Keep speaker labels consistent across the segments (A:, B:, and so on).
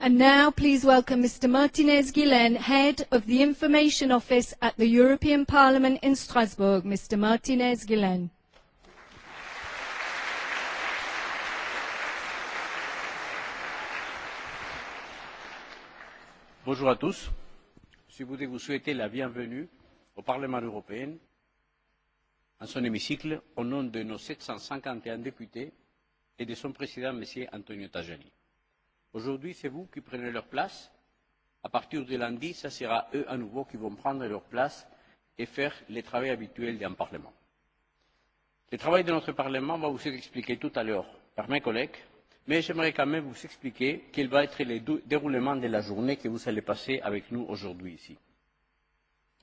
A: And now please welcome Mr. Martinez Guillen, Head of the Information Office at the European Parliament in Strasbourg. Mr. Martinez Guillen.
B: Bonjour à tous. Je voudrais vous souhaiter la bienvenue au Parlement européen, en son hémicycle, au nom de nos 751 députés et de son président, M. Antonio Tajani Aujourd'hui, c'est vous qui prenez leur place. À partir de lundi, ce sera eux à nouveau qui vont prendre leur place et faire le travail habituel d'un Parlement. Le travail de notre Parlement va vous être expliqué tout à l'heure par mes collègues, mais j'aimerais quand même vous expliquer quel va être le déroulement de la journée que vous allez passer avec nous aujourd'hui ici.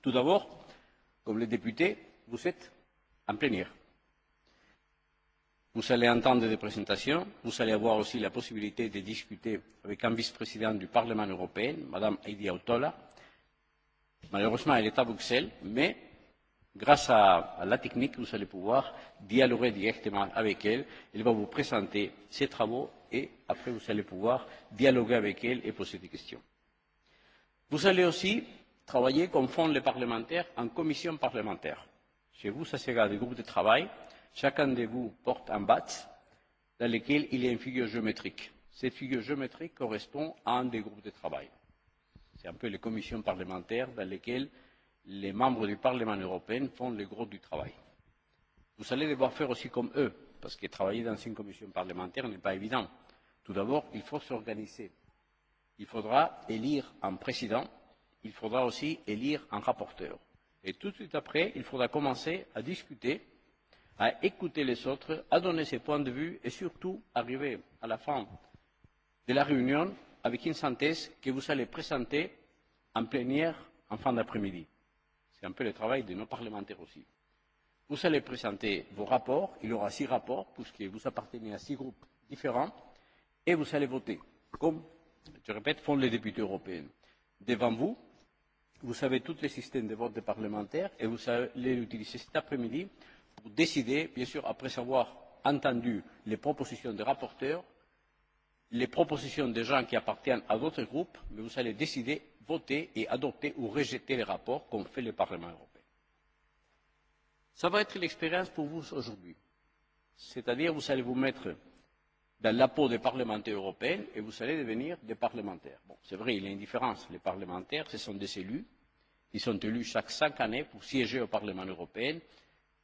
B: Tout d'abord, comme les députés, vous êtes en plénière. Vous allez entendre des présentations. Vous allez avoir aussi la possibilité de discuter avec un vice-président du Parlement européen, Mme Heidi Autola. Malheureusement, elle est à Bruxelles, mais grâce à la technique, vous allez pouvoir dialoguer directement avec elle. Elle va vous présenter ses travaux et après, vous allez pouvoir dialoguer avec elle et poser des questions. Vous allez aussi travailler comme font les parlementaires en commission parlementaire. Chez vous, ça sera des groupes de travail Chacun de vous porte un bat dans lequel il y a une figure géométrique. Cette figure géométrique correspond à un des groupes de travail. C'est un peu les commissions parlementaires dans lesquelles les membres du Parlement européen font le gros du travail. Vous allez devoir faire aussi comme eux, parce que travailler dans une commission parlementaire n'est pas évident. Tout d'abord, il faut s'organiser. Il faudra élire un président, il faudra aussi élire un rapporteur. Et tout de suite après, il faudra commencer à discuter à écouter les autres, à donner ses points de vue et surtout arriver à la fin de la réunion avec une synthèse que vous allez présenter en plénière en fin d'après-midi. C'est un peu le travail de nos parlementaires aussi. Vous allez présenter vos rapports, il y aura six rapports puisque vous appartenez à six groupes différents et vous allez voter, comme, je répète, font les députés européens. Devant vous, vous avez tous les systèmes de vote des parlementaires et vous allez l'utiliser cet après-midi pour décider, bien sûr, après avoir entendu les propositions des rapporteurs, les propositions des gens qui appartiennent à d'autres groupes, mais vous allez décider, voter et adopter ou rejeter les rapports qu'ont fait le Parlement européen. Ça va être l'expérience pour vous aujourd'hui. C'est-à-dire, que vous allez vous mettre dans la peau des parlementaires européens et vous allez devenir des parlementaires. Bon, c'est vrai, il y a une différence. Les parlementaires, ce sont des élus. Ils sont élus chaque cinq années pour siéger au Parlement européen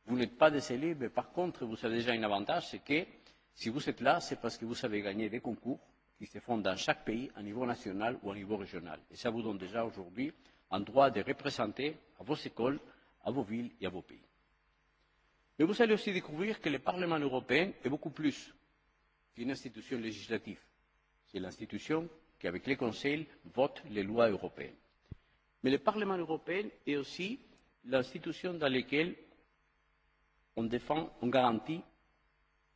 B: Vous n'êtes pas décelé, mais par contre, vous avez déjà un avantage, c'est que si vous êtes là, c'est parce que vous avez gagné des concours qui se font dans chaque pays, à niveau national ou à niveau régional. Et ça vous donne déjà aujourd'hui un droit de représenter à vos écoles, à vos villes et à vos pays. Mais vous allez aussi découvrir que le Parlement européen est beaucoup plus qu'une institution législative. C'est l'institution qui, avec les conseils, vote les lois européennes. Mais le Parlement européen est aussi l'institution dans laquelle on défend, on garantit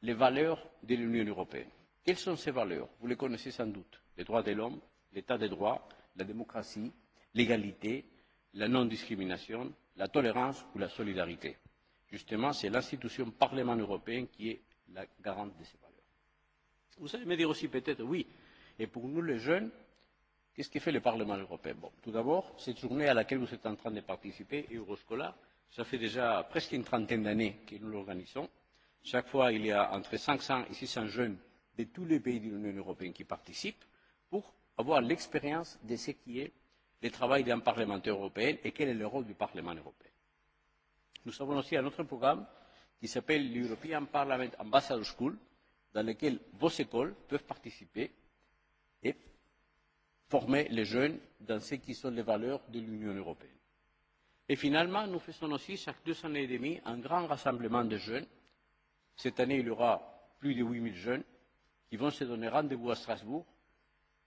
B: les valeurs de l'Union européenne. Quelles sont ces valeurs Vous les connaissez sans doute. Les droits de l'homme, l'état de droit, la démocratie, l'égalité, la non-discrimination, la tolérance ou la solidarité. Justement, c'est l'institution Parlement européen qui est la garante de ces valeurs. Vous allez me dire aussi peut-être, oui, et pour nous les jeunes, qu'est-ce que fait le Parlement européen tout d'abord, cette journée à laquelle vous êtes en train de participer, Euroscola, Ça fait déjà presque une trentaine d'années que nous l'organisons. Chaque fois, il y a entre 500 et 600 jeunes de tous les pays de l'Union européenne qui participent pour avoir l'expérience de ce qui est le travail d'un parlementaire européen et quel est le rôle du Parlement européen. Nous avons aussi un autre programme qui s'appelle l'European Parliament Ambassador School, dans lequel vos écoles peuvent participer et former les jeunes dans ce qui sont les valeurs de l'Union européenne. Et finalement, nous faisons aussi, chaque deux années et demie, un grand rassemblement de jeunes. Cette année, il y aura plus de 8000 jeunes qui vont se donner rendez-vous à Strasbourg,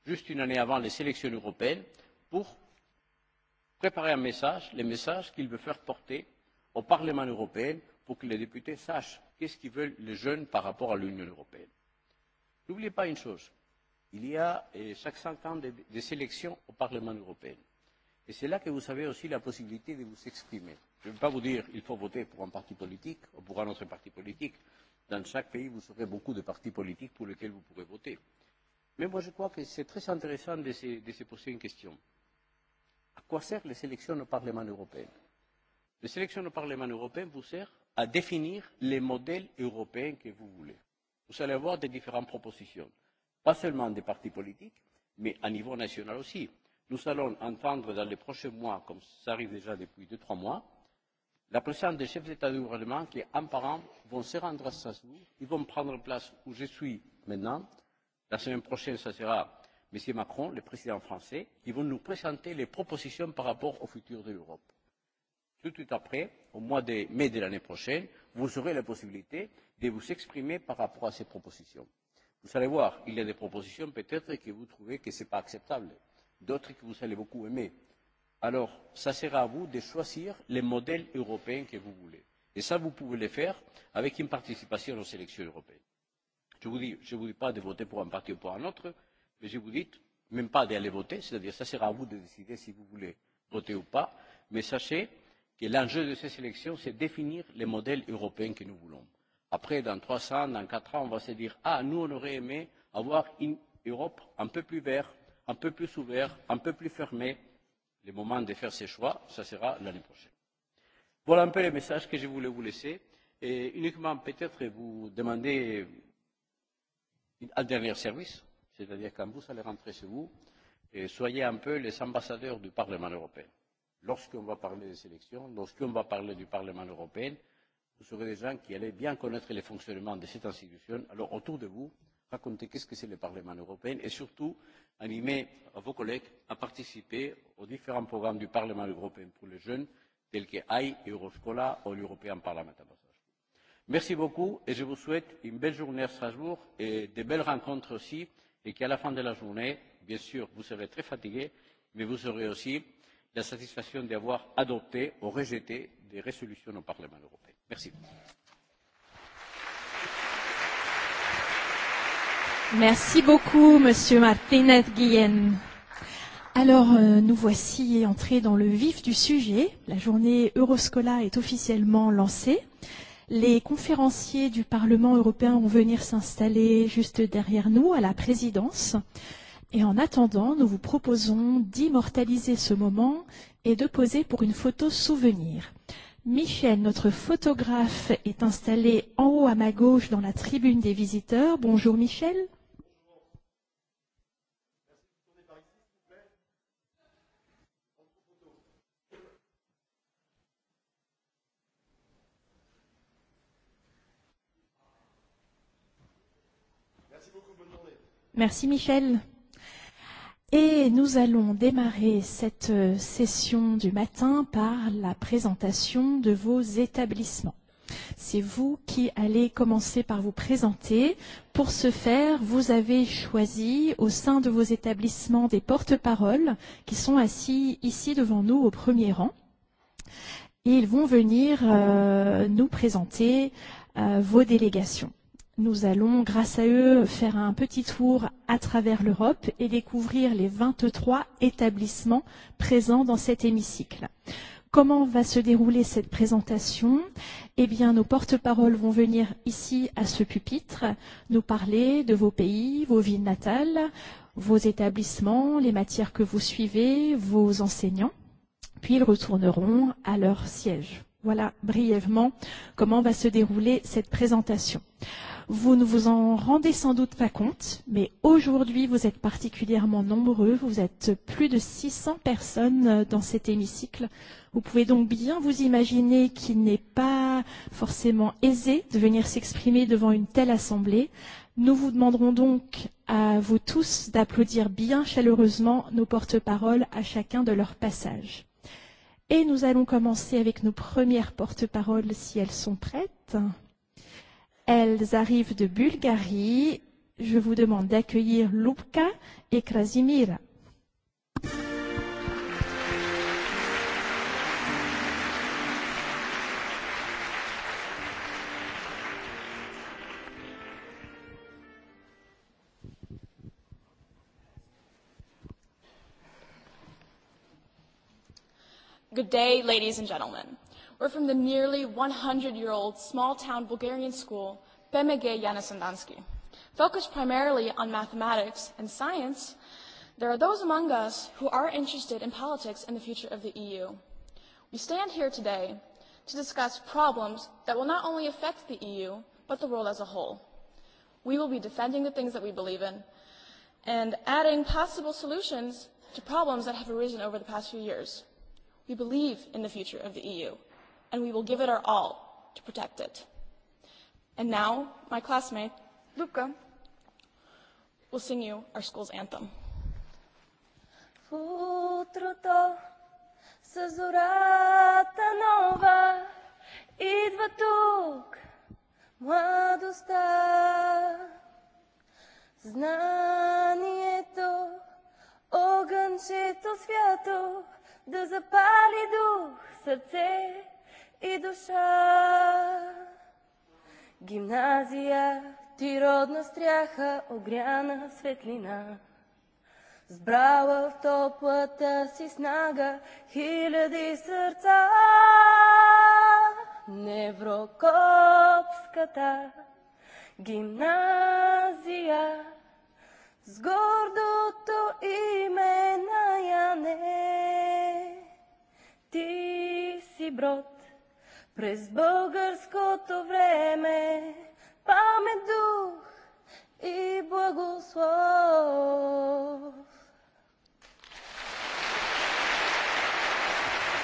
B: juste une année avant les élections européennes, pour préparer un message, les messages qu'ils veulent faire porter au Parlement européen pour que les députés sachent qu'est-ce qu'ils veulent les jeunes par rapport à l'Union européenne. N'oubliez pas une chose, il y a chaque cinq ans des, des sélections au Parlement européen. Et c'est là que vous avez aussi la possibilité de vous exprimer. Je ne vais pas vous dire qu'il faut voter pour un parti politique ou pour un autre parti politique. Dans chaque pays, vous aurez beaucoup de partis politiques pour lesquels vous pourrez voter. Mais moi, je crois que c'est très intéressant de se, de se poser une question. À quoi servent les élections au Parlement européen Les élections au Parlement européen vous servent à définir les modèles européens que vous voulez. Vous allez avoir des différentes propositions, pas seulement des partis politiques, mais à niveau national aussi nous allons entendre dans les prochains mois, comme ça arrive déjà depuis deux, trois mois, la présence des chefs d'État de gouvernement qui, en parlant, vont se rendre à Strasbourg. Ils vont prendre place où je suis maintenant. La semaine prochaine, ça sera M. Macron, le président français. Ils vont nous présenter les propositions par rapport au futur de l'Europe. Tout de suite après, au mois de mai de l'année prochaine, vous aurez la possibilité de vous exprimer par rapport à ces propositions. Vous allez voir, il y a des propositions peut-être que vous trouvez que ce n'est pas acceptable d'autres que vous allez beaucoup aimer. Alors, ça sera à vous de choisir les modèles européens que vous voulez. Et ça, vous pouvez le faire avec une participation aux élections européennes. Je vous vous dis pas de voter pour un parti ou pour un autre, mais je vous dis même pas d'aller voter, c'est-à-dire ça sera à vous de décider si vous voulez voter ou pas, mais sachez que l'enjeu de ces élections, c'est définir les modèles européens que nous voulons. Après, dans trois ans, dans quatre ans, on va se dire, ah, nous, on aurait aimé avoir une Europe un peu plus verte, un peu plus ouvert, un peu plus fermé. Le moment de faire ces choix, ça sera l'année prochaine. Voilà un peu les messages que je voulais vous laisser. Et uniquement peut-être vous demander un dernier service, c'est-à-dire quand vous allez rentrer chez vous, et soyez un peu les ambassadeurs du Parlement européen. Lorsqu'on va parler des élections, lorsqu'on va parler du Parlement européen, vous serez des gens qui allez bien connaître les fonctionnements de cette institution. Alors autour de vous, raconter qu'est-ce que c'est le Parlement européen et surtout animer vos collègues à participer aux différents programmes du Parlement européen pour les jeunes, tels que AI, Euroscola ou l'European Parliament. Merci beaucoup et je vous souhaite une belle journée à Strasbourg et de belles rencontres aussi et qu'à la fin de la journée, bien sûr, vous serez très fatigués, mais vous aurez aussi la satisfaction d'avoir adopté ou rejeté des résolutions au Parlement européen. Merci.
C: Merci beaucoup, Monsieur Martinez Guillen. Alors, nous voici entrés dans le vif du sujet. La journée Euroscola est officiellement lancée. Les conférenciers du Parlement européen vont venir s'installer juste derrière nous, à la présidence. Et en attendant, nous vous proposons d'immortaliser ce moment et de poser pour une photo souvenir. Michel, notre photographe, est installé en haut à ma gauche dans la tribune des visiteurs. Bonjour Michel. Merci Michel. Et nous allons démarrer cette session du matin par la présentation de vos établissements. C'est vous qui allez commencer par vous présenter. Pour ce faire, vous avez choisi au sein de vos établissements des porte-paroles qui sont assis ici devant nous au premier rang. Et ils vont venir nous présenter vos délégations. Nous allons, grâce à eux, faire un petit tour à travers l'Europe et découvrir les 23 établissements présents dans cet hémicycle. Comment va se dérouler cette présentation Eh bien, nos porte-paroles vont venir ici, à ce pupitre, nous parler de vos pays, vos villes natales, vos établissements, les matières que vous suivez, vos enseignants. Puis, ils retourneront à leur siège. Voilà, brièvement, comment va se dérouler cette présentation. Vous ne vous en rendez sans doute pas compte, mais aujourd'hui, vous êtes particulièrement nombreux. Vous êtes plus de 600 personnes dans cet hémicycle. Vous pouvez donc bien vous imaginer qu'il n'est pas forcément aisé de venir s'exprimer devant une telle assemblée. Nous vous demanderons donc à vous tous d'applaudir bien chaleureusement nos porte-paroles à chacun de leur passage. Et nous allons commencer avec nos premières porte-paroles si elles sont prêtes. Elles arrivent de Bulgarie. Je vous demande d'accueillir Lubka et Krasimir.
D: Good day, ladies and gentlemen. We're from the nearly 100-year-old small-town Bulgarian school, Pemege Yanasandansky. Focused primarily on mathematics and science, there are those among us who are interested in politics and the future of the EU. We stand here today to discuss problems that will not only affect the EU, but the world as a whole. We will be defending the things that we believe in and adding possible solutions to problems that have arisen over the past few years. We believe in the future of the EU and we will give it our all to protect it. And now, my classmate, Luca, will sing you our school's anthem.
E: Утрото с зората нова идва тук младостта. Знанието, огънчето свято да запали дух, сърце и душа. Гимназия ти родна стряха, огряна светлина. Сбрала в топлата си снага хиляди сърца. Неврокопската гимназия с гордото име на Ти си брод През българското време памет дух и благослов.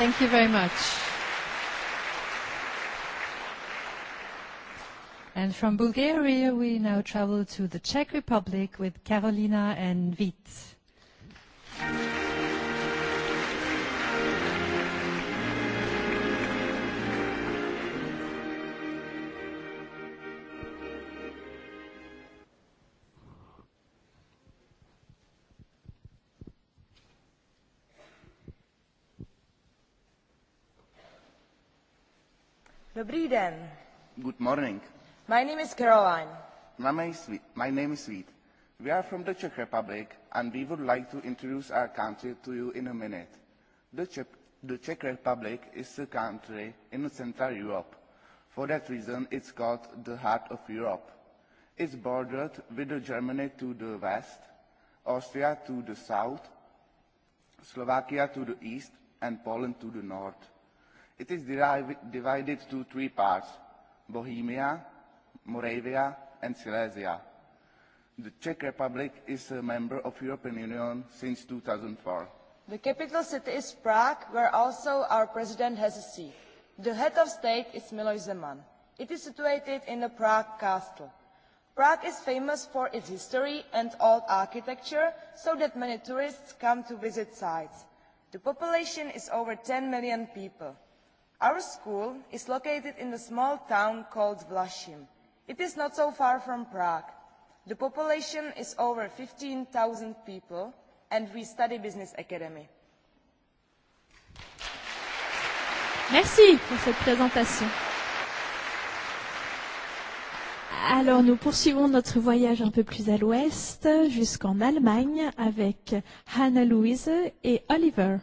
A: Thank you very much. And from Bulgaria, we now travel to the Czech Republic with Carolina and Vít.
E: Dobrý Good morning. My name is
F: Caroline. My name is Sweet. We are from the Czech Republic and we would like to introduce our country to you in a minute. The Czech Republic is a country in Central Europe. For that reason, it's called the heart of Europe. It's bordered with Germany to the west, Austria to the south, Slovakia to the east, and Poland to the north. It is divided into three parts, Bohemia, Moravia and Silesia. The Czech Republic is a member of European Union since 2004.
E: The capital city is Prague, where also our president has a seat. The head of state is Miloš Zeman. It is situated in the Prague Castle. Prague is famous for its history and old architecture, so that many tourists come to visit sites. The population is over 10 million people. Our school is located in a small town called Vlašim. It is not so far from Prague. The population is over 15,000 people and we study business academy.
C: Merci pour cette présentation. Alors nous poursuivons notre voyage un peu plus à l'ouest jusqu'en Allemagne avec Hannah Louise et Oliver.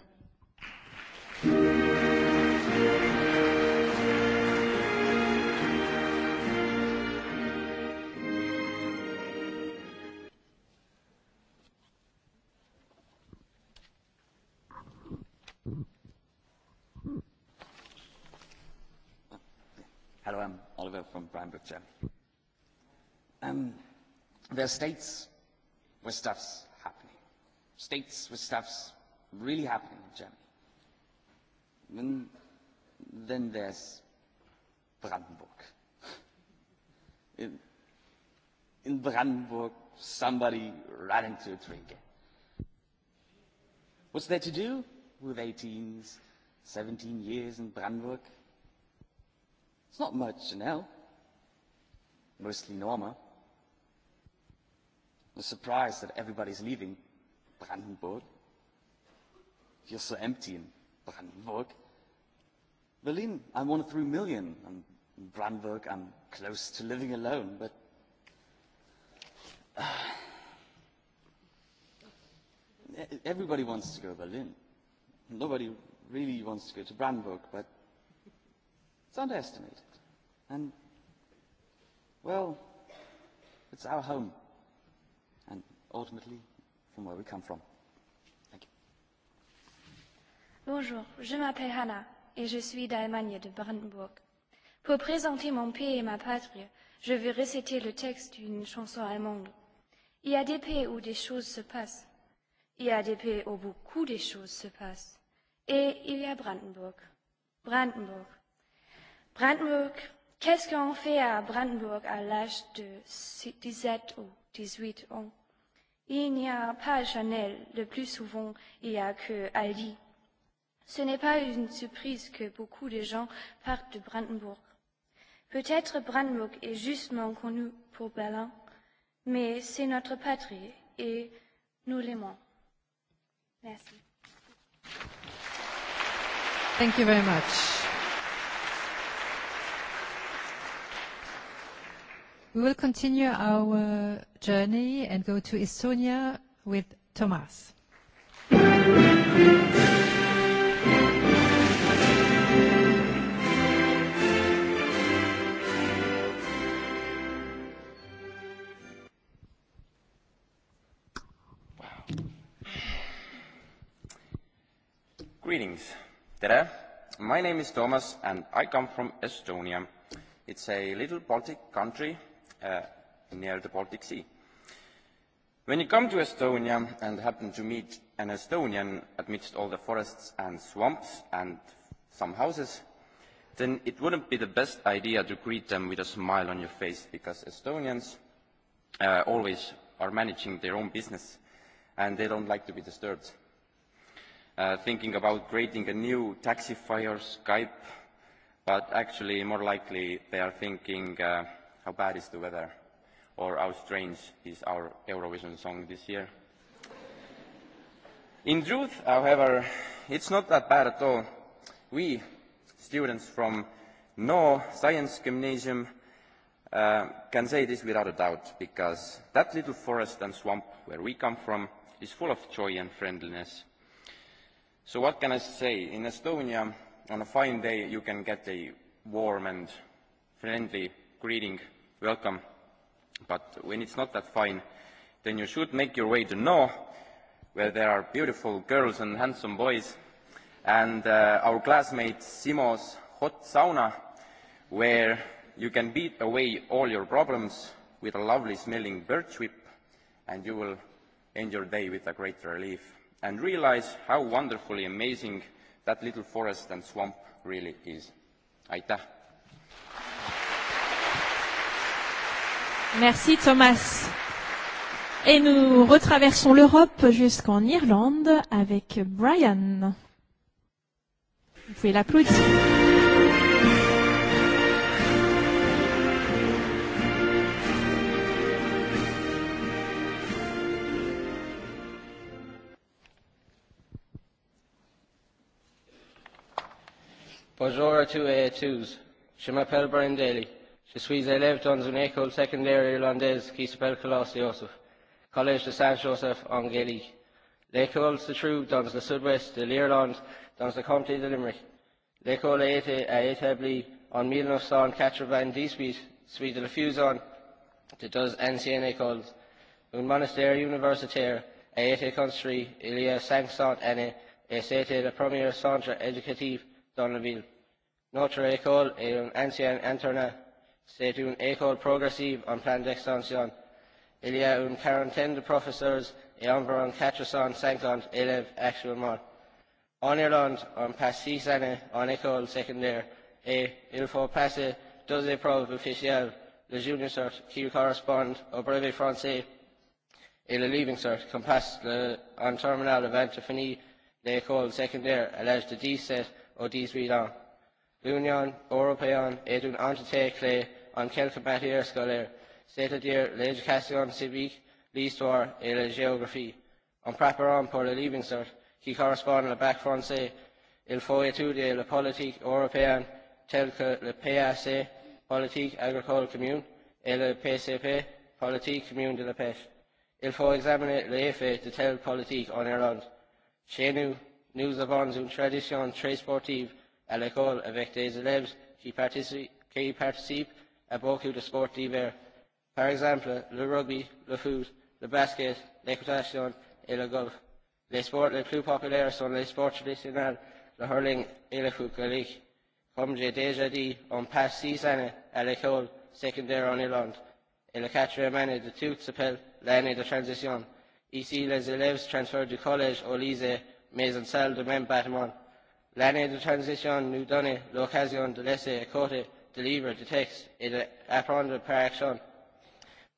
G: There are
H: states where stuff's happening. States where stuff's really happening in Germany. And then there's Brandenburg. In, in Brandenburg, somebody ran into a tree again. What's there to do with 18, 17 years in Brandenburg? It's not much, to know mostly Norma, the surprise that everybody's leaving Brandenburg. Feels so empty in Brandenburg. Berlin, I'm one of three million. and in Brandenburg, I'm close to living alone, but everybody wants to go to Berlin. Nobody really wants to go to Brandenburg, but
G: it's underestimated. And Well, it's our home and ultimately from where we come from. Thank you.
C: Bonjour, je m'appelle Hannah et je suis d'Allemagne de Brandenburg. Pour présenter mon pays et ma patrie, je vais réciter le texte d'une chanson allemande. Il y a des pays où des choses se passent. Il y a des pays où beaucoup des choses se passent. Et il y a Brandenburg. Brandenburg. Brandenburg Qu'est-ce qu'on fait à Brandenburg à l'âge de 17 ou 18 ans Il n'y a pas Chanel, le plus souvent il n'y a que Aldi. Ce n'est pas une surprise que beaucoup de gens partent de Brandenburg. Peut-être Brandenburg est justement connu pour Berlin, mais c'est notre patrie et nous l'aimons.
I: Merci.
A: Thank you very much. We will continue our journey and go to Estonia with Thomas.
H: Greetings. Tere. My name is Thomas and I come from Estonia. It's a little Baltic country near the Baltic Sea. When you come to Estonia and happen to meet an Estonian amidst all the forests and swamps and some houses, then it wouldn't be the best idea to greet them with a smile on your face because Estonians always are managing their own business and they don't like to be disturbed. Thinking about creating a new taxi fire Skype, but actually more likely they are thinking how bad is the weather, or how strange is our Eurovision song this year. In truth, however, it's not that bad at all. We, students from No Science Gymnasium, can say this without a doubt, because that little forest and swamp where we come from is full of joy and friendliness. So what can I say? In Estonia, on a fine day, you can get a warm and friendly greeting welcome, but when it's not that fine, then you should make your way to know where there are beautiful girls and handsome boys, and our classmate Simo's hot sauna, where you can beat away all your problems with a lovely smelling birch whip, and you will end your day with a great relief, and realize how wonderfully amazing that little forest and swamp really is. Aitäh!
C: Merci Thomas. Et nous retraversons l'Europe jusqu'en Irlande avec Brian. Vous pouvez l'applaudir.
J: Bonjour à tous et à tous. Je m'appelle Brian Daly. Je suis élève dans une école secondaire irlandaise qui s'appelle Joseph, Collège de Saint-Joseph en Gaélique. L'école se trouve dans le sud-ouest de l'Irlande, dans le comté de Limerick. L'école a été établie en 1998 suite de la Fuson de deux anciennes écoles. Un monastère universitaire a été construit il y a 500 années et c'était le premier centre éducatif dans la ville. Notre école est un ancien internat c'est une école progressive en plan d'extension. Il y a une quarantaine de professeurs et environ 450 élèves actuellement. En Irlande, on passe six années en école secondaire et il faut passer deux épreuves officielles, le junior cert qui correspond au brevet français et le leaving cert qu'on passe le, en terminale avant de finir l'école secondaire à l'âge de 17 ou 18 ans l'Union européenne est une entité clé en quelques matières scolaires, c'est-à-dire l'éducation civique, l'histoire et la géographie. En préparant pour le Cert qui correspond à la bac français, il faut étudier la politique européenne telle que le PAC, politique agricole commune, et le PCP, politique commune de la pêche. Il faut examiner les effets de telle politique en Irlande. Chez nous, nous avons une tradition très sportive à l'école avec des élèves qui participent à beaucoup de sports divers. par exemple le rugby, le foot, le basket, l'équitation et le golf. Les sports les plus populaires sont les sports traditionnels, le hurling et le foot Comme j'ai déjà dit, on passe six années à l'école secondaire en Irlande et la quatrième année de tout s'appelle l'année de transition. Ici, les élèves transfèrent du collège au lycée, mais en salle de même bâtiment L'année de transition nous donne l'occasion de laisser à côté de livres de texte et d'apprendre par action.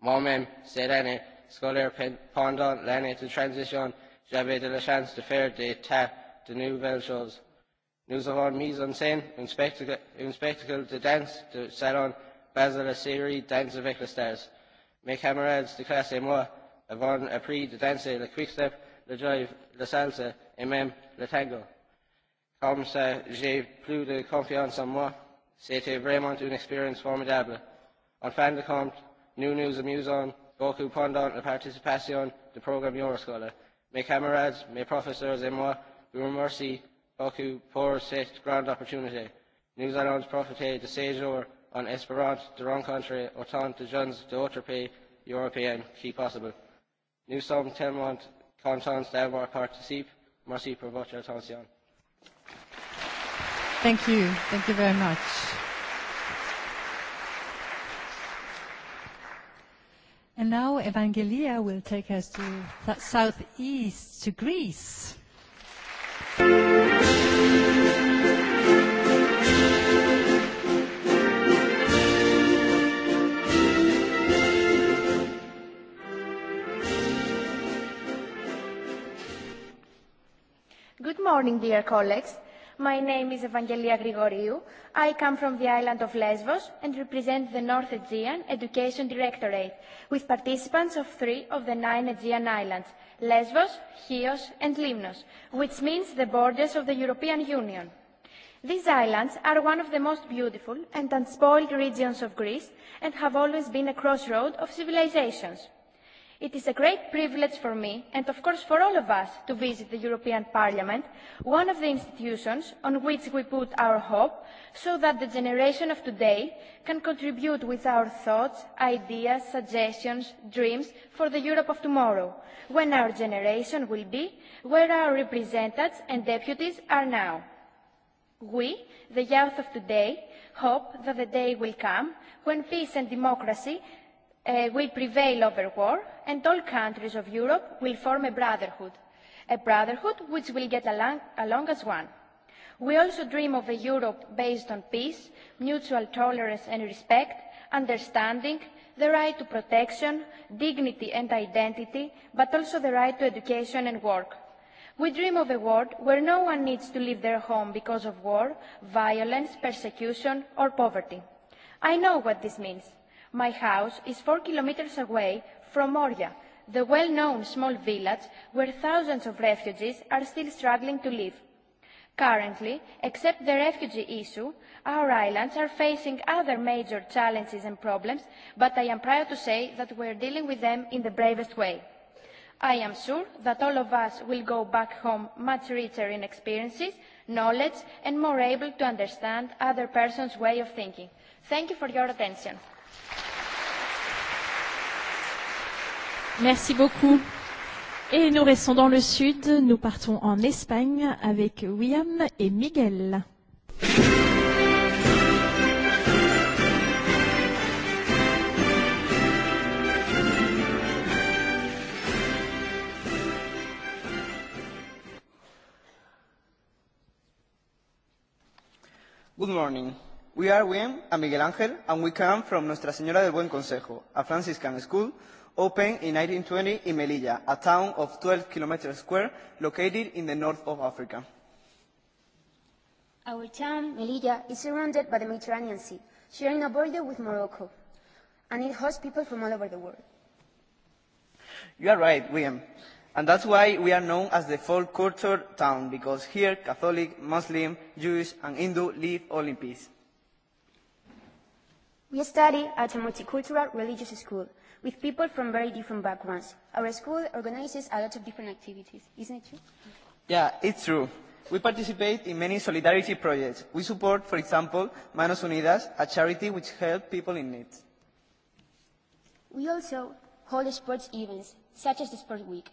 J: Moi-même, cette année scolaire, pendant l'année de transition, j'avais de la chance de faire des tas de nouvelles choses. Nous avons mis en scène un spectacle, un spectacle de danse de salon basé sur la série dance avec les stars. Mes camarades de classe et moi avons appris de danser le quick step, le drive, la salsa et même le tango. Comme ça, j'ai plus de confiance en moi. C'était vraiment une expérience formidable. En fin de compte, nous nous amusons beaucoup pendant la participation du programme Euroscola. Mes camarades, mes professeurs et moi vous remercie beaucoup pour cette grande opportunité. Nous allons profiter de ces jours en espérant de rencontrer autant de jeunes d'autres pays européens qui possible. Nous sommes tellement contents d'avoir participé. Merci pour votre attention.
A: Thank you. Thank you very much. And now Evangelia will take us to the southeast, to Greece. Good
K: morning, dear colleagues. My name is Evangelia Grigoriou. I come from the island of Lesbos and represent the North Aegean Education Directorate, with participants of three of the nine Aegean islands, Lesbos, Chios and Limnos, which means the borders of the European Union. These islands are one of the most beautiful and unspoiled regions of Greece and have always been a crossroad of civilizations. It is a great privilege for me, and of course for all of us, to visit the European Parliament, one of the institutions on which we put our hope, so that the generation of today can contribute with our thoughts, ideas, suggestions, dreams for the Europe of tomorrow, when our generation will be where our representatives and deputies are now. We, the youth of today, hope that the day will come when peace and democracy will prevail over war and all countries of Europe will form a brotherhood, a brotherhood which will get along as one. We also dream of a Europe based on peace, mutual tolerance and respect, understanding, the right to protection, dignity and identity, but also the right to education and work. We dream of a world where no one needs to leave their home because of war, violence, persecution or poverty. I know what this means. My house is four kilometers away from Moria, the well-known small village where thousands of refugees are still struggling to live. Currently, except the refugee issue, our islands are facing other major challenges and problems, but I am proud to say that we are dealing with them in the bravest way. I am sure that all of us will go back home much richer in experiences, knowledge, and more able to understand other persons' way of thinking. Thank you for your attention.
C: Merci beaucoup. Et nous restons dans le sud, nous partons en Espagne avec William et Miguel.
L: Good morning. We are William and Miguel Ángel, and we come from Nuestra Señora del Buen Consejo, a Franciscan school opened in 1920 in Melilla, a town of 12 kilometers square located in the north of Africa.
K: Our town, Melilla, is surrounded by the Mediterranean Sea, sharing a border with Morocco, and it hosts people from all over the world.
L: You are right, William. And that's why we are known as the folk culture town, because here Catholic, Muslim, Jewish and Hindu live all in peace.
K: We study at a multicultural religious school with people from very different backgrounds. Our school organizes a lot of different activities, isn't it
I: true?
L: Yeah, it's true. We participate in many solidarity projects. We support, for example, Manos Unidas, a charity which helps people in need.
K: We also hold sports events, such as the Sport Week,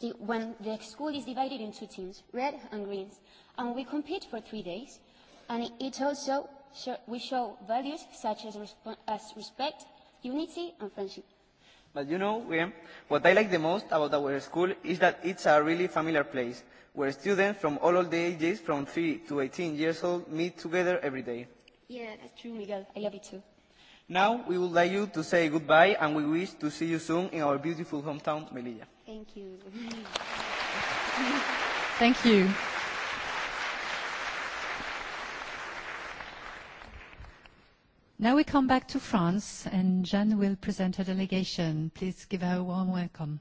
K: the when the school is divided into teams, red and green, and we compete for three days. And it also we show values such as respect, unity and friendship.
L: But you know, what I like the most about our school is that it's a really familiar place, where students from all the ages, from 3 to 18 years old, meet together every day.
D: Yeah, that's true, Miguel. I love it too.
L: Now, we would like you to say goodbye, and we wish to see you soon in our beautiful hometown, Melilla.
A: Thank you. Thank you. Now we come back to France, and Jeanne will present her delegation. Please give her a warm welcome.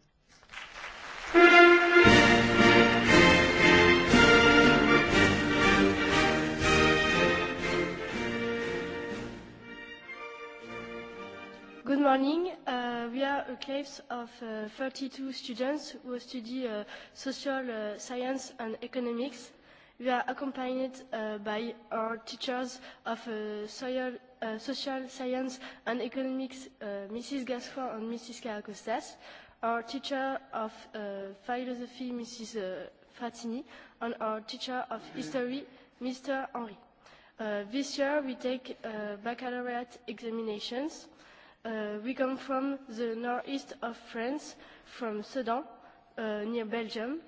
M: Good morning. We are a class of 32 students who study social science and economics We are accompanied by our teachers of social science and economics, Mrs. Gaspar and Mrs. Caracostas, our teacher of philosophy, Mrs. Fatini, and our teacher of history, Mr. Henri. This year we take baccalaureate examinations. We come from the northeast of France, from Sedan, near Belgium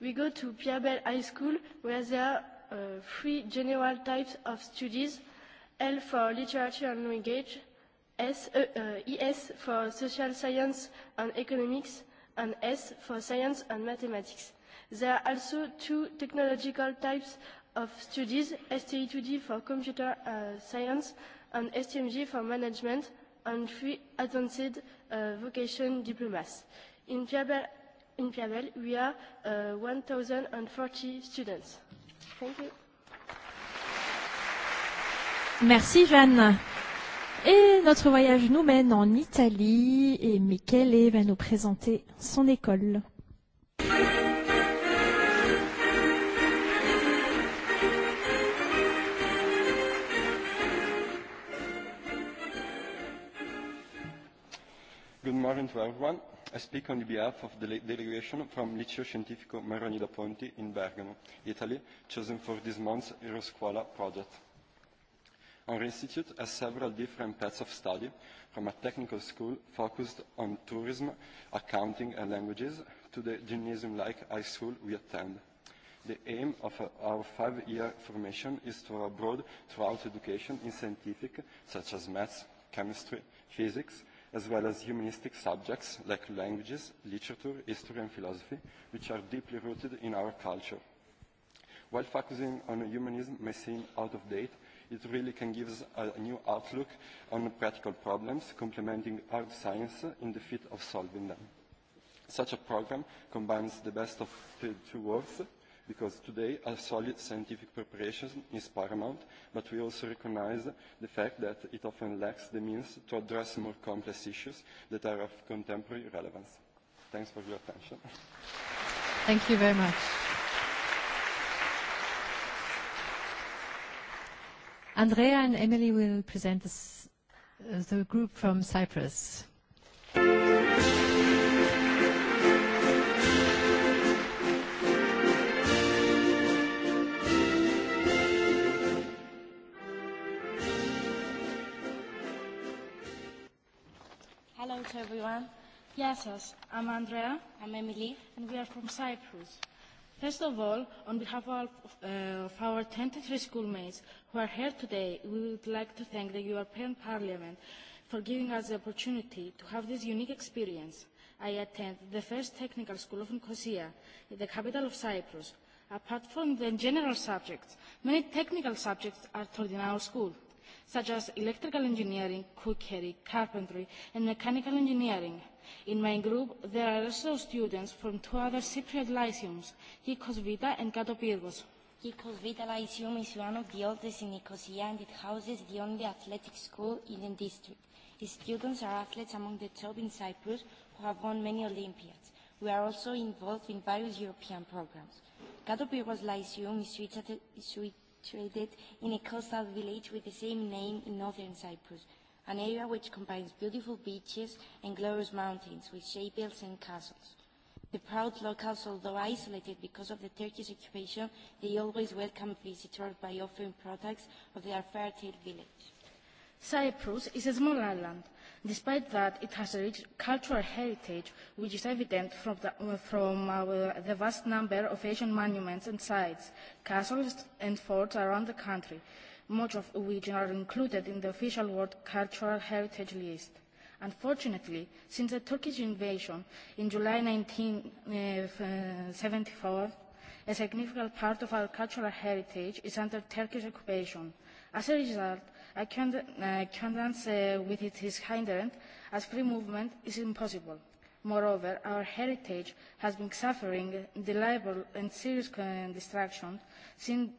M: we go to Piabel High School where there are three general types of studies, L for literature and language, ES for social science and economics, and S for science and mathematics. There are also two technological types of studies, STE2D for computer science and STMG for management, and three advanced vocation diplomas. In Piabel in Clavel, we are 1,040 students. Thank you.
C: Merci, Jeanne. Et notre voyage nous mène en Italie et Michele va nous présenter son école.
N: Good morning to everyone. I speak on behalf of the delegation from Liceo Scientifico Maroni da Ponti in Bergamo, Italy, chosen for this month's Euroscuola project. Our institute has several different paths of study, from a technical school focused on tourism, accounting and languages, to the gymnasium-like high school we attend. The aim of our five-year formation is to abroad throughout education in scientific, such as maths, chemistry, physics, as well as humanistic subjects like languages, literature, history and philosophy, which are deeply rooted in our culture. While focusing on humanism may seem out of date, it really can give us a new outlook on practical problems, complementing hard science in the fit of solving them. Such a program combines the best of two worlds, because today a solid scientific preparation is paramount, but we also recognize the fact that it often lacks the means to address more complex issues that are of contemporary relevance. Thanks for your attention.
A: Thank you very much. Andrea and Emily will present the group from Cyprus.
O: everyone. I'm Andrea, I'm Emily, and we are from Cyprus. First of all, on behalf of our 23 schoolmates who are here today, we would like to thank the European Parliament for giving us the opportunity to have this unique experience. I attend the first technical school of Nicosia, the capital of Cyprus. Apart from the general subjects, many technical subjects are taught in our school such as electrical engineering, cookery, carpentry, and mechanical engineering. In my group, there are also students from two other Cypriot lyceums, Kikos Vita and
P: Pyrgos. Kikos Vita Lyceum is one of the oldest in Nicosia and it houses the only athletic school in the district. Its students are athletes among the top in Cyprus who have won many Olympiads. We are also involved in various European programs. Pyrgos Lyceum is situated situated in a coastal village with the same name in northern Cyprus, an area which combines beautiful beaches and glorious mountains with shape and castles. The proud locals, although isolated because of the Turkish occupation, they always welcome visitors by offering products of their fertile village.
O: Cyprus is a small island Despite that, it has a rich cultural heritage, which is evident from the vast number of Asian monuments and sites, castles and forts around the country, much of which are included in the official World Cultural Heritage List. Unfortunately, since the Turkish invasion in July 1974, a significant part of our cultural heritage is under Turkish occupation. As a result, I dance uh, with it its hindrance as free movement is impossible. Moreover, our heritage has been suffering deliberate and serious destruction since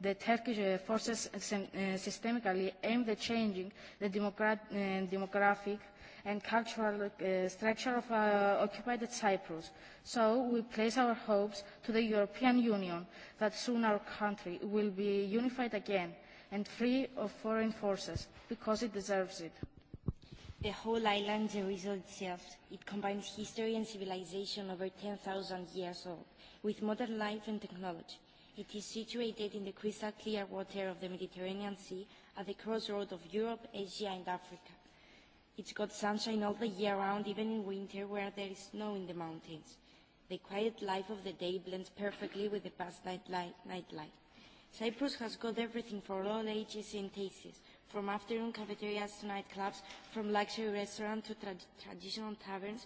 O: the Turkish forces systemically aimed at changing the demographic and cultural structure of occupied Cyprus. So we place our hopes to the European Union that soon our country will be unified again and free of foreign forces, because
P: it deserves it. The whole island a result itself. It combines history and civilization over 10,000 years old, with modern life and technology. It is situated in the crystal clear water of the Mediterranean Sea at the crossroads of Europe, Asia and Africa. It's got sunshine all the year round, even in winter where there is snow in the mountains. The quiet life of the day blends perfectly with the past nightlife. Cyprus has got everything for all ages and tastes, from afternoon cafeterias to nightclubs, from luxury restaurants to traditional taverns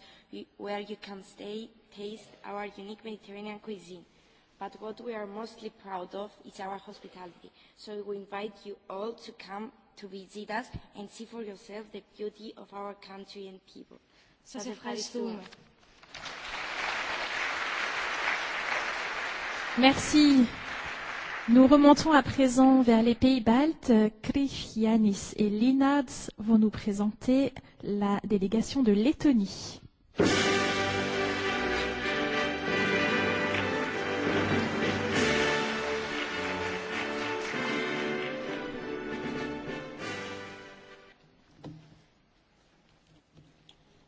P: where you can stay, taste our unique Mediterranean cuisine. But what we are mostly proud of is our hospitality, so we invite you all to come to visit us and see for yourself the beauty of our country and people. Σας ευχαριστούμε.
C: Merci Nous remontons à présent vers les pays baltes. Krif Yanis et Linads vont nous présenter la délégation de Lettonie.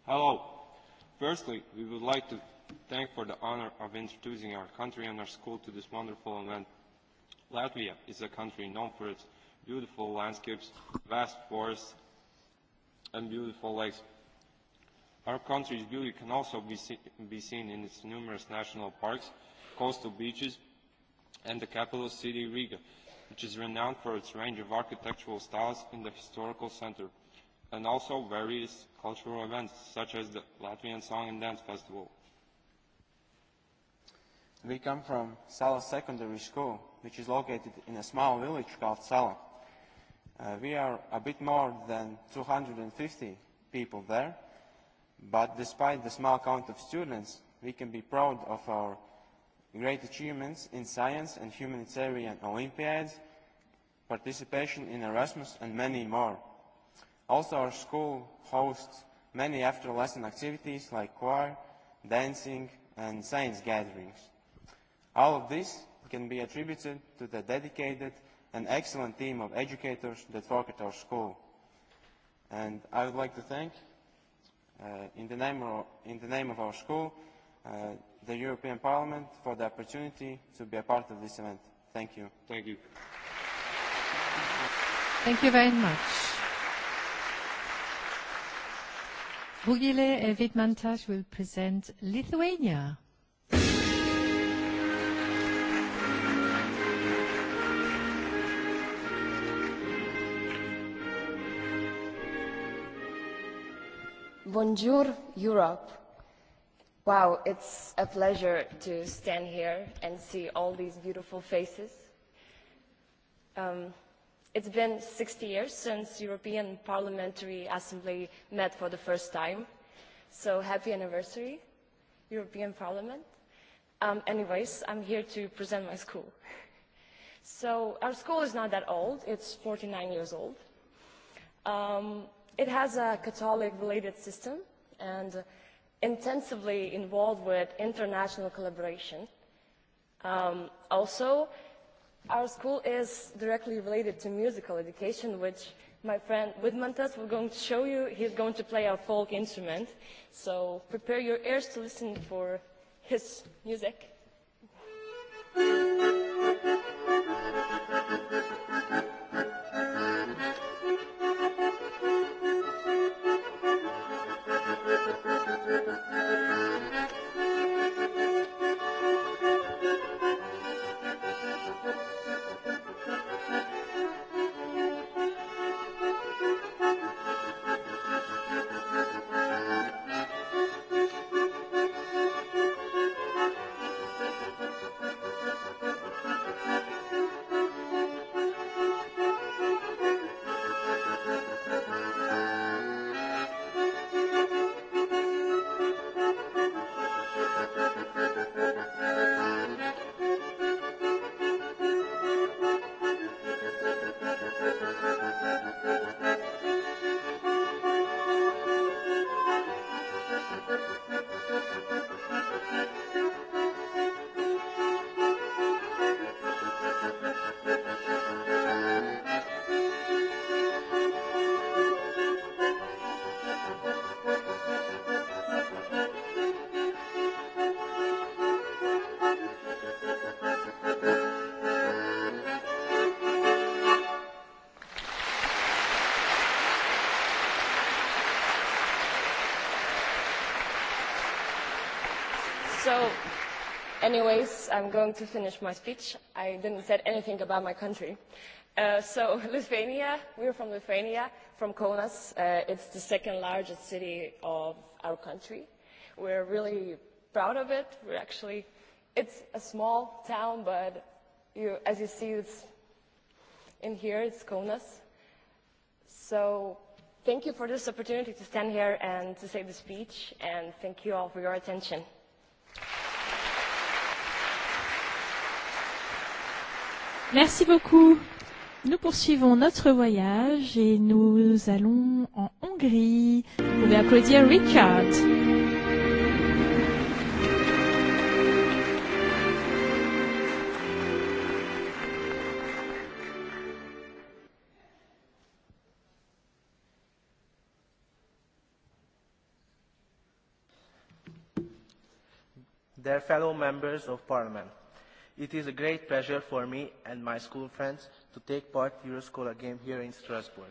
N: Hello. Firstly, we would like to thank for the honor of introducing our country and our school to this wonderful event Latvia is a country known for its beautiful landscapes, vast forests, and beautiful lakes. Our country's beauty can also be seen in its numerous national parks, coastal beaches, and the capital city, Riga, which is renowned for its range of architectural styles in the historical center, and also various cultural events, such as the Latvian Song and Dance Festival.
H: We come from Sala Secondary School, which is located in a small village called Sala. We are a bit more than 250 people there, but despite the small count of students, we can be proud of our great achievements in science and humanitarian Olympiads, participation in Erasmus, and many more. Also, our school hosts many after-lesson activities like choir, dancing, and science gatherings. All of this can be attributed to the dedicated and excellent team of educators that work at our school. And I would like to thank, in the name of our school, the European Parliament for the opportunity to be a part of this event. Thank you. Thank you.
A: Thank you very much. Bugile will present Lithuania.
E: Bonjour, Europe. Wow, it's a pleasure to stand here and see all these beautiful faces. Um, it's been 60 years since European Parliamentary Assembly met for the first time. So happy anniversary, European Parliament. Um, anyways, I'm here to present my school. So our school is not that old. It's 49 years old. Um, It has a Catholic-related system and intensively involved with international collaboration. Also, our school is directly related to musical education, which my friend Widmantas we're going to show you. He's going to play our folk instrument, so prepare your ears to listen for his music. Anyways, I'm going to finish my speech. I didn't say anything about my country. So Lithuania, we're from Lithuania, from Kaunas. It's the second largest city of our country. We're really proud of it. We're actually, it's a small town, but you, as you see, it's in here, it's Kōnas. So thank you for this opportunity to stand here and to say the speech, and thank you all for your attention.
C: Merci beaucoup. Nous poursuivons notre voyage et nous allons en Hongrie. Vous pouvez applaudir Richard.
F: Dear fellow members of parliament, It is a great pleasure for me and my school friends to take part Euroscola game here in Strasbourg.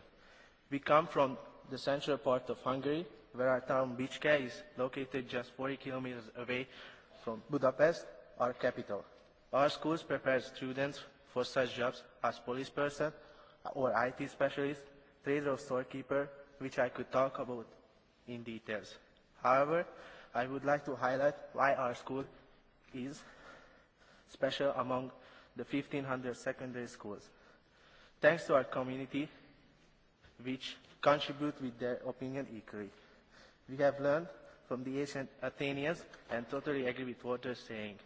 F: We come from the central part of Hungary, where our town Bicske is located just 40 kilometers away from Budapest, our capital. Our schools prepare students for such jobs as police person or IT specialist, trader or storekeeper, which I could talk about in details. However, I would like to highlight why our school is special among the 1,500 secondary schools. Thanks to our community, which contribute with their opinion equally. We have learned from the ancient Athenians and totally agree with what they're saying.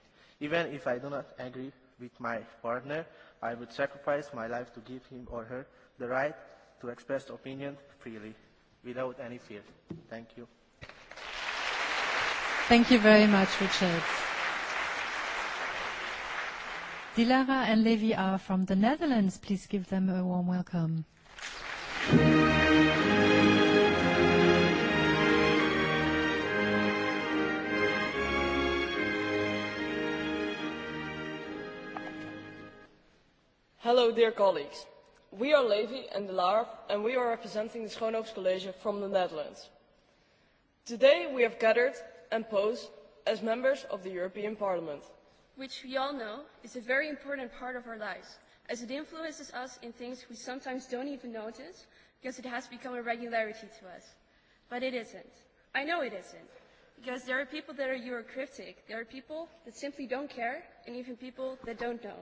F: Even if I do not agree with my partner, I would sacrifice my life to give him or her the right to express opinion freely, without any fear. Thank you.
A: Thank you very much, Richard. Dilara and Levi are from the Netherlands. Please give them a warm welcome.
Q: Hello, dear colleagues. We are Levi and Dilara, and we are representing the Schoonhoofs College from the Netherlands. Today we have gathered and posed as members of the European Parliament which we
D: all know is a very important part of our lives, as it influences us in things we sometimes don't even notice because it has become a regularity to us. But it isn't. I know it
R: isn't. Because
D: there are people that are Eurocritic, there are people that simply don't care, and even
Q: people that don't know.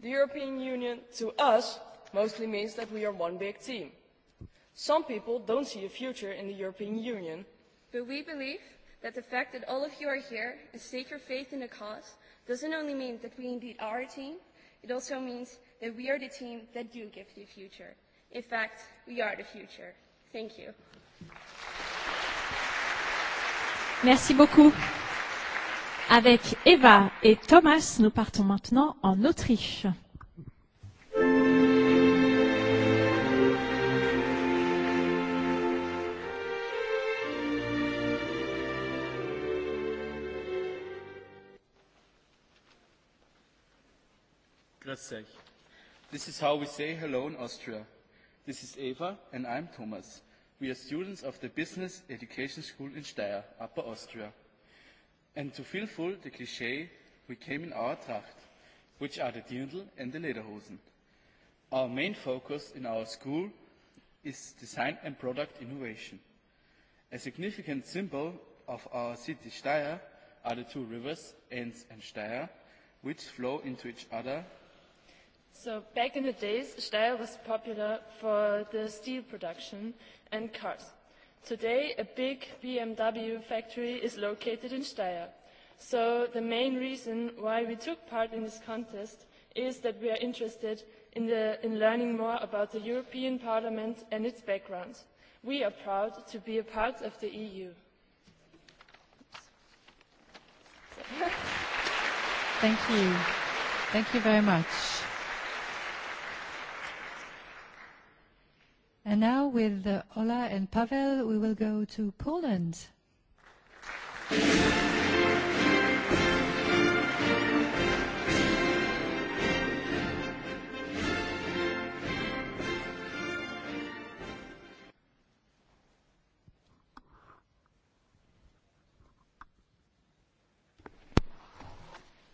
Q: The European Union, to us, mostly means that we are one big team. Some people don't see a future in the European Union. But
D: we believe that the fact that all of you are here and stake your faith in the cause doesn't only mean that we indeed are a team, it also means that we are the team that do give the future. In fact, we are the future. Thank you.
C: Merci beaucoup. Avec Eva et Thomas, nous partons maintenant en Autriche.
F: Sech. This is how we say hello in Austria. This is Eva and I'm Thomas. We are students of the Business Education School in Steyr, Upper Austria. And to fill full the cliché, we came in our Tracht, which are the Dirndl and the Lederhosen. Our main focus in our school is design and product innovation. A significant symbol of our city Steyr are the two rivers, Enns and Steyr, which flow into each other
Q: So back in the days, Steyr was popular
E: for the steel production and cars. Today, a big BMW
Q: factory is located in Steyr. So the main reason why we took part in this contest is that we are interested in learning more about the European Parliament and its background. We are proud to be a part of the EU.
A: Thank you. Thank you very much. And now with Ola and Pavel, we will go to Poland.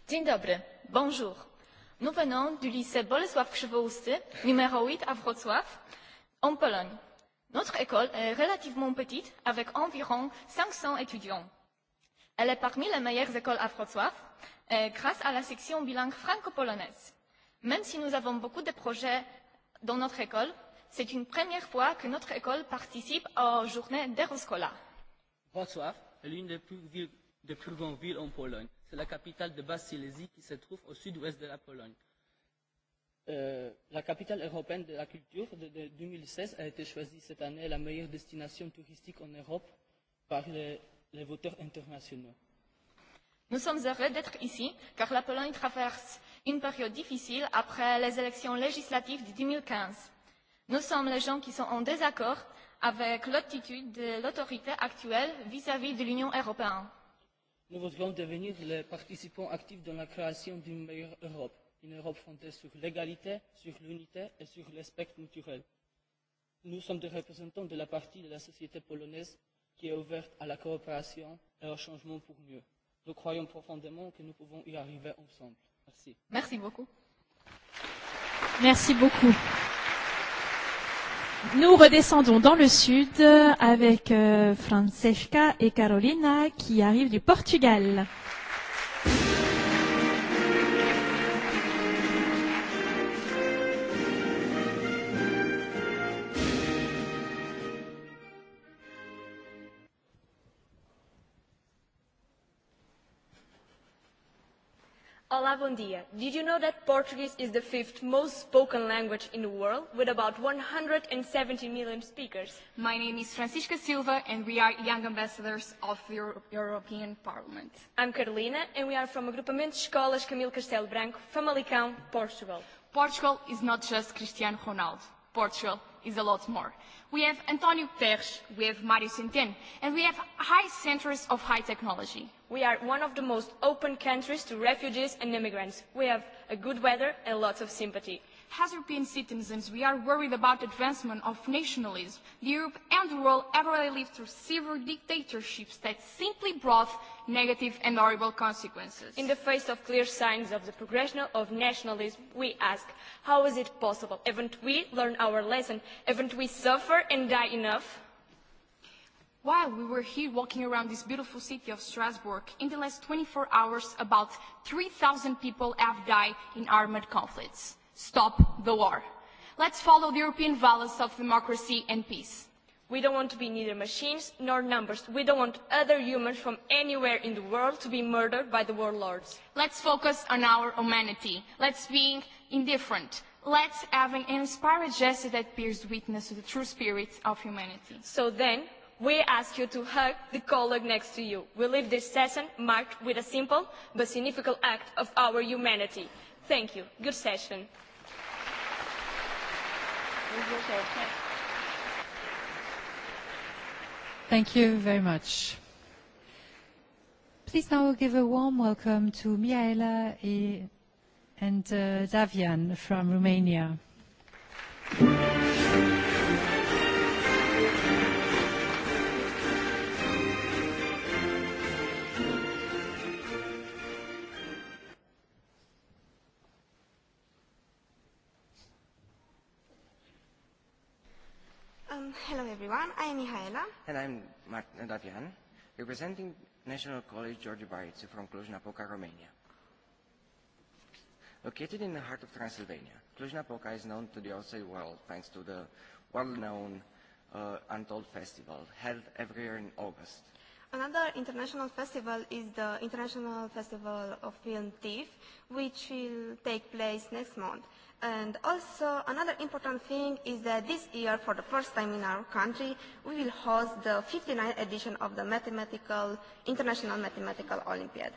D: Dzień dobry. Bonjour. Nous venons du lycée Bolesław Krzywousty, numéro 8 à Wrocław en Pologne. Notre école est relativement petite, avec environ 500 étudiants. Elle est parmi les meilleures écoles à Wrocław, grâce à la section bilingue franco-polonaise. Même si nous avons beaucoup de projets dans notre école, c'est une première fois que notre école participe aux journées d'Eroscola.
S: Wrocław est l'une des plus, des plus grandes villes en Pologne. C'est la capitale de Basse-Silésie qui se trouve
L: au sud-ouest de la Pologne.
T: La capitale européenne de la culture de
S: 2016 a été choisie cette année la meilleure destination touristique en Europe par les voteurs internationaux.
D: Nous sommes heureux d'être ici, car la Pologne traverse une période difficile après les élections législatives de 2015. Nous sommes les gens qui sont en désaccord avec l'attitude de l'autorité actuelle vis-à-vis de l'Union européenne.
S: Nous voudrions devenir les participants actifs dans la création d'une meilleure Europe une Europe fondée sur l'égalité, sur l'unité et sur le respect culturel. Nous sommes des représentants de la partie de la société polonaise qui est ouverte à la coopération et au changement pour mieux. Nous croyons profondément que nous pouvons y arriver ensemble. Merci. Merci beaucoup.
C: Merci beaucoup. Nous redescendons dans le sud avec Francesca et Carolina qui arrivent du Portugal.
D: Olá, bom dia. Did you know that Portuguese is the fifth most spoken language in the world, with about 170 million speakers? My name is Francisca Silva, and we are young ambassadors of the European Parliament. I'm Carolina, and we are from Agrupamento de Escolas Camilo Castelo Branco, Famalicão, Portugal. Portugal is not just Cristiano Ronaldo. Portugal is a lot more. We have António Guterres, we have Mário Centeno, and we have high centres of high technology. We are one of the most open countries to refugees and immigrants. We have a good weather and lots of sympathy. As European citizens, we are worried about the advancement of nationalism. The Europe and the world have already lived through several dictatorships that simply brought negative and horrible consequences. In the face of clear signs of the progression of nationalism, we ask, how is it possible? Haven't we learned our lesson? Haven't we suffered and died enough? While we were here walking around this beautiful city of Strasbourg, in the last 24 hours, about 3,000 people have died in armed conflicts stop the war. Let's follow the European values of democracy and peace. We don't want to be neither machines nor numbers. We don't want other humans from anywhere in the world to be murdered by the warlords. Let's focus on our humanity. Let's be indifferent. Let's have an inspired gesture that bears witness to the true spirit of humanity. So then, we ask you to hug the colleague next to you. We leave this session marked with a simple but significant act of our humanity. Thank you. Good session.
A: Thank you very much. Please now give a warm welcome to Miaela and Davian from Romania.
K: Hello everyone, I am Mihaela.
J: And I'm Martin Davian, representing National College George Barițu from Cluj-Napoca, Romania. Located in the heart of Transylvania, Cluj-Napoca is known to the outside world thanks to the well-known Untold Festival, held every year in August.
K: Another international festival is the International Festival of Film Thief, which will take place next month. And also, another important thing is that this year, for the first time in our country, we will host the 59th edition of the Mathematical International Mathematical Olympiad.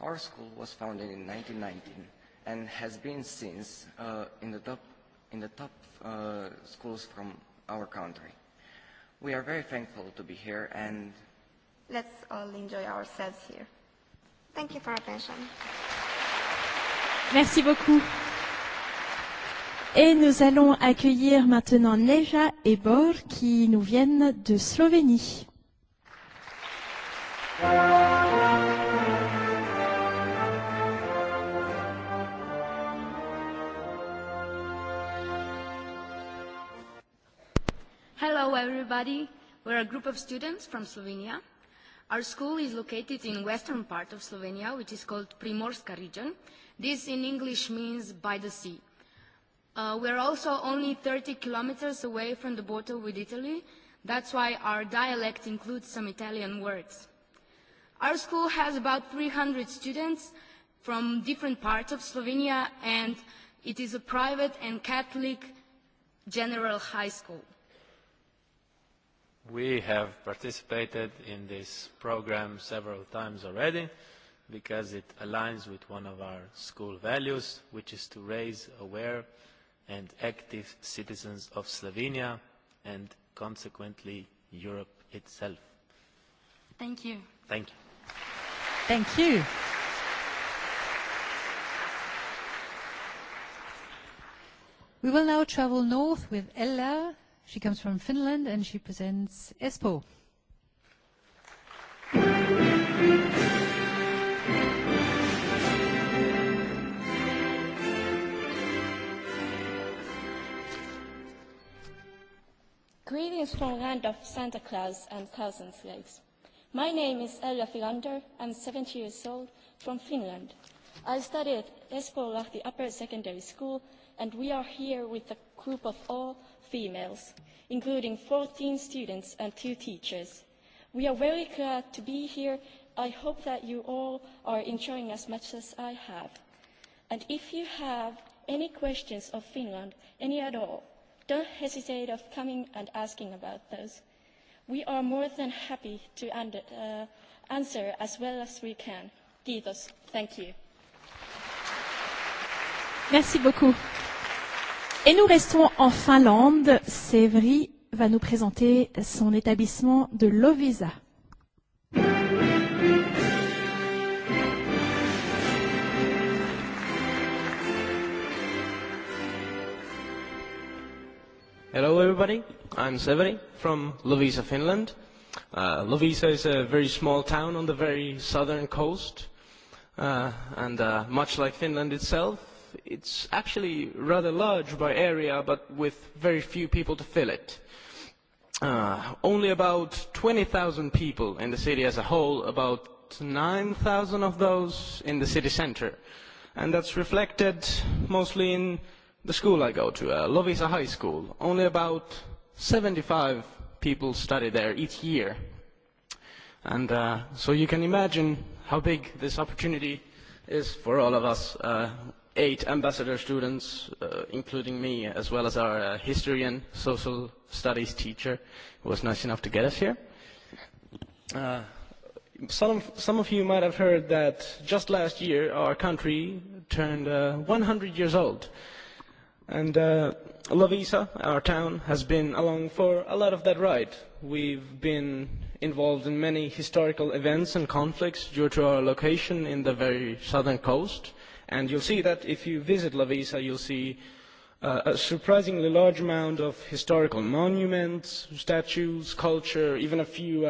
J: Our school was founded in 1919 and has been since in the top, in the top uh, schools from our country. We are very thankful to be here and
I: let's
K: all enjoy ourselves here. Thank you for attention.
C: Merci beaucoup. Et nous allons accueillir maintenant Neja et Bor qui nous viennent de Slovénie.
P: Hello everybody, we're a group of students from Slovenia. Our school is located in western part of Slovenia, which is called Primorska region. This in English means by the sea. We are also only 30 kilometers away from the border with Italy. That's why our dialect includes some Italian words. Our school has about 300 students from different parts of Slovenia, and it is a private and Catholic general high school.
H: We have participated in this
U: program several times already because it aligns with one of our school values, which is to raise awareness and active citizens of Slovenia and consequently Europe itself.
R: Thank
M: you.
U: Thank you.
A: Thank you. We will now travel north with Ella. She comes from Finland and she presents ESPO.
R: Greetings from land of Santa Claus and Thousand lakes. My name is Ella Filander. I'm 70 years old from Finland. I studied Espoolahti Upper Secondary School and we are here with a group of all females, including 14 students and two teachers. We are very glad to be here. I hope that you all are enjoying as much as I have. And if you have any questions of Finland, any at all, don't hesitate of coming and asking about those. We are more than happy to answer as well as we can. thank you.
C: Merci beaucoup. Et nous restons en Finlande. Sévry va nous présenter son établissement de Lovisa.
Q: Hello
U: everybody, I'm Severi from Lovisa, Finland. Uh, Lovisa is a very small town on the very southern coast, uh, and uh, much like Finland itself, it's actually rather large by area, but with very few people to fill it. Uh, only about 20,000 people in the city as a whole, about 9,000 of those in the city center. And that's reflected mostly in the school I go to, Lovisa High School. Only about 75 people study there each year. And so you can imagine how big this opportunity is for all of us, eight ambassador students, including me, as well as our history and social studies teacher, who was nice enough to get us here. Some of you might have heard that just last year our country turned 100 years old. And Lavisa, our town, has been along for a lot of that ride. We've been involved in many historical events and conflicts due to our location in the very southern coast. And you'll see that if you visit Lavisa, you'll see a surprisingly large amount of historical monuments, statues, culture, even a few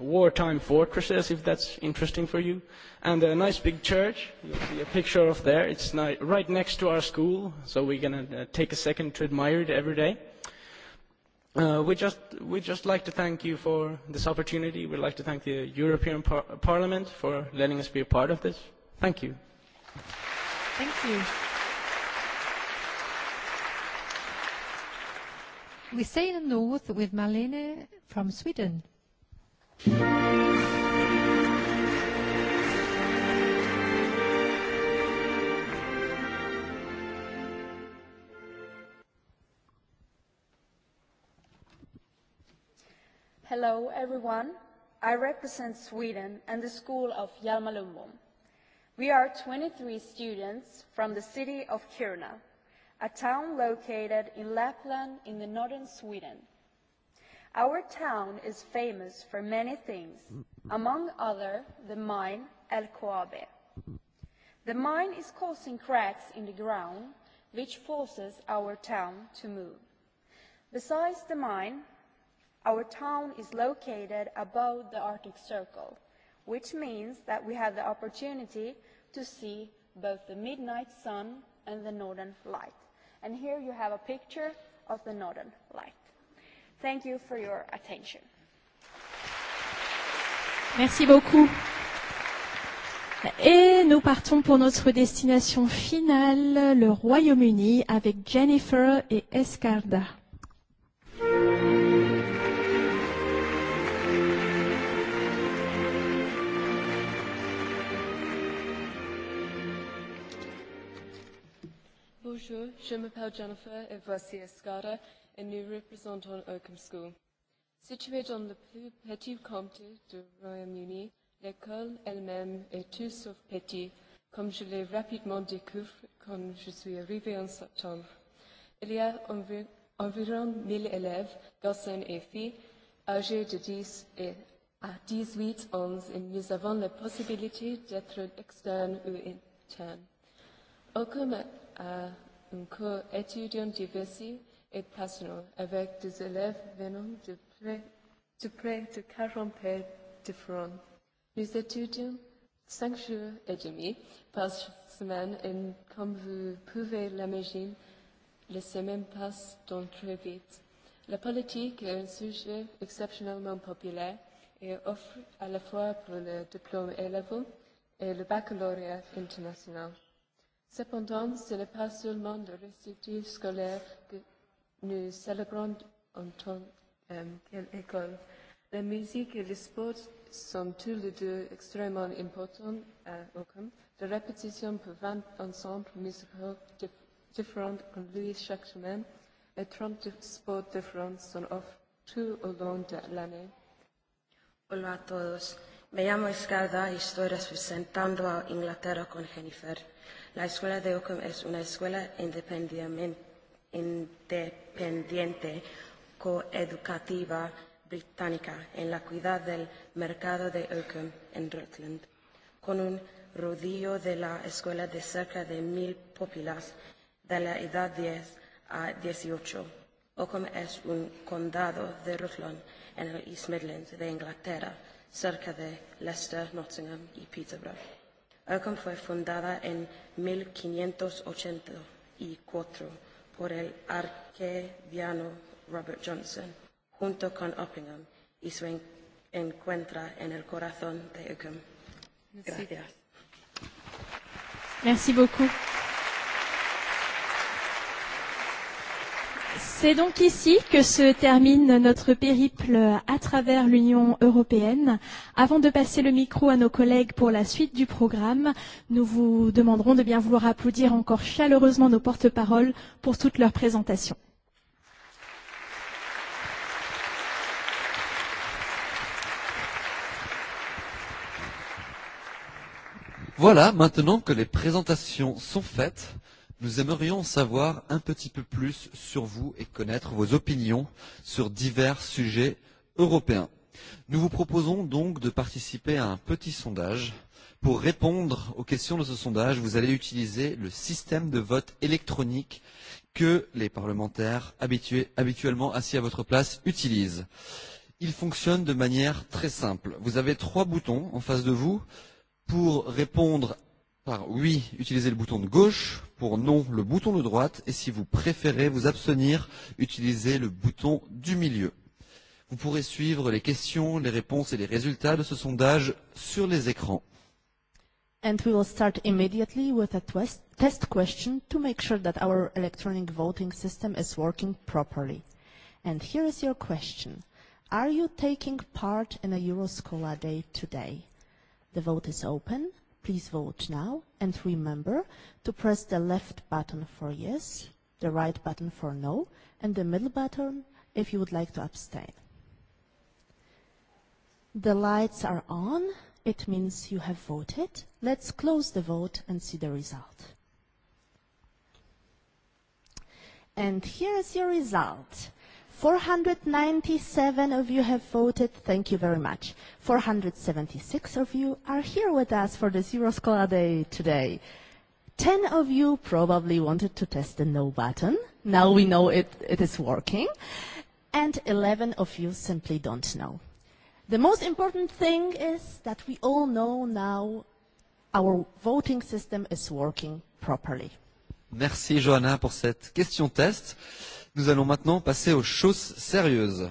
U: wartime fortresses, if that's interesting for you, and a nice big church. You'll see a picture of there. It's right next to our school, so we're going to take a second to admire it every day. We'd just like to thank you for this opportunity. We'd like to thank the European Parliament for letting us be a part of this. Thank you.
I: Thank
A: you. We stay in the north with Marlene from Sweden.
R: Hello everyone. I represent Sweden and the school of Hjalmar We are 23 students from the city of Kiruna a town located in Lapland in the northern Sweden. Our town is famous for many things, among other the mine El Coabe. The mine is causing cracks in the ground, which forces our town to move. Besides the mine, our town is located above the Arctic Circle, which means that we have the opportunity to see both the midnight sun and the northern light. And here you have a picture of the northern light. Thank you for your attention.
C: Merci beaucoup. Et nous partons pour notre destination finale, le Royaume-Uni, avec Jennifer et Escarda.
Q: Bonjour, je m'appelle Jennifer et voici Escada et nous représentons Oakham School. Située dans le plus petit comté du Royaume-Uni, l'école elle-même est tout sauf petite, comme je l'ai rapidement découvert quand je suis arrivée en septembre. Il y a environ 1000 élèves, garçons et filles, âgés de 10 et à 18 ans et nous avons la possibilité d'être externe ou interne. Oakham un cours étudiant diversi et passionnant avec des élèves venant de près de, près de 40 pays différents. Nous étudions cinq jours et demi par semaine et comme vous pouvez l'imaginer, les semaines passent donc très vite. La politique est un sujet exceptionnellement populaire et offre à la fois pour le diplôme élève et le baccalauréat international. Cependant, ce n'est pas seulement le restitut scolaire que nous célébrons en tant qu'école. La musique et le sport sont tous les deux extrêmement importants à Ockham. La répétition pour 20 ensembles musicaux différents qu'on lui chaque semaine et 30 sports différents sont offerts tout au long de l'année. Hola a todos.
O: Me llamo Escada y estoy representando a Inglaterra con Jennifer. La Escuela de Ocum es una escuela independiente coeducativa británica en la cuidad del mercado de Oakham en Rutland, con un rodillo de la escuela de cerca de mil pupilas de la edad 10 a 18. Ocum es un condado de Rutland en el East Midlands de Inglaterra, cerca de Leicester, Nottingham y Peterborough. ECOM fue fundada en 1584 por el arquediano Robert Johnson, junto con Oppingham, y se encuentra en el corazón de ECOM. Gracias.
C: Merci beaucoup. C'est donc ici que se termine notre périple à travers l'Union européenne. Avant de passer le micro à nos collègues pour la suite du programme, nous vous demanderons de bien vouloir applaudir encore chaleureusement nos porte-paroles pour toutes leurs présentations.
V: Voilà, maintenant que les présentations sont faites, Nous aimerions savoir un petit peu plus sur vous et connaître vos opinions sur divers sujets européens. Nous vous proposons donc de participer à un petit sondage. Pour répondre aux questions de ce sondage, vous allez utiliser le système de vote électronique que les parlementaires habitués habituellement assis à votre place utilisent. Il fonctionne de manière très simple. Vous avez trois boutons en face de vous. Pour répondre par oui, utilisez le bouton de gauche, pour non, le bouton de droite, et si vous préférez vous abstenir, utilisez le bouton du milieu. Vous pourrez suivre les questions, les réponses et les résultats de ce sondage sur les écrans.
W: And we will start immediately with a test question to make sure that our electronic voting system is working properly. And here is your question. Are you taking part in a Euroscola day today? The vote is open. Please vote now and remember to press the left button for yes, the right button for no, and the middle button if you would like to abstain. The lights are on. It means you have voted. Let's close the vote and see the result. And here is your result. 497 of you have voted. Thank you very much. 476 of you are here with us for the Zero Day today. 10 of you probably wanted to test the no button. Now we know it, it is working. And 11 of you simply don't know. The most important thing is that we all know now our voting system is working properly.
V: Merci Johanna pour cette question test. Nous allons maintenant passer aux choses sérieuses.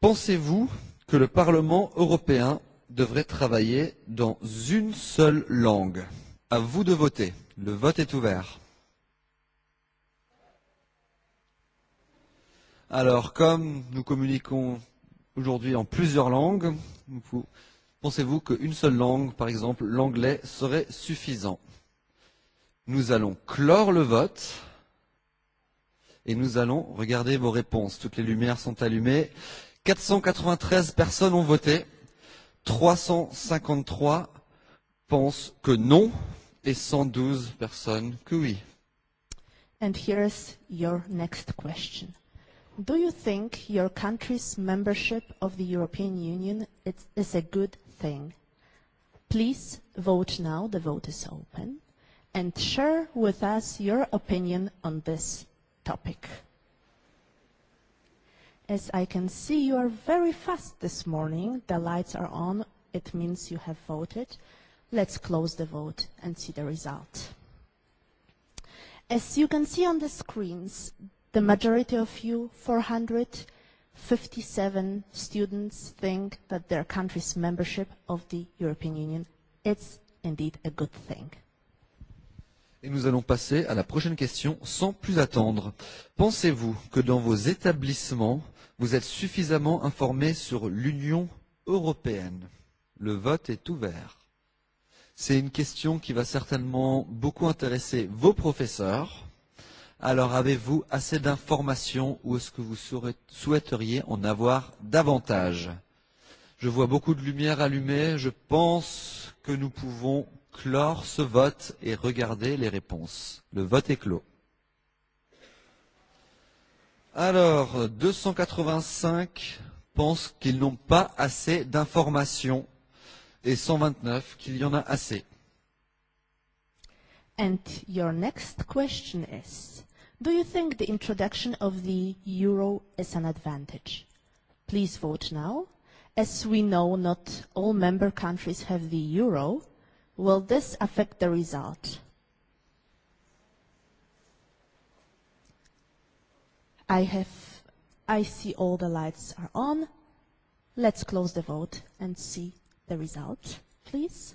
V: Pensez-vous que le Parlement européen devrait travailler dans une seule langue À vous de voter. Le vote est ouvert. Alors, comme nous communiquons aujourd'hui en plusieurs langues, pensez-vous qu'une seule langue, par exemple l'anglais, serait suffisant Nous allons clore le vote et nous allons regarder vos réponses. Toutes les lumières sont allumées. 493 personnes ont voté. 353 pensent que non et 112 personnes que oui.
W: And is your next question. Do you think your country's membership of the European Union is a good thing? Please vote now. The vote is open. And share with us your opinion on this topic. As I can see, you are very fast this morning. The lights are on. It means you have voted. Let's close the vote and see the result. As you can see on the screens, the majority of you, 457 students, think that their country's membership of the European Union is indeed a good thing.
V: Et nous allons passer à la prochaine question sans plus attendre. Pensez-vous que dans vos établissements, vous êtes suffisamment informés sur l'Union européenne Le vote est ouvert. C'est une question qui va certainement beaucoup intéresser vos professeurs. Alors avez-vous assez d'informations ou est-ce que vous souhaiteriez en avoir davantage Je vois beaucoup de lumière allumée. Je pense que nous pouvons clore ce vote et regarder les réponses. Le vote est clos. Alors, 285 pensent qu'ils n'ont pas assez d'informations et 129 qu'il y en a assez.
W: And your next question is, do you think the introduction of the euro is an advantage? Please vote now. As we know, not all member countries have the euro Will this affect the result? I have, I see all the lights are on. Let's close the vote and see the result, please.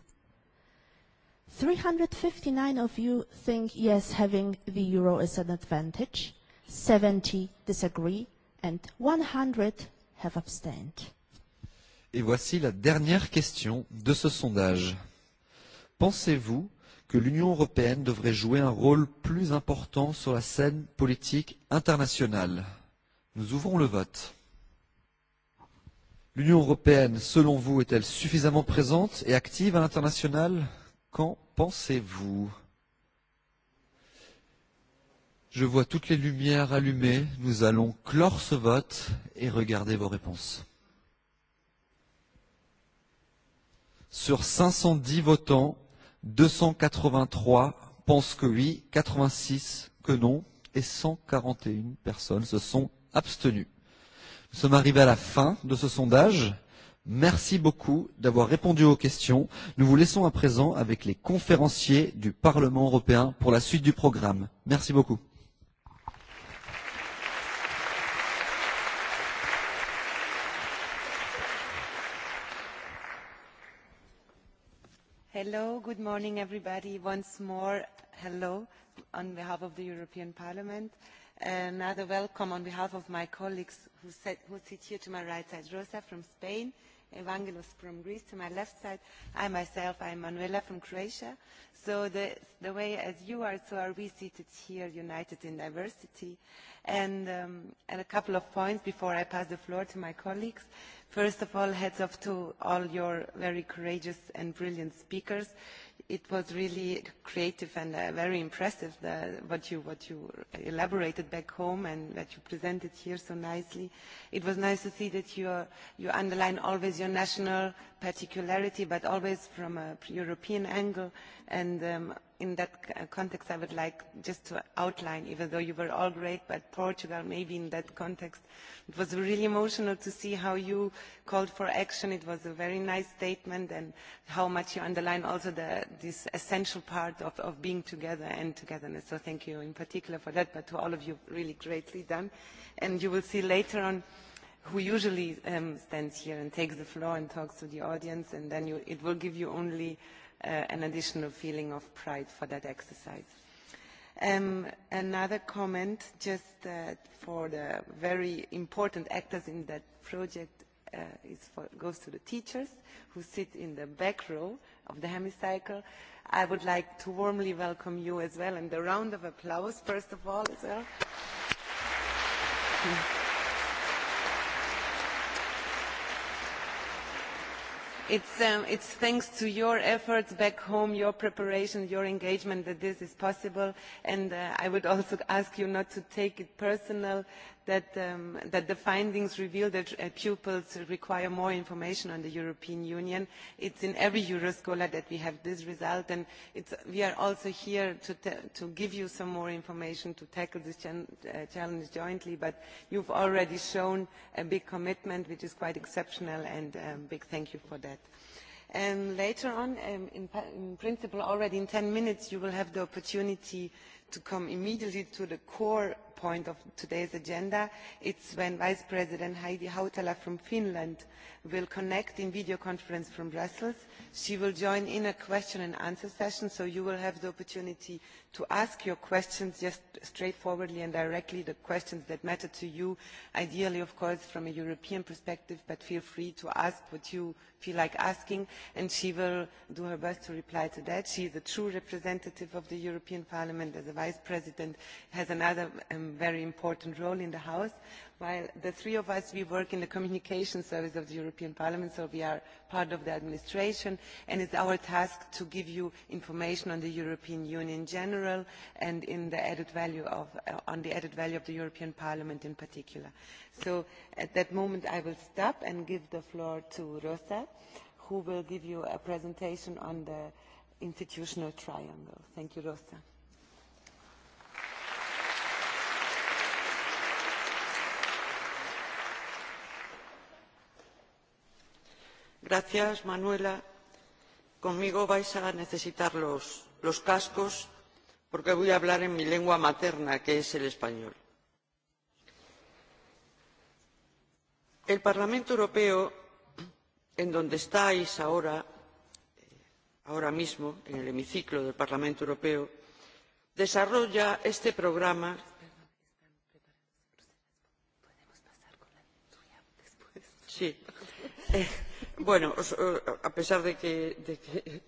W: 359 of you think yes, having the euro is an advantage. 70 disagree and 100 have abstained.
V: Et voici la dernière question de ce sondage. Pensez-vous que l'Union européenne devrait jouer un rôle plus important sur la scène politique internationale Nous ouvrons le vote. L'Union européenne, selon vous, est-elle suffisamment présente et active à l'international Qu'en pensez-vous Je vois toutes les lumières allumées. Nous allons clore ce vote et regarder vos réponses. Sur 510 votants, 283 pensent que oui, 86 que non et 141 personnes se sont abstenues. Nous sommes arrivés à la fin de ce sondage. Merci beaucoup d'avoir répondu aux questions. Nous vous laissons à présent avec les conférenciers du Parlement européen pour la suite du programme. Merci beaucoup.
X: Hello, good morning everybody. Once more, hello on behalf of the European Parliament. Another welcome on behalf of my colleagues who sit here to my right side, Rosa from Spain, Evangelos from Greece to my left side. I myself, I am Manuela from Croatia. So the, the way as you are, so are we seated here, united in diversity. And, um, and a couple of points before I pass the floor to my colleagues. First of all, heads off to all your very courageous and brilliant speakers. It was really creative and very impressive what you what you elaborated back home and that you presented here so nicely. It was nice to see that you you underline always your national particularity, but always from a European angle And in that context, I would like just to outline, even though you were all great, but Portugal, maybe in that context, it was really emotional to see how you called for action. It was a very nice statement, and how much you underline also this essential part of being together and togetherness. So thank you in particular for that, but to all of you, really greatly done. And you will see later on who usually stands here and takes the floor and talks to the audience, and then it will give you only an additional feeling of pride for that exercise. Another comment, just for the very important actors in that project, goes to the teachers who sit in the back row of the hemicycle. I would like to warmly welcome you as well, and a round of applause, first of all, as well. It's thanks to your efforts back home, your preparation, your engagement that this is possible. And I would also ask you not to take it personal that the findings reveal that pupils require more information on the European Union. It's in every Euroscholar that we have this result, and we are also here to give you some more information to tackle this challenge jointly, but you've already shown a big commitment, which is quite exceptional, and a big thank you for that. Later on, in principle, already in 10 minutes, you will have the opportunity to come immediately to the core point of today's agenda. is when Vice President Heidi Hautala from Finland will connect in video conference from Brussels. She will join in a question and answer session, so you will have the opportunity to ask your questions just straightforwardly and directly, the questions that matter to you, ideally, of course, from a European perspective, but feel free to ask what you feel like asking, and she will do her best to reply to that. She is a true representative of the European Parliament as a Vice President, has another very important role in the House. While the three of us, we work in the communication service of the European Parliament, so we are part of the administration, and it's our task to give you information on the European Union in general and in the added value on the added value of the European Parliament in particular. So at that moment, I will stop and give the floor to Rosa, who will give you a presentation on the institutional triangle. Thank you, Rosa.
T: Gracias, Manuela. Conmigo vais a necesitar los, cascos porque voy a hablar en mi lengua materna, que es el español. El Parlamento Europeo, en donde estáis ahora, ahora mismo, en el hemiciclo del Parlamento Europeo, desarrolla este programa Sí. Bueno, a pesar de que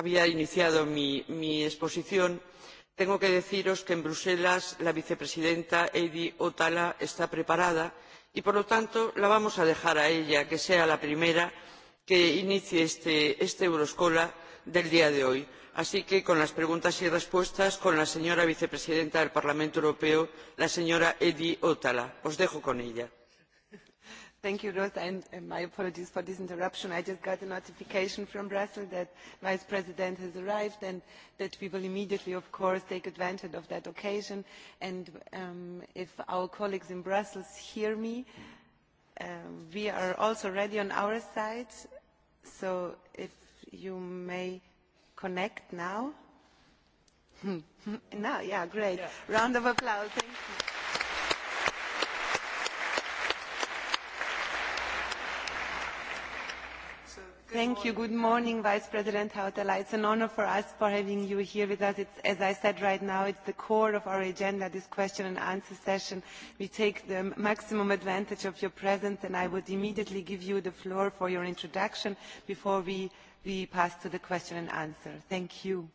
T: había iniciado mi exposición, tengo que deciros que en Bruselas la vicepresidenta Heidi Otala está preparada y, por lo tanto, la vamos a dejar a ella que sea la primera que inicie este Euroscola del día de hoy. Así que, con las preguntas y respuestas, con la señora vicepresidenta del Parlamento Europeo, la señora Heidi Otala, Os dejo con ella.
X: Thank you, Ruth, and my apologies for this interruption. I just got a notification from Brussels that Vice President has arrived and that we will immediately, of course, take advantage of that occasion. And if our colleagues in Brussels hear me, we are also ready on our side. So if you may connect now. Now, yeah, great. Round of applause. Thank you. Thank you. Good morning, Vice President Hautala. It's an honor for us for having you here with us. It's, as I said right now, it's the core of our agenda, this question and answer session. We take the maximum advantage of your presence, and I would immediately give you the floor for your introduction before we, we pass to the question and answer. Thank you.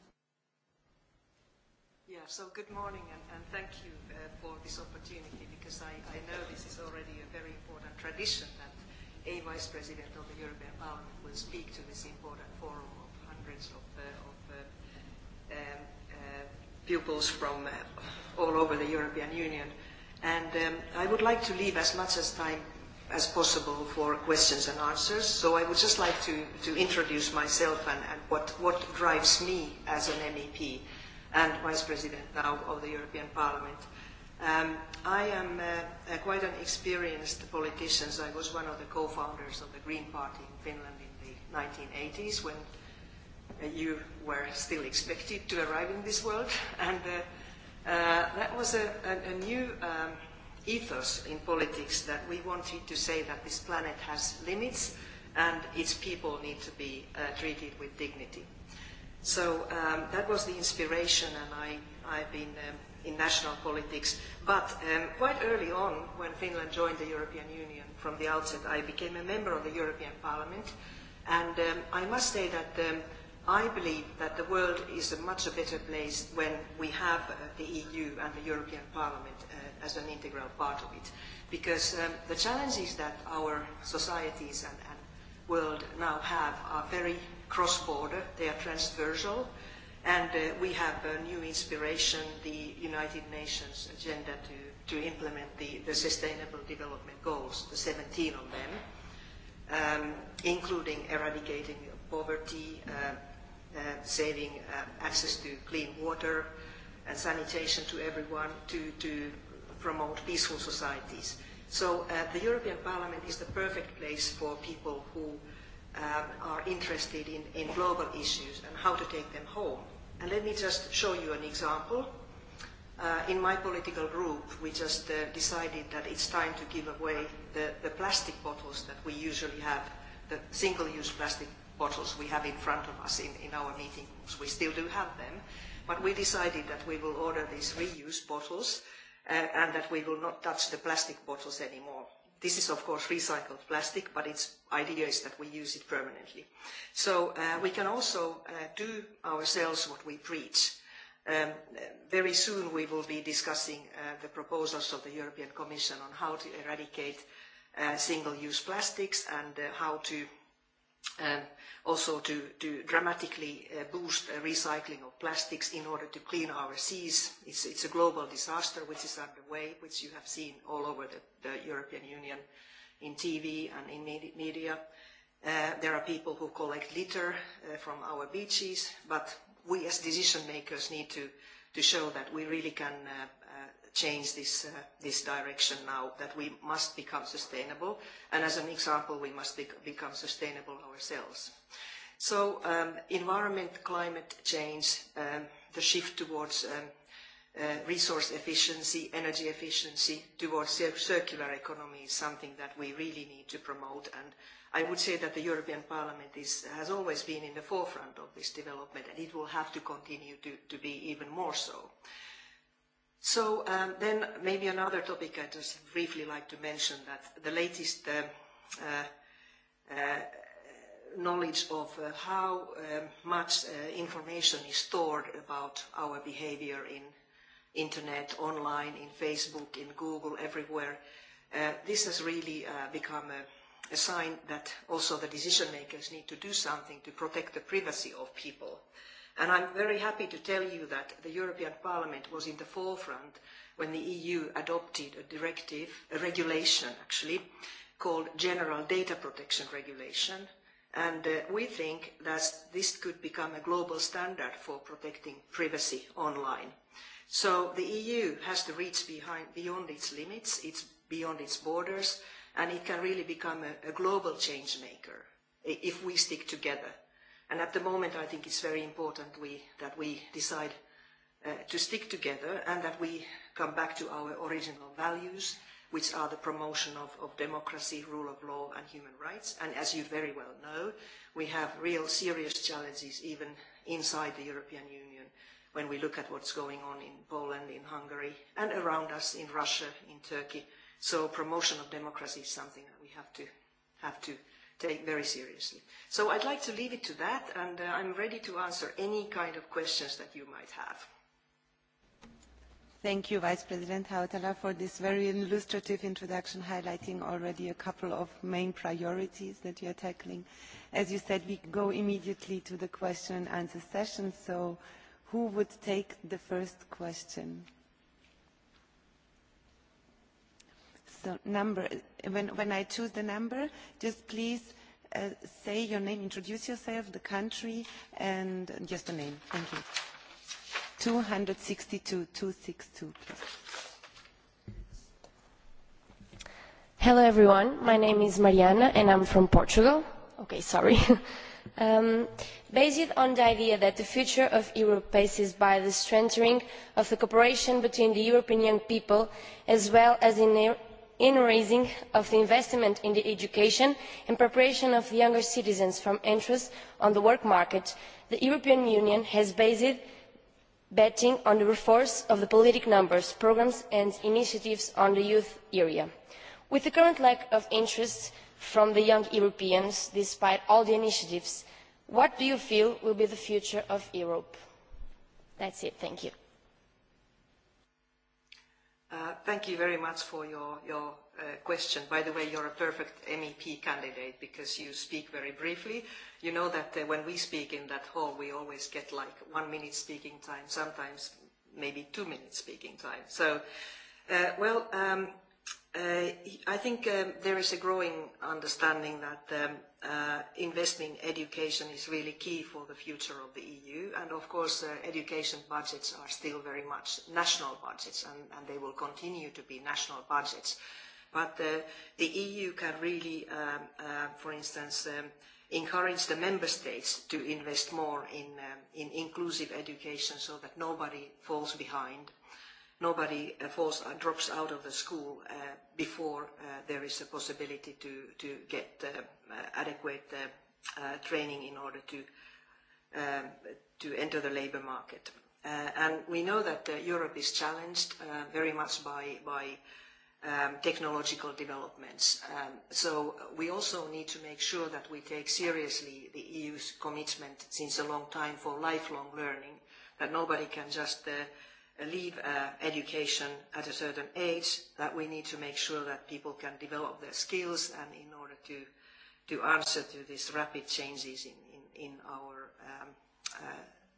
Y: Yeah, so good morning, and, and thank you for this opportunity, because I, I know this is already a very important tradition a vice president of the European Parliament will speak to this important forum of hundreds of pupils from all over the European Union. And I would like to leave as much as time as possible for questions and answers. So I would just like to, to introduce myself and, and what, what drives me as an MEP and Vice President now of the European Parliament. I am quite an experienced politician. so I was one of the co-founders of the Green Party in Finland in the 1980s when you were still expected to arrive in this world. And that was a new ethos in politics that we wanted to say that this planet has limits and its people need to be treated with dignity. So that was the inspiration and I I've been in national politics. But quite early on, when Finland joined the European Union from the outset, I became a member of the European Parliament, and I must say that I believe that the world is a much better place when we have the EU and the European Parliament as an integral part of it, because the challenges that our societies and world now have are very cross-border, they are transversal, And we have a new inspiration, the United Nations agenda to, implement the, Sustainable Development Goals, the 17 of them, including eradicating poverty, saving access to clean water and sanitation to everyone, to, promote peaceful societies. So the European Parliament is the perfect place for people who are interested in global issues and how to take them home And let me just show you an example. In my political group, we just decided that it's time to give away the plastic bottles that we usually have, the single-use plastic bottles we have in front of us in our meeting rooms. We still do have them, but we decided that we will order these reuse bottles and that we will not touch the plastic bottles anymore. This is of course recycled plastic, but its idea is that we use it permanently. So we can also do ourselves what we preach. Very soon we will be discussing the proposals of the European Commission on how to eradicate single-use plastics and how to also to dramatically boost recycling of plastics in order to clean our seas. It's a global disaster which is underway, which you have seen all over the European Union in TV and in media. There are people who collect litter from our beaches, but we as decision makers need to show that we really can change this this direction now that we must become sustainable and as an example we must become sustainable ourselves so environment climate change the shift towards resource efficiency energy efficiency towards circular economy is something that we really need to promote and i would say that the european parliament is has always been in the forefront of this development and it will have to continue to be even more so So then maybe another topic I just briefly like to mention that the latest knowledge of how much information is stored about our behavior in internet, online, in Facebook, in Google, everywhere. This has really become a sign that also the decision makers need to do something to protect the privacy of people. And I'm very happy to tell you that the European Parliament was in the forefront when the EU adopted a directive, a regulation actually, called General Data Protection Regulation. And we think that this could become a global standard for protecting privacy online. So the EU has to reach beyond its limits, it's beyond its borders, and it can really become a global change maker if we stick together And at the moment, I think it's very important that we decide to stick together and that we come back to our original values, which are the promotion of democracy, rule of law and human rights. And as you very well know, we have real serious challenges even inside the European Union when we look at what's going on in Poland, in Hungary and around us in Russia, in Turkey. So promotion of democracy is something that we have to have to take very seriously. So I'd like to leave it to that, and I'm ready to answer any kind of questions that you might have.
X: Thank you, Vice President Hautala, for this very illustrative introduction, highlighting already a couple of main priorities that you are tackling. As you said, we go immediately to the question and answer session, so who would take the first question? the number, when, when I choose the number, just please say your name, introduce yourself, the country, and just the name. Thank you. 262, 262,
E: Hello, everyone. My name is Mariana, and I'm from Portugal. Okay, sorry. um, based on the idea that the future of Europe passes by the strengthening of the cooperation between the European young people as well as in in raising of the investment in the education and preparation of younger citizens from interest on the work market, the European Union has based betting on the reforce of the political numbers, programmes and initiatives on the youth area. With the current lack of interest from the young Europeans, despite all the initiatives, what do you feel will be the future of Europe? That's it. Thank you.
Y: Thank you very much for your your question. By the way, you're a perfect MEP candidate because you speak very briefly. You know that when we speak in that hall, we always get like one minute speaking time, sometimes maybe two minutes speaking time. So, well, um I think there is a growing understanding that investment in education is really key for the future of the EU, and of course education budgets are still very much national budgets, and they will continue to be national budgets. But the EU can really, for instance, encourage the member states to invest more in inclusive education so that nobody falls behind nobody falls drops out of the school before there is a possibility to to get adequate training in order to to enter the labor market and we know that Europe is challenged very much by by technological developments so we also need to make sure that we take seriously the EU's commitment since a long time for lifelong learning that nobody can just leave education at a certain age, that we need to make sure that people can develop their skills and in order to answer to these rapid changes in in our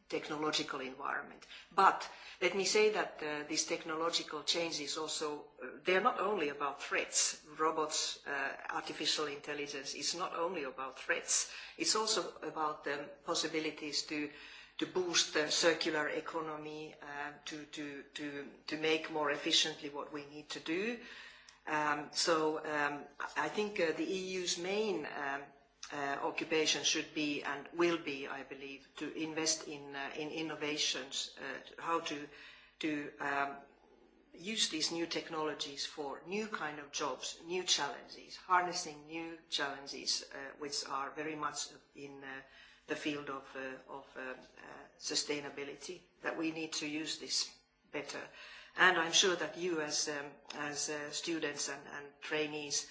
Y: technological environment. But let me say that these technological changes also, they're not only about threats. Robots, artificial intelligence is not only about threats. It's also about the possibilities to to boost the circular economy, to to to to make more efficiently what we need to do. So I think the EU's main occupation should be and will be, I believe, to invest in innovations, how to to use these new technologies for new kind of jobs, new challenges, harnessing new challenges which are very much in the field of of sustainability that we need to use this better and i'm sure that you as as students and and trainees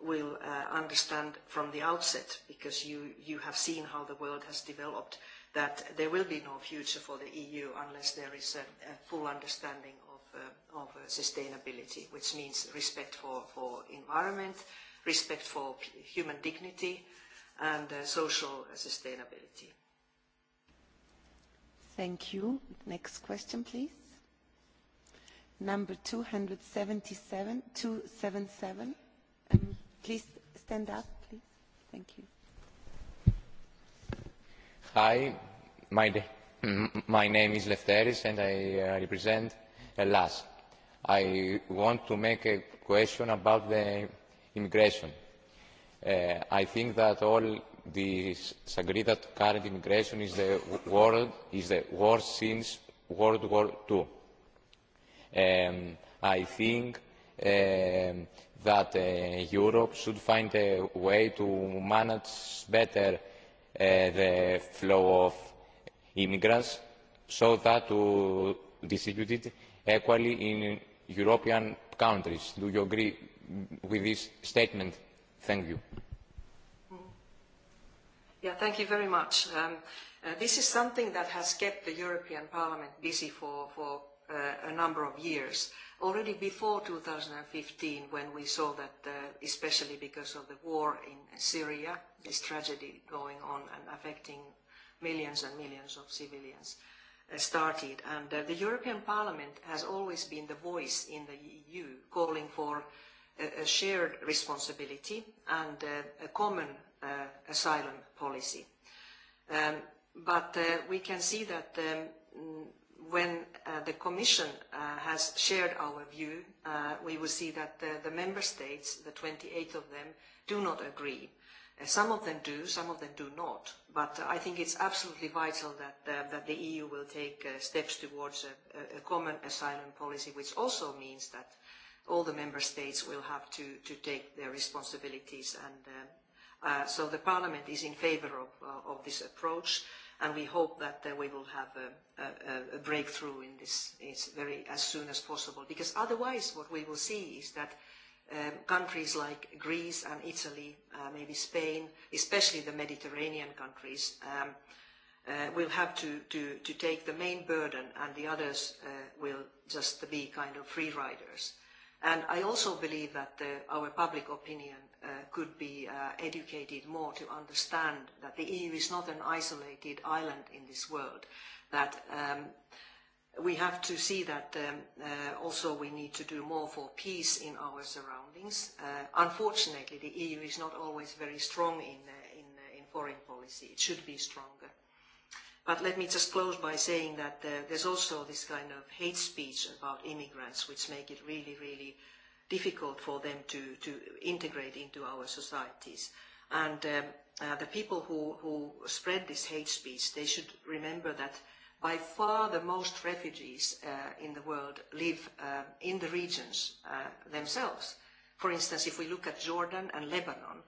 Y: will understand from the outset because you you have seen how the world has developed that there will be no future for the eu unless there is a full understanding of of sustainability which means respect for for environment respect for human dignity and social sustainability.
X: Thank you. Next question, please. Number 277, 277. Please stand up, please. Thank you.
H: Hi, my name is Lefteris and I represent ELAS. I want to make a question about the immigration I think that all disagree that current immigration is the world is the worst since World War II. I think that Europe should find a way to manage better the flow of immigrants so that to distribute it equally in European countries. Do you agree with this statement? Thank you.
Y: Yeah, thank you very much. Um This is something that has kept the European Parliament busy for for a number of years. Already before 2015, when we saw that, especially because of the war in Syria, this tragedy going on and affecting millions and millions of civilians, started. And the European Parliament has always been the voice in the EU calling for a shared responsibility and a common asylum policy. But we can see that when the Commission has shared our view, we will see that the Member States, the 28 of them, do not agree. Some of them do, some of them do not. But I think it's absolutely vital that the EU will take steps towards a common asylum policy, which also means that all the member states will have to, to take their responsibilities. And so the Parliament is in favour of, this approach, and we hope that we will have a, breakthrough in this very as soon as possible. Because otherwise, what we will see is that countries like Greece and Italy, maybe Spain, especially the Mediterranean countries, will have to, to take the main burden and the others will just be kind of free riders. And I also believe that our public opinion could be educated more to understand that the EU is not an isolated island in this world, that we have to see that also we need to do more for peace in our surroundings. Unfortunately, the EU is not always very strong in foreign policy. It should be stronger. But let me just close by saying that there's also this kind of hate speech about immigrants, which make it really, really difficult for them to, to integrate into our societies. And the people who, who spread this hate speech, they should remember that by far the most refugees in the world live in the regions themselves. For instance, if we look at Jordan and Lebanon,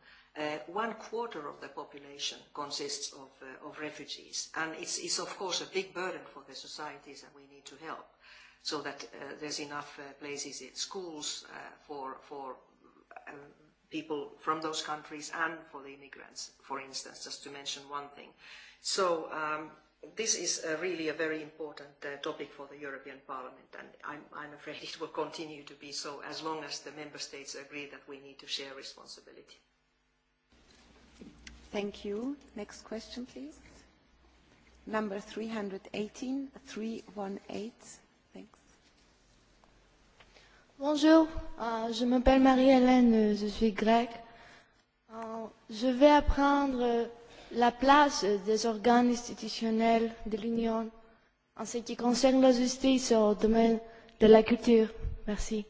Y: one quarter of the population consists of refugees, and it's of course a big burden for the societies and we need to help, so that there's enough places in schools for for people from those countries and for the immigrants, for instance, just to mention one thing. So this is really a very important topic for the European Parliament, and I'm afraid it will continue to be so as long as the member states agree that we need to share responsibility.
X: Thank you. Next question, please. Number 318, 318.
I: Thanks.
M: Bonjour, je m'appelle Marie-Hélène, je suis grecque. Je vais apprendre la place des organes institutionnels de l'Union en ce qui concerne la justice au domaine de la culture. Merci.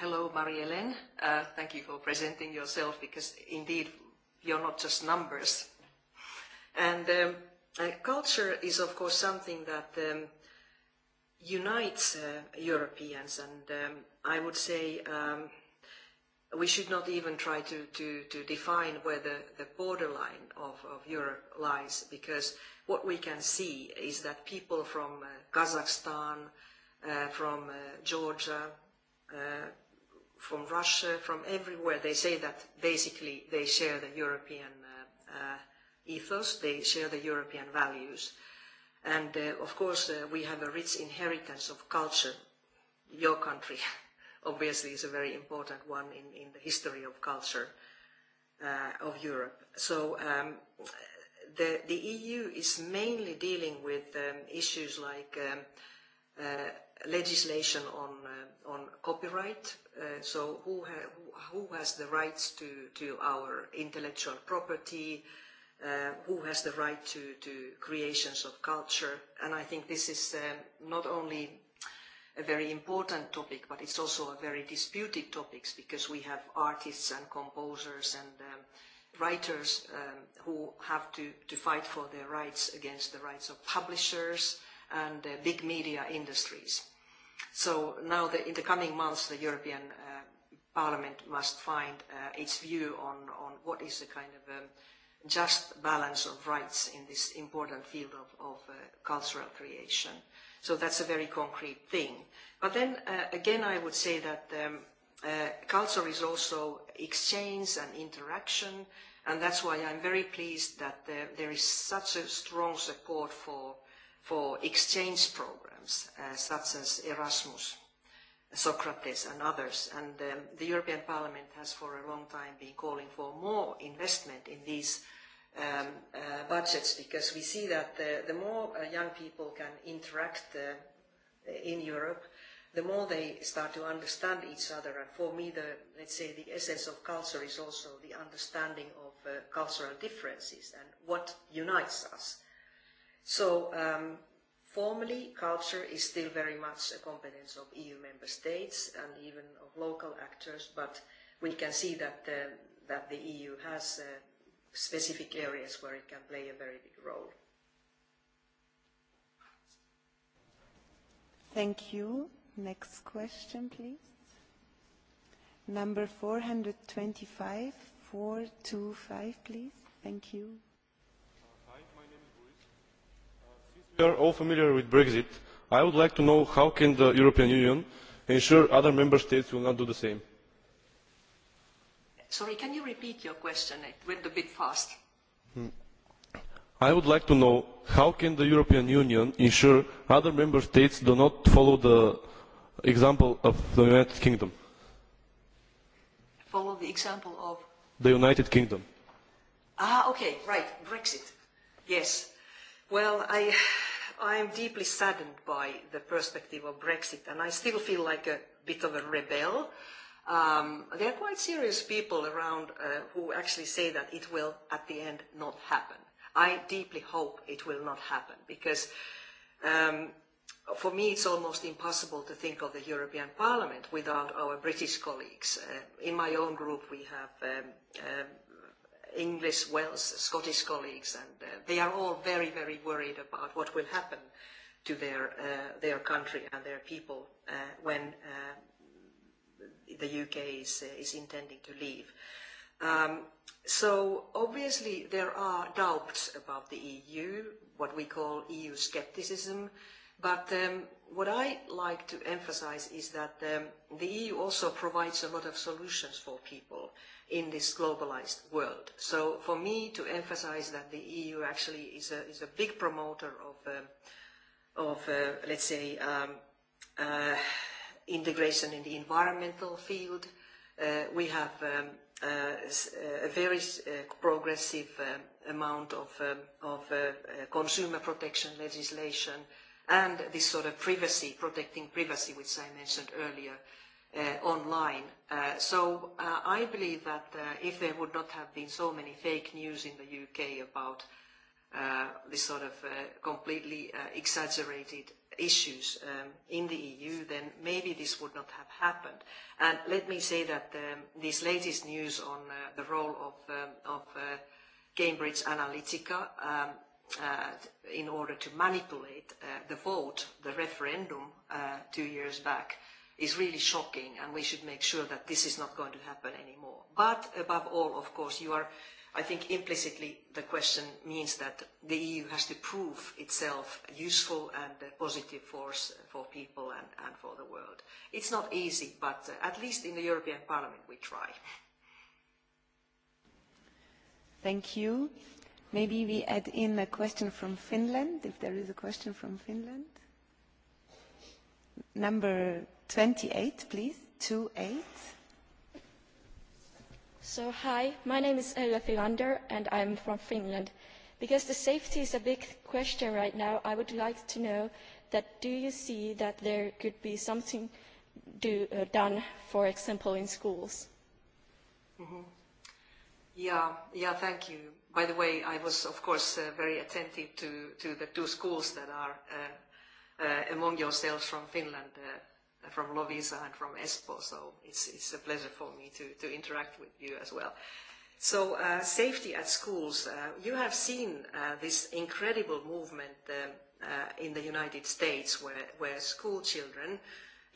Y: Hello, Marie-Hélène. Thank you for presenting yourself because indeed you're not just numbers. And culture is of course something that unites Europeans and I would say we should not even try to, to, to define where the, the borderline of, of Europe lies because what we can see is that people from Kazakhstan, from Georgia, from Russia, from everywhere. They say that basically they share the European ethos, they share the European values. And of course we have a rich inheritance of culture. Your country obviously is a very important one in, in the history of culture of Europe. So um, the, the EU is mainly dealing with issues like legislation on on copyright so who who has the rights to to our intellectual property who has the right to to creations of culture and i think this is not only a very important topic but it's also a very disputed topic because we have artists and composers and writers who have to to fight for their rights against the rights of publishers and big media industries. So now in the coming months the European Parliament must find its view on what is the kind of just balance of rights in this important field of cultural creation. So that's a very concrete thing. But then again I would say that culture is also exchange and interaction and that's why I'm very pleased that there is such a strong support for for exchange programs such as Erasmus, Socrates and others. And the European Parliament has for a long time been calling for more investment in these budgets because we see that the more young people can interact in Europe, the more they start to understand each other. And for me, the, let's say, the essence of culture is also the understanding of cultural differences and what unites us So formally, culture is still very much a competence of EU member states and even of local actors, but we can see that the, that the EU has specific areas where it can play a very big role.
X: Thank you. Next question, please. Number 425, 425, please.
I: Thank you.
F: we are all familiar with
N: brexit i would like to know how can the european union ensure other member states will not do the same?
Y: sorry can you repeat your question it went a bit fast.
N: i would like to know how can the european union ensure other member states do not follow the example of the united kingdom?
Y: follow the example of?
N: the united kingdom.
Y: ah okay right brexit yes Well, I am deeply saddened by the perspective of Brexit, and I still feel like a bit of a rebel. Um, there are quite serious people around who actually say that it will, at the end, not happen. I deeply hope it will not happen, because um, for me it's almost impossible to think of the European Parliament without our British colleagues. in my own group, we have English, Welsh, Scottish colleagues, and they are all very, very worried about what will happen to their their country and their people when the UK is is intending to leave. So obviously there are doubts about the EU, what we call EU skepticism But what I like to emphasize is that the EU also provides a lot of solutions for people in this globalized world. So for me to emphasize that the EU actually is a, is a big promoter of, of let's say, um, integration in the environmental field. we have a very progressive amount of, of consumer protection legislation and this sort of privacy, protecting privacy, which I mentioned earlier, online. So I believe that if there would not have been so many fake news in the UK about this sort of completely exaggerated issues in the EU, then maybe this would not have happened. And let me say that this latest news on the role of Cambridge Analytica in order to manipulate the vote, the referendum two years back, is really shocking and we should make sure that this is not going to happen anymore. But above all, of course, you are, I think implicitly the question means that the EU has to prove itself useful and positive force for people and for the world. It's not easy, but at least in the European Parliament we try.
X: Thank you. Maybe we add in a question from Finland, if there is a question from Finland. Number 28, please. 28.
R: So, hi, my name is Ella Filander and I'm from Finland. Because the safety is a big question right now, I would like to know that do you see that there could be something done, for example, in schools?
Y: Yeah, yeah, thank you By the way, I was, of course, very attentive to, to the two schools that are among yourselves from Finland, from Lovisa and from Espoo, so it's, it's a pleasure for me to, to interact with you as well. So uh, safety at schools, uh, you have seen uh, this incredible movement uh, in the United States where, where school children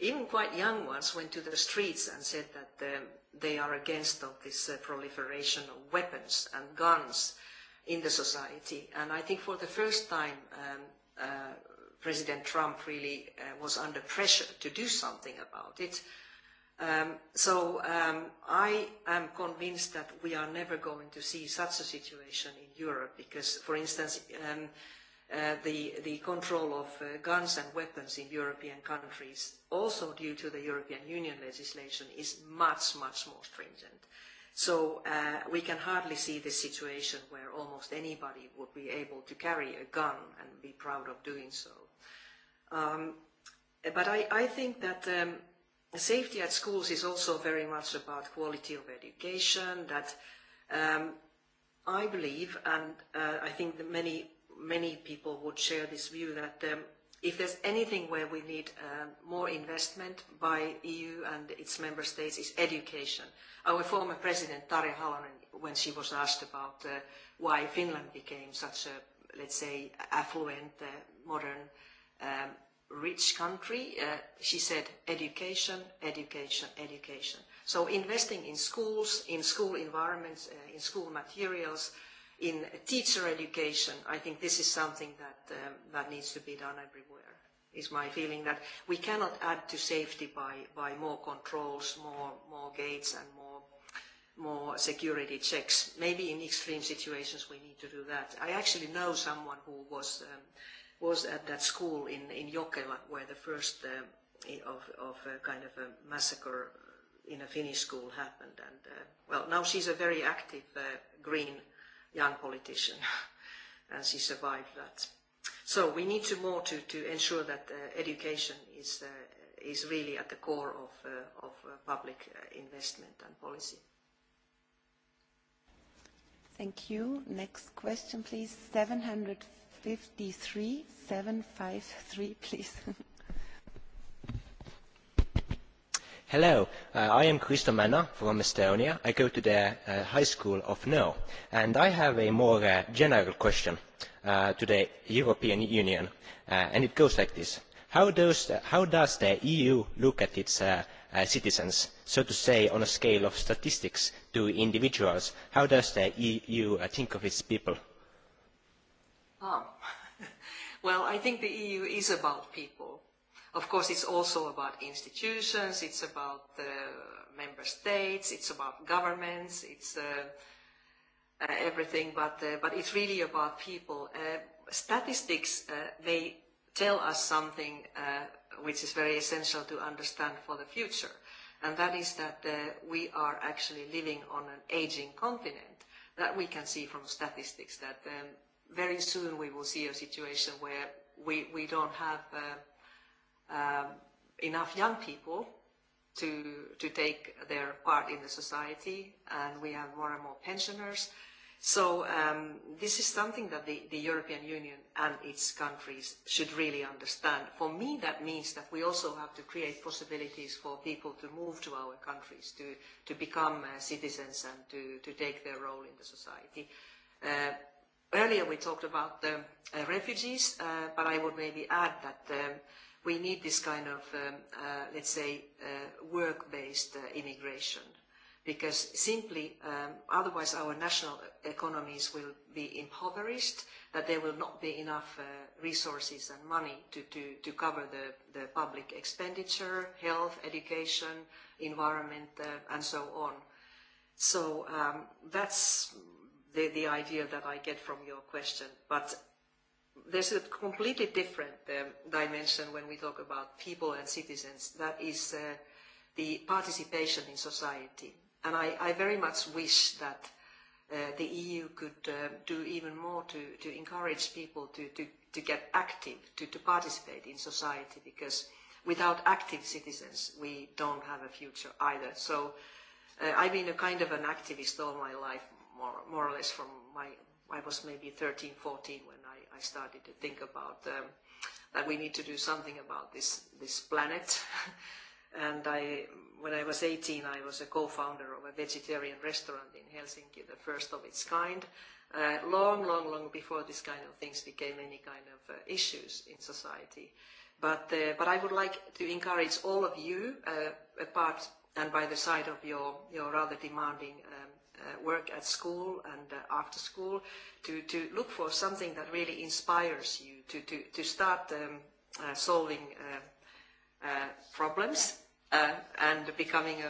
Y: even quite young ones went to the streets and said that they are against all this proliferation of weapons and guns in the society. And I think for the first time President Trump really was under pressure to do something about it. So I am convinced that we are never going to see such a situation in Europe because, for instance, the the control of guns and weapons in European countries, also due to the European Union legislation, is much, much more stringent. So we can hardly see this situation where almost anybody would be able to carry a gun and be proud of doing so. But I I think that safety at schools is also very much about quality of education that I believe, and I think that many many people would share this view that if there's anything where we need more investment by EU and its member states is education. Our former president, Tarja Halonen, when she was asked about why Finland became such a, let's say, affluent, modern, rich country, she said education, education, education. So investing in schools, in school environments, in school materials, in teacher education, I think this is something that that needs to be done everywhere. Is my feeling that we cannot add to safety by by more controls, more more gates and more more security checks. Maybe in extreme situations we need to do that. I actually know someone who was was at that school in in Jokela where the first of of kind of a massacre in a Finnish school happened. And well, now she's a very active green young politician, and she survived that. So we need to more to to ensure that education is is really at the core of of public investment and policy.
X: Thank you. Next question, please. 753, 753, please.
J: Hello, I am Christo Manna from Estonia. I go to the High School of No, and I have a more general question to the European Union, and it goes like this: How does the EU look at its citizens, so to say, on a scale of statistics to individuals? How does the EU think of its people?
Y: Well, I think the EU is about people Of course, it's also about institutions, it's about the member states, it's about governments, it's everything, but, but it's really about people. statistics, uh, they tell us something which is very essential to understand for the future, and that is that we are actually living on an aging continent. That we can see from statistics that very soon we will see a situation where we, we don't have enough young people to to take their part in the society and we have more and more pensioners. So um this is something that the the European Union and its countries should really understand. For me that means that we also have to create possibilities for people to move to our countries, to to become citizens and to to take their role in the society. Earlier we talked about the refugees, but I would maybe add that we need this kind of, let's say, work-based immigration, because simply otherwise our national economies will be impoverished, that there will not be enough resources and money to cover the public expenditure, health, education, environment, and so on. So that's the idea that I get from your question. But there's a completely different dimension when we talk about people and citizens. That is the participation in society. And I, I very much wish that the EU could do even more to, to encourage people to, to, to get active, to, to participate in society, because without active citizens, we don't have a future either. So I've been a kind of an activist all my life, more, more or less from my, I was maybe 13, 14 when I started to think about that we need to do something about this this planet. And I, when I was 18, I was a co-founder of a vegetarian restaurant in Helsinki, the first of its kind. Long, long, long before this kind of things became any kind of issues in society. But but I would like to encourage all of you, apart and by the side of your your rather demanding work at school and after school, to to look for something that really inspires you to to to start solving problems and becoming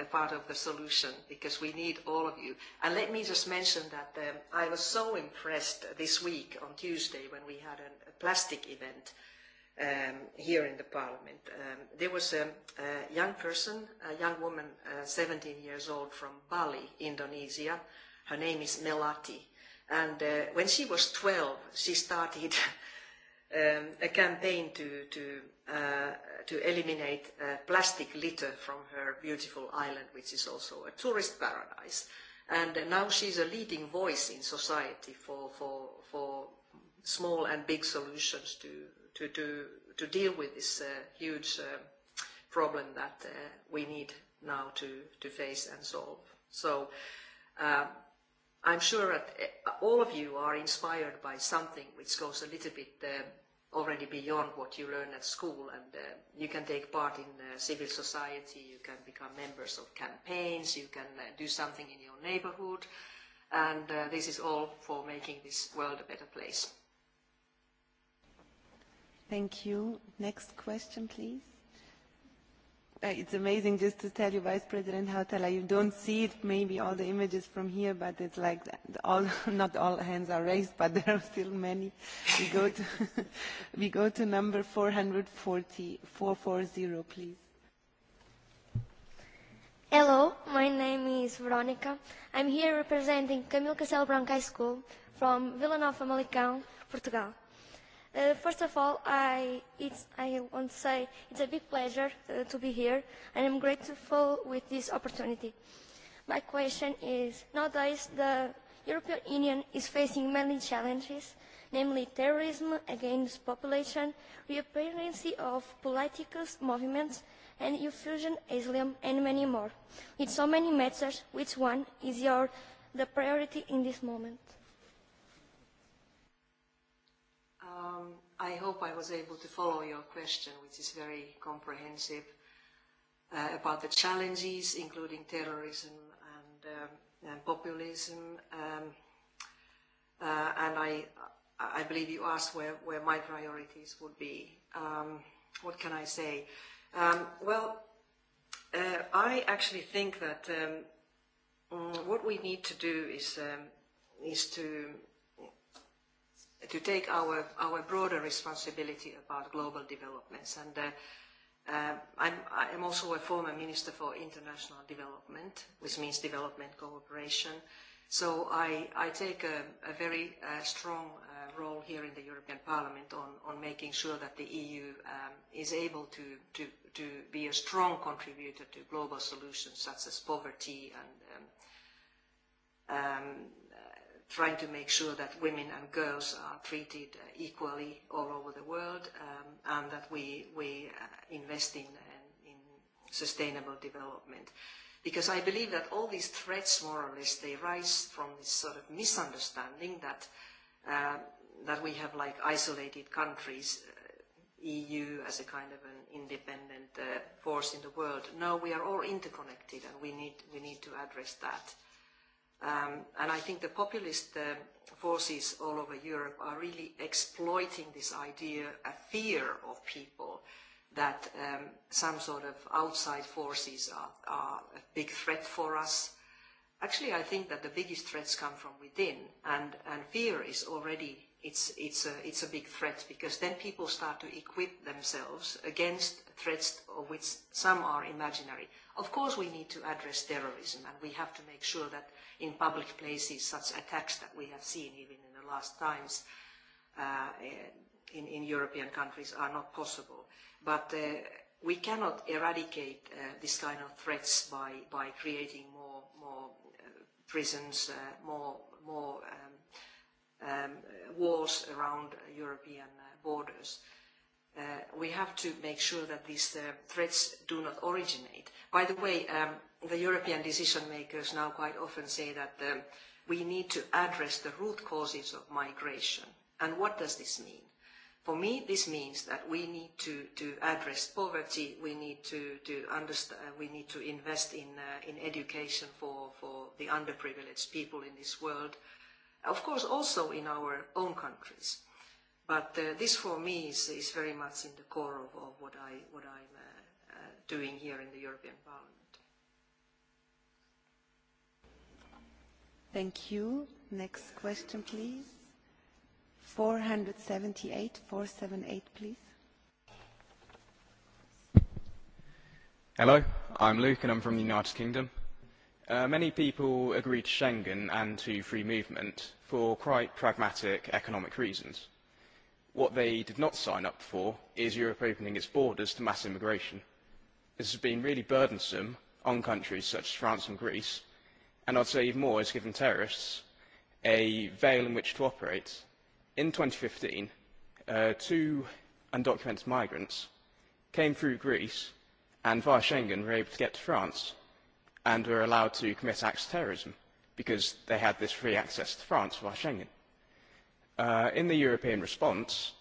Y: a part of the solution because we need all of you. And let me just mention that I was so impressed this week on Tuesday when we had a plastic event here in the Parliament. There was a young person, a young woman, 17 years old from Bali, Indonesia. Her name is Melati. And when she was 12, she started a campaign to to to eliminate plastic litter from her beautiful island, which is also a tourist paradise. And now she's a leading voice in society for for for small and big solutions to to to deal with this huge problem that we need now to to face and solve. So I'm sure that all of you are inspired by something which goes a little bit already beyond what you learn at school and you can take part in civil society, you can become members of campaigns, you can do something in your neighborhood and this is all for making this world a better place.
X: Thank you. Next question, please. It's amazing just to tell you, Vice President Hautala, you don't see it, maybe all the images from here, but it's like all, not all hands are raised, but there are still many. We go to, we go to number 440, please.
P: Hello, my name is Veronica. I'm here representing Camille Castelo Branco High School from Vila Nova, Malicão, Portugal. First of all, I I want to say it's a big pleasure to be here, and I'm grateful with this opportunity. My question is, nowadays the European Union is facing many challenges, namely terrorism against population, reappearance of political movements, and infusion Islam, and many more. With so many matters, which one is your the priority in this moment?
Y: Um, I hope I was able to follow your question, which is very comprehensive, about the challenges, including terrorism and populism. And I I believe you asked where where my priorities would be. What can I say? Well, I actually think that what we need to do is is to to take our our broader responsibility about global developments. And I'm I'm also a former Minister for International Development, which means development cooperation. So I I take a very strong role here in the European Parliament on on making sure that the EU is able to to to be a strong contributor to global solutions such as poverty and trying to make sure that women and girls are treated equally all over the world and that we we invest in in sustainable development because i believe that all these threats more or less they rise from this sort of misunderstanding that that we have like isolated countries eu as a kind of an independent force in the world no we are all interconnected and we need we need to address that And I think the populist forces all over Europe are really exploiting this idea, a fear of people, that some sort of outside forces are a big threat for us. Actually, I think that the biggest threats come from within, and fear is already it's it's a it's a big threat because then people start to equip themselves against threats of which some are imaginary. Of course we need to address terrorism and we have to make sure that in public places such attacks that we have seen even in the last times in in European countries are not possible. But we cannot eradicate this kind of threats by by creating more more prisons, more more walls around European borders. We have to make sure that these threats do not originate. By the way, the European decision makers now quite often say that we need to address the root causes of migration. And what does this mean? For me, this means that we need to to address poverty. We need to to understand. We need to invest in in education for for the underprivileged people in this world of course also in our own countries. But this for me is is very much in the core of what I what I'm doing here in the European Parliament.
X: Thank you. Next question, please. 478, 478, please.
G: Hello, I'm Luke and I'm from the United Kingdom. Many people agree to Schengen and to free movement for quite pragmatic economic reasons. What they did not sign up for is Europe opening its borders to mass immigration. This has been really burdensome on countries such as France and Greece, and I'd say even more has given terrorists a veil in which to operate. In 2015, two undocumented migrants came through Greece and via Schengen were able to get to France and were allowed to commit acts of terrorism because they had this free access to France via Schengen. In the European response,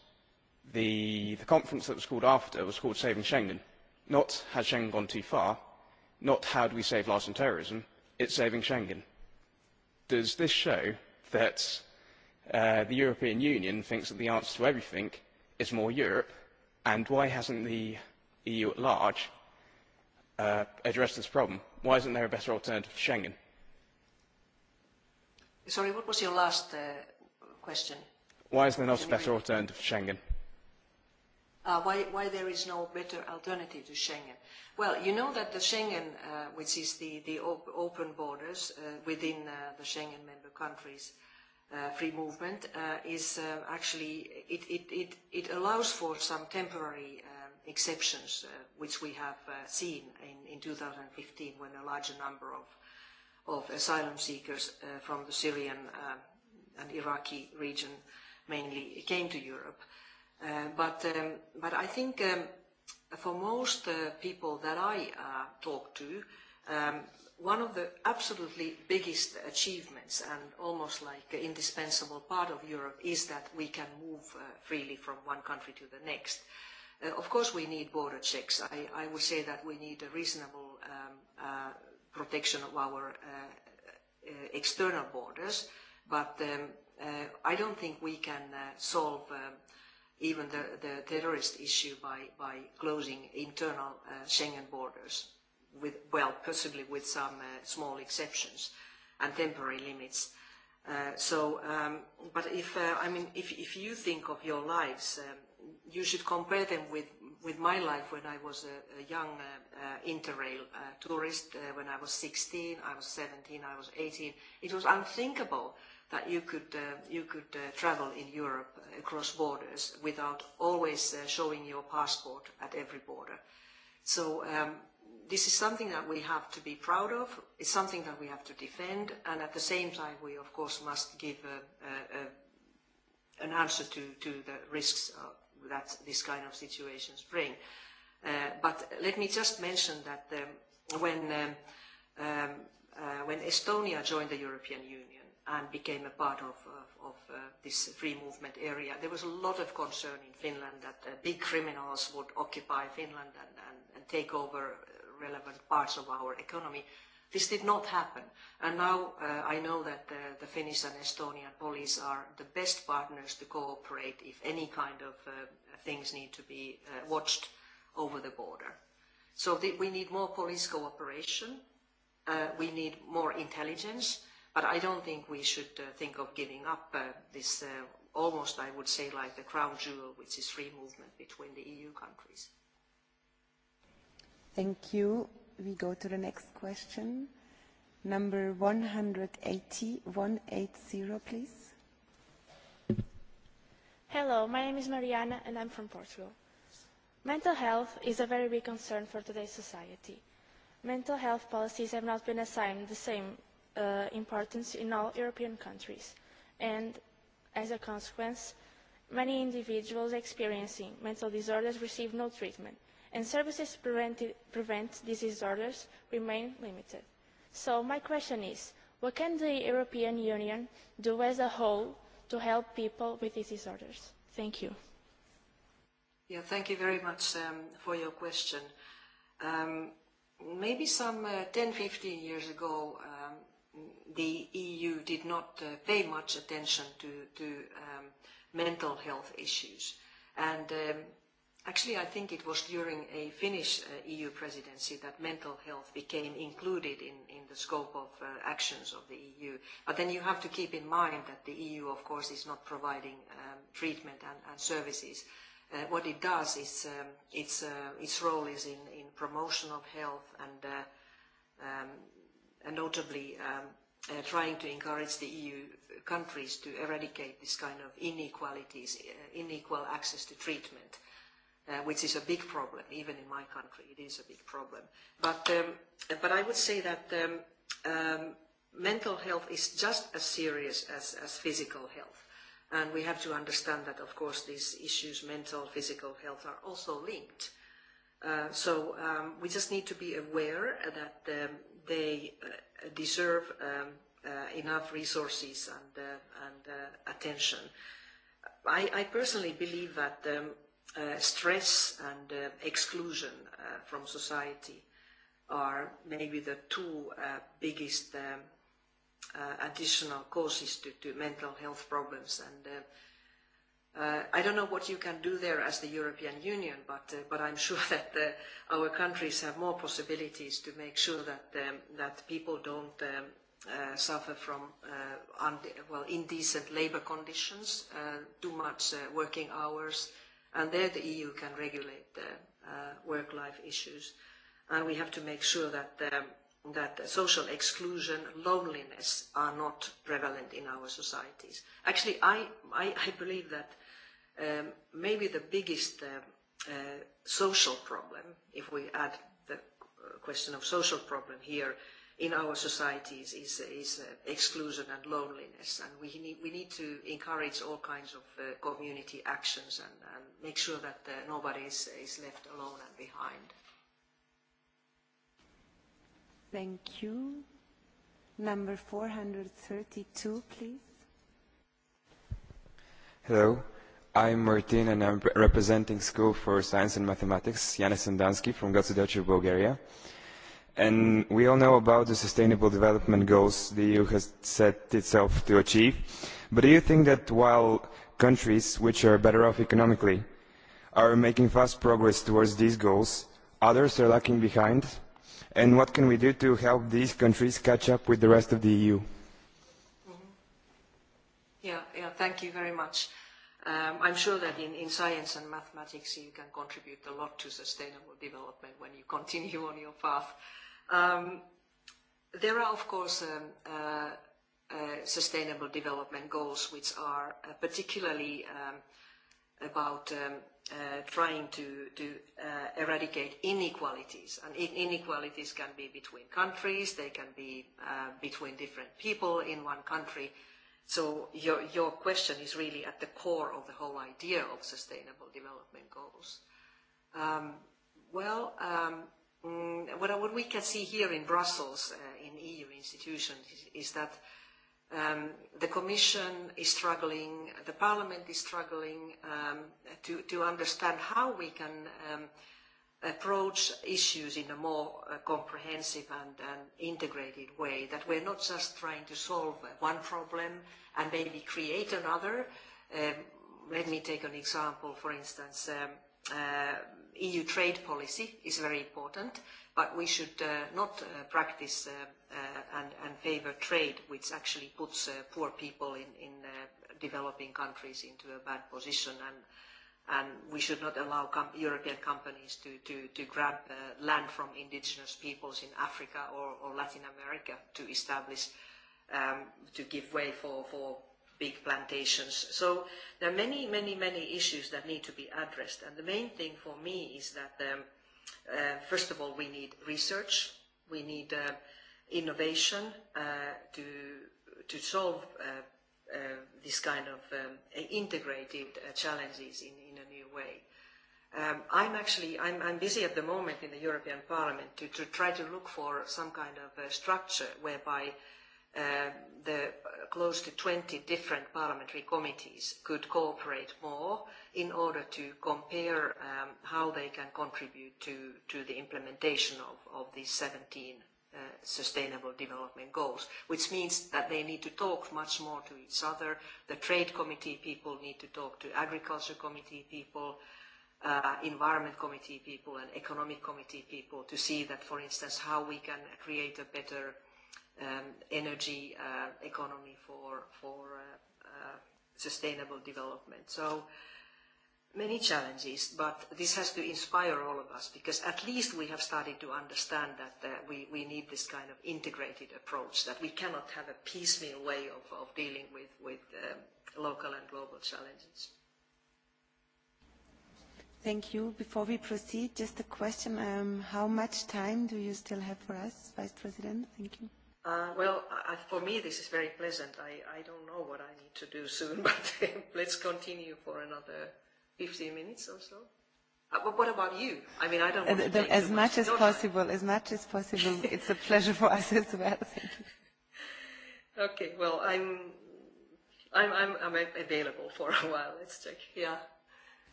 G: the the conference that was called after was called Saving Schengen. Not has Schengen gone too far, not how do we save lives from terrorism, it's saving Schengen. Does this show that the European Union thinks that the answer to everything is more Europe, and why hasn't the EU at large addressed this problem? why isn't there a better alternative to Schengen?
Y: Sorry, what was your last question? Why is there not a better
G: alternative to Schengen?
Y: Why why there is no better alternative to Schengen? Well, you know that the Schengen, which is the the open borders within the Schengen member countries, free movement, is actually it it it allows for some temporary exceptions which we have seen in 2015 when a larger number of asylum seekers from the Syrian and Iraqi region mainly came to Europe. but I think for most people that I talk to, one of the absolutely biggest achievements and almost like indispensable part of Europe is that we can move freely from one country to the next. Of course we need border checks. I would say that we need a reasonable protection of our external borders, but I don't think we can solve even the terrorist issue by closing internal Schengen borders, with well, possibly with some small exceptions and temporary limits. So, but if I mean, if you think of your lives you should compare them with with my life when I was a young interrail tourist. When I was 16, I was 17, I was 18. It was unthinkable that you could you could travel in Europe across borders without always showing your passport at every border. So this is something that we have to be proud of. It's something that we have to defend, and at the same time we of course must give an answer to to the risks that this kind of situations bring. But let me just mention that when when Estonia joined the European Union and became a part of this free movement area, there was a lot of concern in Finland that big criminals would occupy Finland and take over relevant parts of our economy This did not happen. And now I know that the Finnish and Estonian police are the best partners to cooperate if any kind of things need to be watched over the border. So we need more police cooperation. We need more intelligence. But I don't think we should think of giving up this almost, I would say, like the crown jewel, which is free movement between the EU countries.
X: Thank you we go to the next question. Number 180, 180, please.
W: Hello, my name is Mariana and I'm from Portugal. Mental health is a very big concern for today's society. Mental health policies have not been assigned the same importance in all European countries, and as a consequence, many individuals experiencing mental disorders receive no treatment and services to prevent these disorders remain limited. So my question is, what can the European Union do as a whole to help people with these disorders? Thank you.
Y: thank you very much for your question. Maybe some 10, 15 years ago, the EU did not pay much attention to mental health issues. And Actually, I think it was during a Finnish EU presidency that mental health became included in, in the scope of actions of the EU. But then you have to keep in mind that the EU, of course, is not providing treatment and, services. what it does is its, its role is in, in promotion of health and, and notably trying to encourage the EU countries to eradicate this kind of inequalities, inequal access to treatment which is a big problem. Even in my country, it is a big problem. But but I would say that mental health is just as serious as as physical health, and we have to understand that, of course, these issues, mental, physical health, are also linked. So we just need to be aware that they deserve enough resources and and attention. I personally believe that stress and exclusion from society are maybe the two biggest additional causes to to mental health problems and I don't know what you can do there as the European Union, but but I'm sure that our countries have more possibilities to make sure that that people don't suffer from well indecent labor conditions, too much working hours, and there the EU can regulate the work-life issues. And we have to make sure that that social exclusion, loneliness are not prevalent in our societies. Actually, I I I believe that maybe the biggest social problem, if we add the question of social problem here, in our societies is is exclusion and loneliness and we need we need to encourage all kinds of community actions and and make sure that nobody is is left alone and behind
X: thank you number 432 please
N: hello i'm martin and i'm representing school for science and mathematics Yanis Sandansky from Gotsudoce Bulgaria and we all know about the sustainable development goals the eu has set itself to achieve but do you think that while countries which are better off economically are making fast progress towards these goals others are lagging behind and what can we do to help these countries catch up with the rest of the eu
Y: yeah yeah thank you very much I'm sure that in science and mathematics you can contribute a lot to sustainable development when you continue on your path. There are, of course, sustainable development goals, which are particularly about trying to eradicate inequalities. And inequalities can be between countries, they can be between different people in one country. So your question is really at the core of the whole idea of sustainable development goals. Well, What we can see here in Brussels, in EU institutions, is that the Commission is struggling, the Parliament is struggling to understand how we can approach issues in a more comprehensive and integrated way, that we're not just trying to solve one problem and maybe create another. Let me take an example, for instance. EU trade policy is very important, but we should not practice and favor trade, which actually puts poor people in developing countries into a bad position, and we should not allow European companies to grab land from indigenous peoples in Africa or Latin America to establish, to give way for big plantations. So there are many, many, many issues that need to be addressed. And the main thing for me is that, first of all, we need research, we need innovation to to solve this kind of integrated challenges in in a new way. I'm actually I'm I'm busy at the moment in the European Parliament to to try to look for some kind of structure whereby the close to 20 different parliamentary committees could cooperate more in order to compare how they can contribute to to the implementation of these 17 sustainable development goals which means that they need to talk much more to each other the trade committee people need to talk to agriculture committee people environment committee people and economic committee people to see that for instance how we can create a better energy economy for for sustainable development. So many challenges, but this has to inspire all of us because at least we have started to understand that we we need this kind of integrated approach, that we cannot have a piecemeal way of of dealing with with local and global challenges.
X: Thank you. Before we proceed, just a question. How much time do you still have for us, Vice President? Thank
I: you.
Y: Well, for me this is very pleasant. I I don't know what I need to do soon, but let's continue for another 15 minutes or so. But what about you? I mean, I don't want As much as possible,
X: as much as possible. It's a pleasure for us as well.
Y: Okay, well, I'm I'm I'm I'm available for a while. Let's check. Yeah.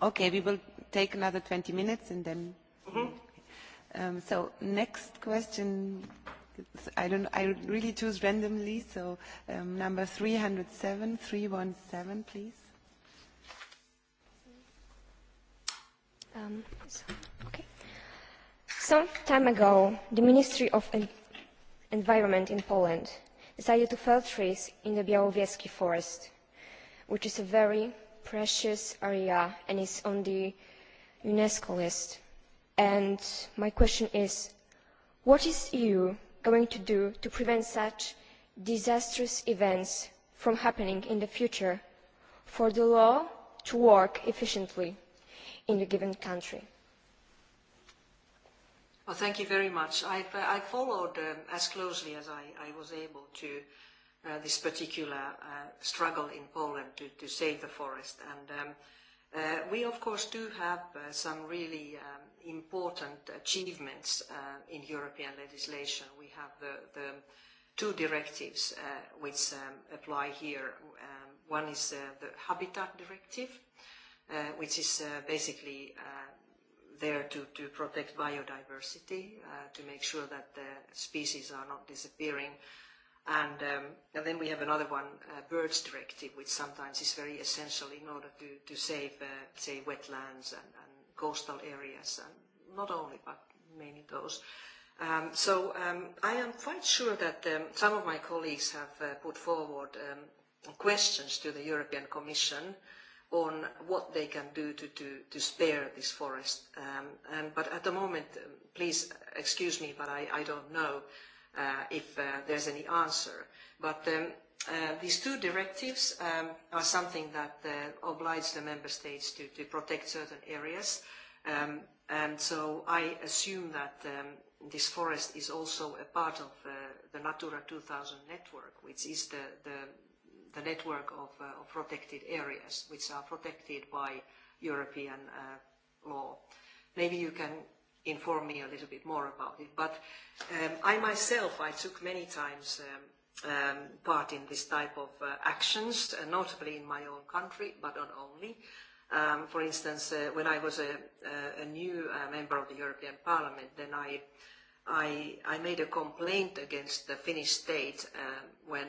X: Okay, we will take another 20 minutes and then. So next question I don't I really choose randomly, so number 307, 317, please.
R: Um, so,
P: Some time ago, the Ministry of Environment in Poland decided to fell trees in the Białowieski forest, which
D: is a very precious area and is on the UNESCO list. And my question is, what is EU going to do to prevent such disastrous events from happening in the future for the law to work efficiently in a given country?
Y: Well, thank you very much. I, I followed as closely as I, I was able to this particular struggle in Poland to, to save the forest. And We, of course, do have some really important achievements in European legislation. We have the two directives which apply here. One is the Habitat Directive, which is basically there to to protect biodiversity, to make sure that the species are not disappearing And um and then we have another one, Birds Directive, which sometimes is very essential in order to to save say, wetlands and and coastal areas and not only but mainly those. Um so um I am quite sure that um some of my colleagues have put forward um questions to the European Commission on what they can do to to to spare this forest. Um and but at the moment please excuse me but I I don't know if there's any answer. But these two directives are something that oblige the member states to protect certain areas. And so I assume that this forest is also a part of the Natura 2000 network, which is the network of protected areas, which are protected by European law. Maybe you can inform me a little bit more about it. But I myself, I took many times part in this type of actions, notably in my own country, but not only. For instance, when I was a new member of the European Parliament, then I I made a complaint against the Finnish state when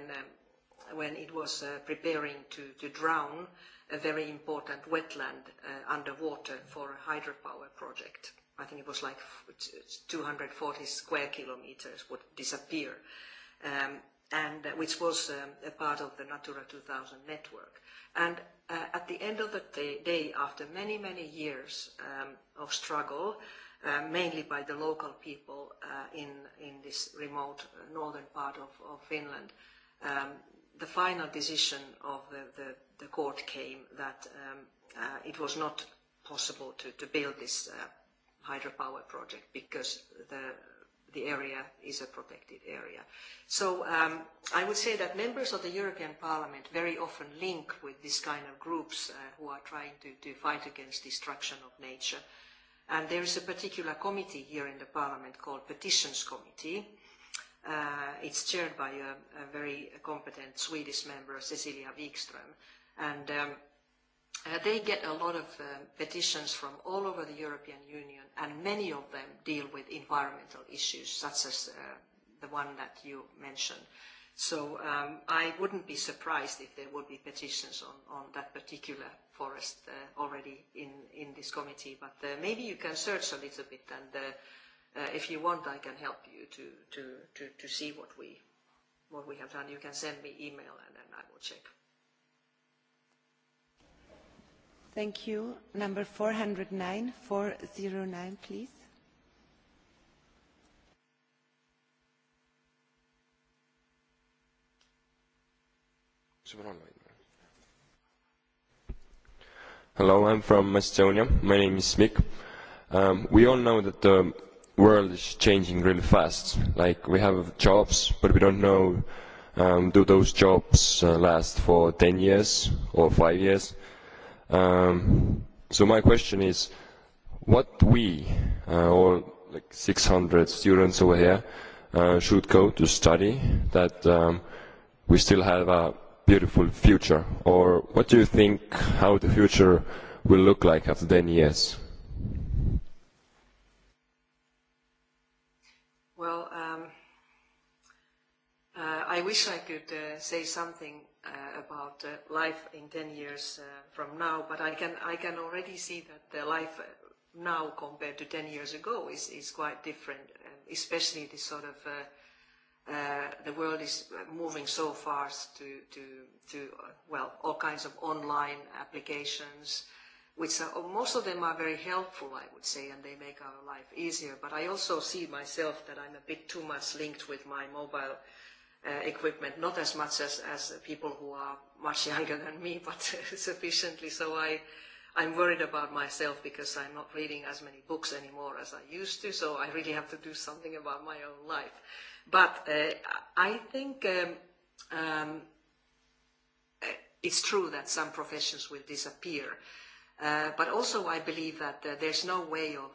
Y: when it was preparing to drown a very important wetland underwater for a hydropower project I think it was like 240 square kilometers would disappear, and which was a part of the Natura 2000 network. And at the end of the day, after many, many years of struggle, mainly by the local people in in this remote northern part of Finland, the final decision of the the court came that it was not possible to to build this hydropower project because the the area is a protected area. So I would say that members of the European Parliament very often link with this kind of groups who are trying to fight against destruction of nature. And there is a particular committee here in the Parliament called Petitions Committee. It's chaired by a very competent Swedish member, Cecilia Wikström. And They get a lot of petitions from all over the European Union, and many of them deal with environmental issues, such as the one that you mentioned. So I wouldn't be surprised if there would be petitions on that particular forest already in this committee. But maybe you can search a little bit, and if you want, I can help you to to to see what we what we have done. You can send me email, and then I will check.
X: Thank you. Number 409, 409, please.
N: Hello, I'm from Estonia. My name is Mik. Um, we all know that the world is changing really fast. Like, we have jobs, but we don't know do those jobs uh, last for 10 years or 5 years Um So my question is, what we, all like 600 students over here, should go to study that we still have a beautiful future? Or what do you think how the future will look like after 10 years?
Y: Well, um I wish I could say something about life in 10 years from now, but I can I can already see that the life now compared to 10 years ago is is quite different, especially this sort of the world is moving so fast to to to well all kinds of online applications, which most of them are very helpful I would say, and they make our life easier. But I also see myself that I'm a bit too much linked with my mobile equipment, not as much as as people who are much younger than me, but sufficiently. So I I'm worried about myself because I'm not reading as many books anymore as I used to. So I really have to do something about my own life. But I think um it's true that some professions will disappear. But also I believe that there's no way of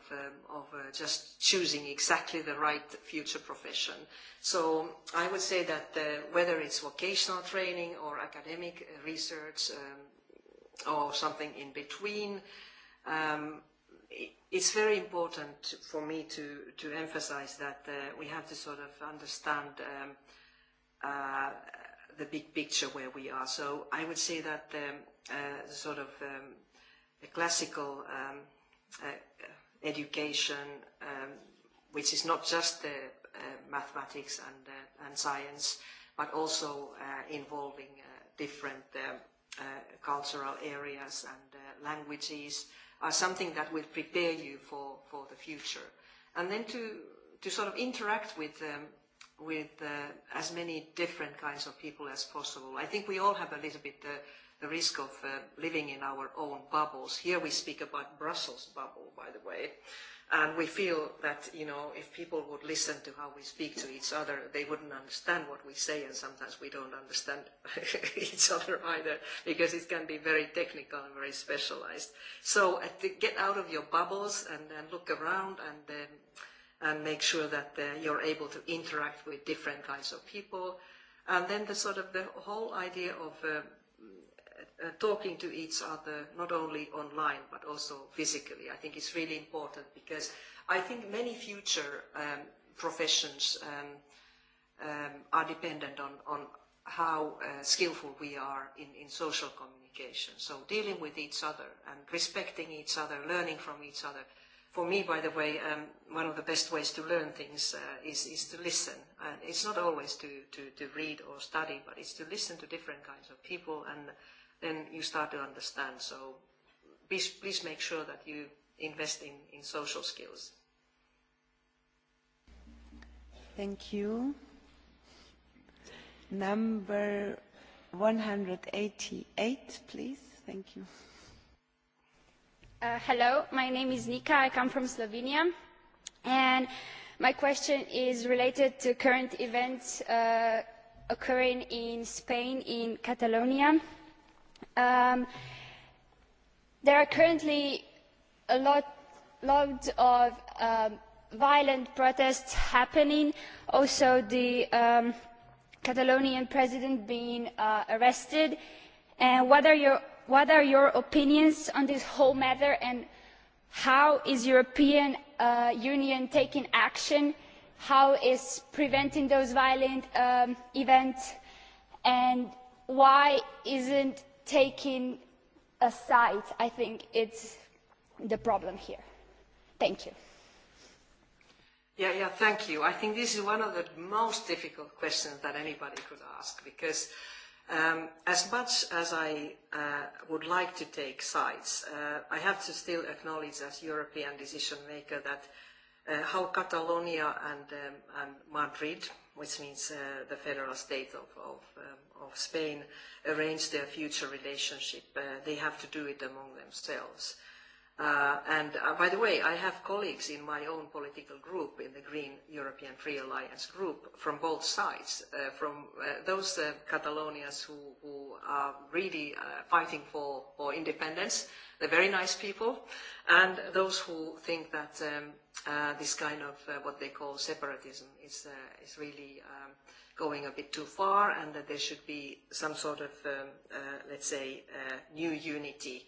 Y: just choosing exactly the right future profession. So I would say that whether it's vocational training or academic research or something in between, it's very important for me to to emphasize that we have to sort of understand the big picture where we are. So I would say that sort of classical education, which is not just the mathematics and and science, but also involving different cultural areas and languages, are something that will prepare you for for the future. And then to to sort of interact with with as many different kinds of people as possible. I think we all have a little bit the risk of living in our own bubbles. Here we speak about Brussels bubble, by the way, and we feel that, you know, if people would listen to how we speak to each other, they wouldn't understand what we say, and sometimes we don't understand each other either, because it can be very technical and very specialized. So get out of your bubbles and look around and and make sure that you're able to interact with different kinds of people. And then the sort of the whole idea of talking to each other, not only online but also physically. I think it's really important because I think many future professions are dependent on on how skillful we are in in social communication. So dealing with each other and respecting each other, learning from each other. For me, by the way, one of the best ways to learn things is is to listen. And it's not always to to to read or study, but it's to listen to different kinds of people and then you start to understand. So please, please make sure that you invest in, in social skills.
X: Thank you. Number 188, please. Thank you.
D: hello, my name is Nika. I come from Slovenia. And my question is related to current events occurring in Spain, in Catalonia There are currently a lot of violent protests happening. Also, the Catalonian president being arrested. what are your opinions on this whole matter and how is European Union taking action? How is preventing those violent events? And why isn't taking a side, I think it's the problem here. Thank you.
Y: Yeah, yeah, thank you. I think this is one of the most difficult questions that anybody could ask because as much as I would like to take sides, I have to still acknowledge as European decision maker that how Catalonia and Madrid which means the federal state of Spain, arrange their future relationship. They have to do it among themselves. And by the way, I have colleagues in my own political group, in the Green European Free Alliance group, from both sides, from those Catalonians who are really fighting for independence, They're very nice people, and those who think that this kind of what they call separatism is is really going a bit too far, and that there should be some sort of, let's say, new unity,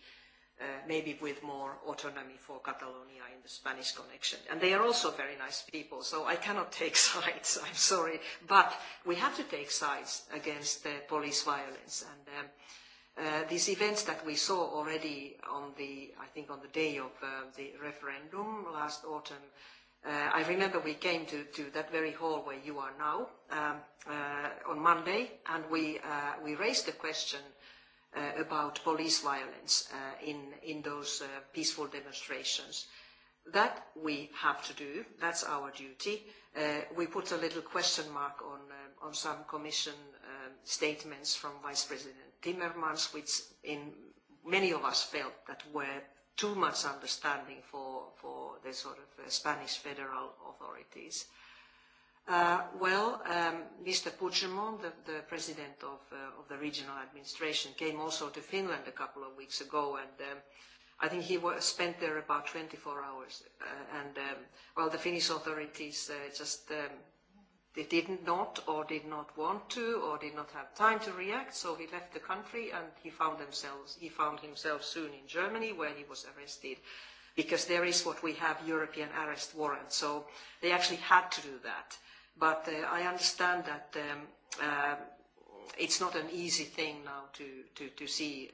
Y: maybe with more autonomy for Catalonia in the Spanish connection. And they are also very nice people, so I cannot take sides. I'm sorry, but we have to take sides against police violence and These events that we saw already on the, I think, on the day of the referendum last autumn, I remember we came to that very hall where you are now on Monday, and we we raised the question about police violence in in those peaceful demonstrations. That we have to do. That's our duty. We put a little question mark on on some Commission statements from Vice President Timmermans, which in many of us felt that were too much understanding for for the sort of Spanish federal authorities. Well, Mr. Puigdemont, the president of the regional administration, came also to Finland a couple of weeks ago and I think he spent there about 24 hours, and well, the Finnish authorities just they didn't not or did not want to or did not have time to react, so he left the country and he found he found himself soon in Germany where he was arrested, because there is what we have European arrest warrant, so they actually had to do that. But I understand that it's not an easy thing now to, to, to see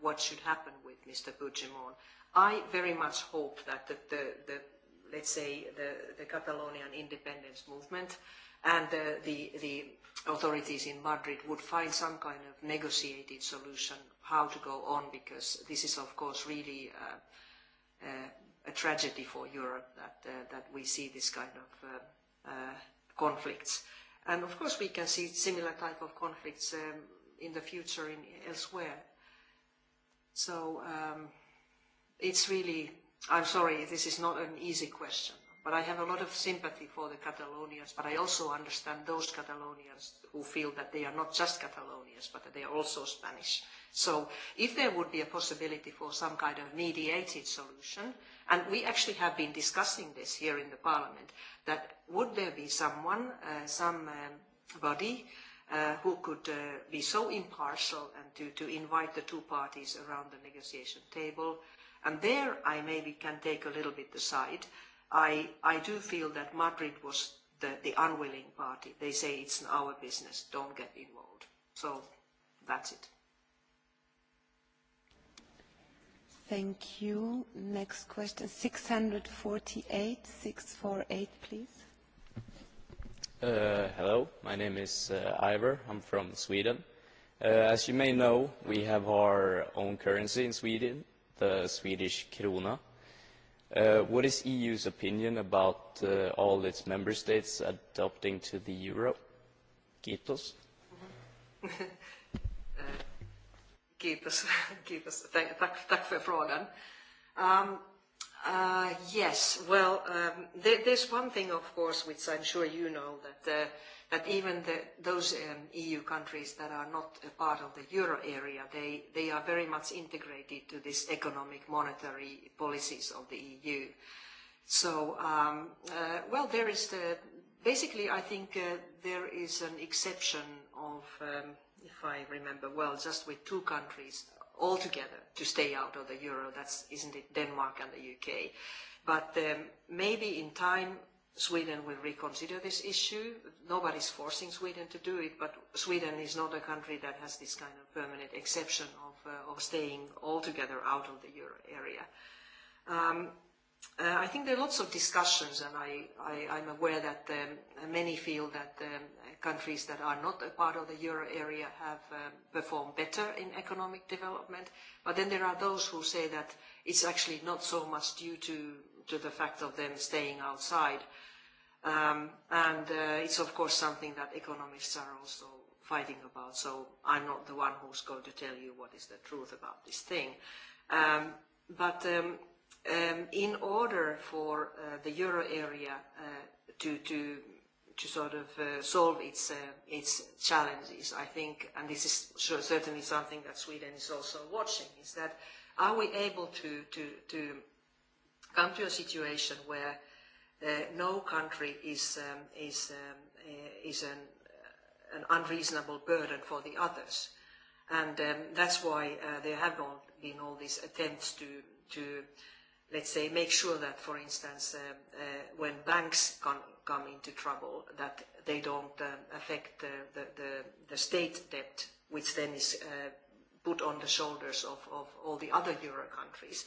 Y: what should happen with Mr. Puigdemont. I very much hope that the, the, let's say, the, the Catalonian independence movement and the, the, authorities in Madrid would find some kind of negotiated solution how to go on because this is, of course, really a tragedy for Europe that, that we see this kind of conflicts And of course we can see similar type of conflicts in the future in elsewhere. So um it's really I'm sorry, this is not an easy question. But I have a lot of sympathy for the Catalonians, but I also understand those Catalonians who feel that they are not just Catalonians, but that they are also Spanish. So if there would be a possibility for some kind of mediated solution, and we actually have been discussing this here in the Parliament, that would there be someone, some body, who could be so impartial and to invite the two parties around the negotiation table. And there I maybe can take a little bit the side I I do feel that Madrid was the the unwilling party. They say it's our business, don't get involved. So that's it.
X: Thank you. Next question, 648, 648, please.
U: Hello, my name is Ivor. I'm from Sweden. As you may know, we have our own currency in Sweden, the Swedish krona What is the EU's opinion about all its member states adopting to the euro? Kiitos.
Y: Kiitos. Kiitos. Tack för frågan. Yes, well, there's one thing, of course, which I'm sure you know, that that even those EU countries that are not a part of the euro area, they they are very much integrated to this economic monetary policies of the EU. So, well, there is the, basically I think there is an exception of, if I remember well, just with two countries altogether to stay out of the euro. That's, isn't it, Denmark and the UK. But maybe in time Sweden will reconsider this issue. Nobody's forcing Sweden to do it, but Sweden is not a country that has this kind of permanent exception of staying altogether out of the euro area. I think there are lots of discussions, and I I I'm aware that many feel that countries that are not a part of the euro area have performed better in economic development. But then there are those who say that it's actually not so much due to the fact of them staying outside And it's of course something that economists are also fighting about. So I'm not the one who's going to tell you what is the truth about this thing. But in order for the euro area to to to sort of solve its its challenges, I think, and this is certainly something that Sweden is also watching, is that are we able to to to come to a situation where no country is is is an unreasonable burden for the others, and that's why there have been all these attempts to to let's say make sure that, for instance, when banks come into trouble, that they don't affect the the the state debt, which then is put on the shoulders of of all the other euro countries.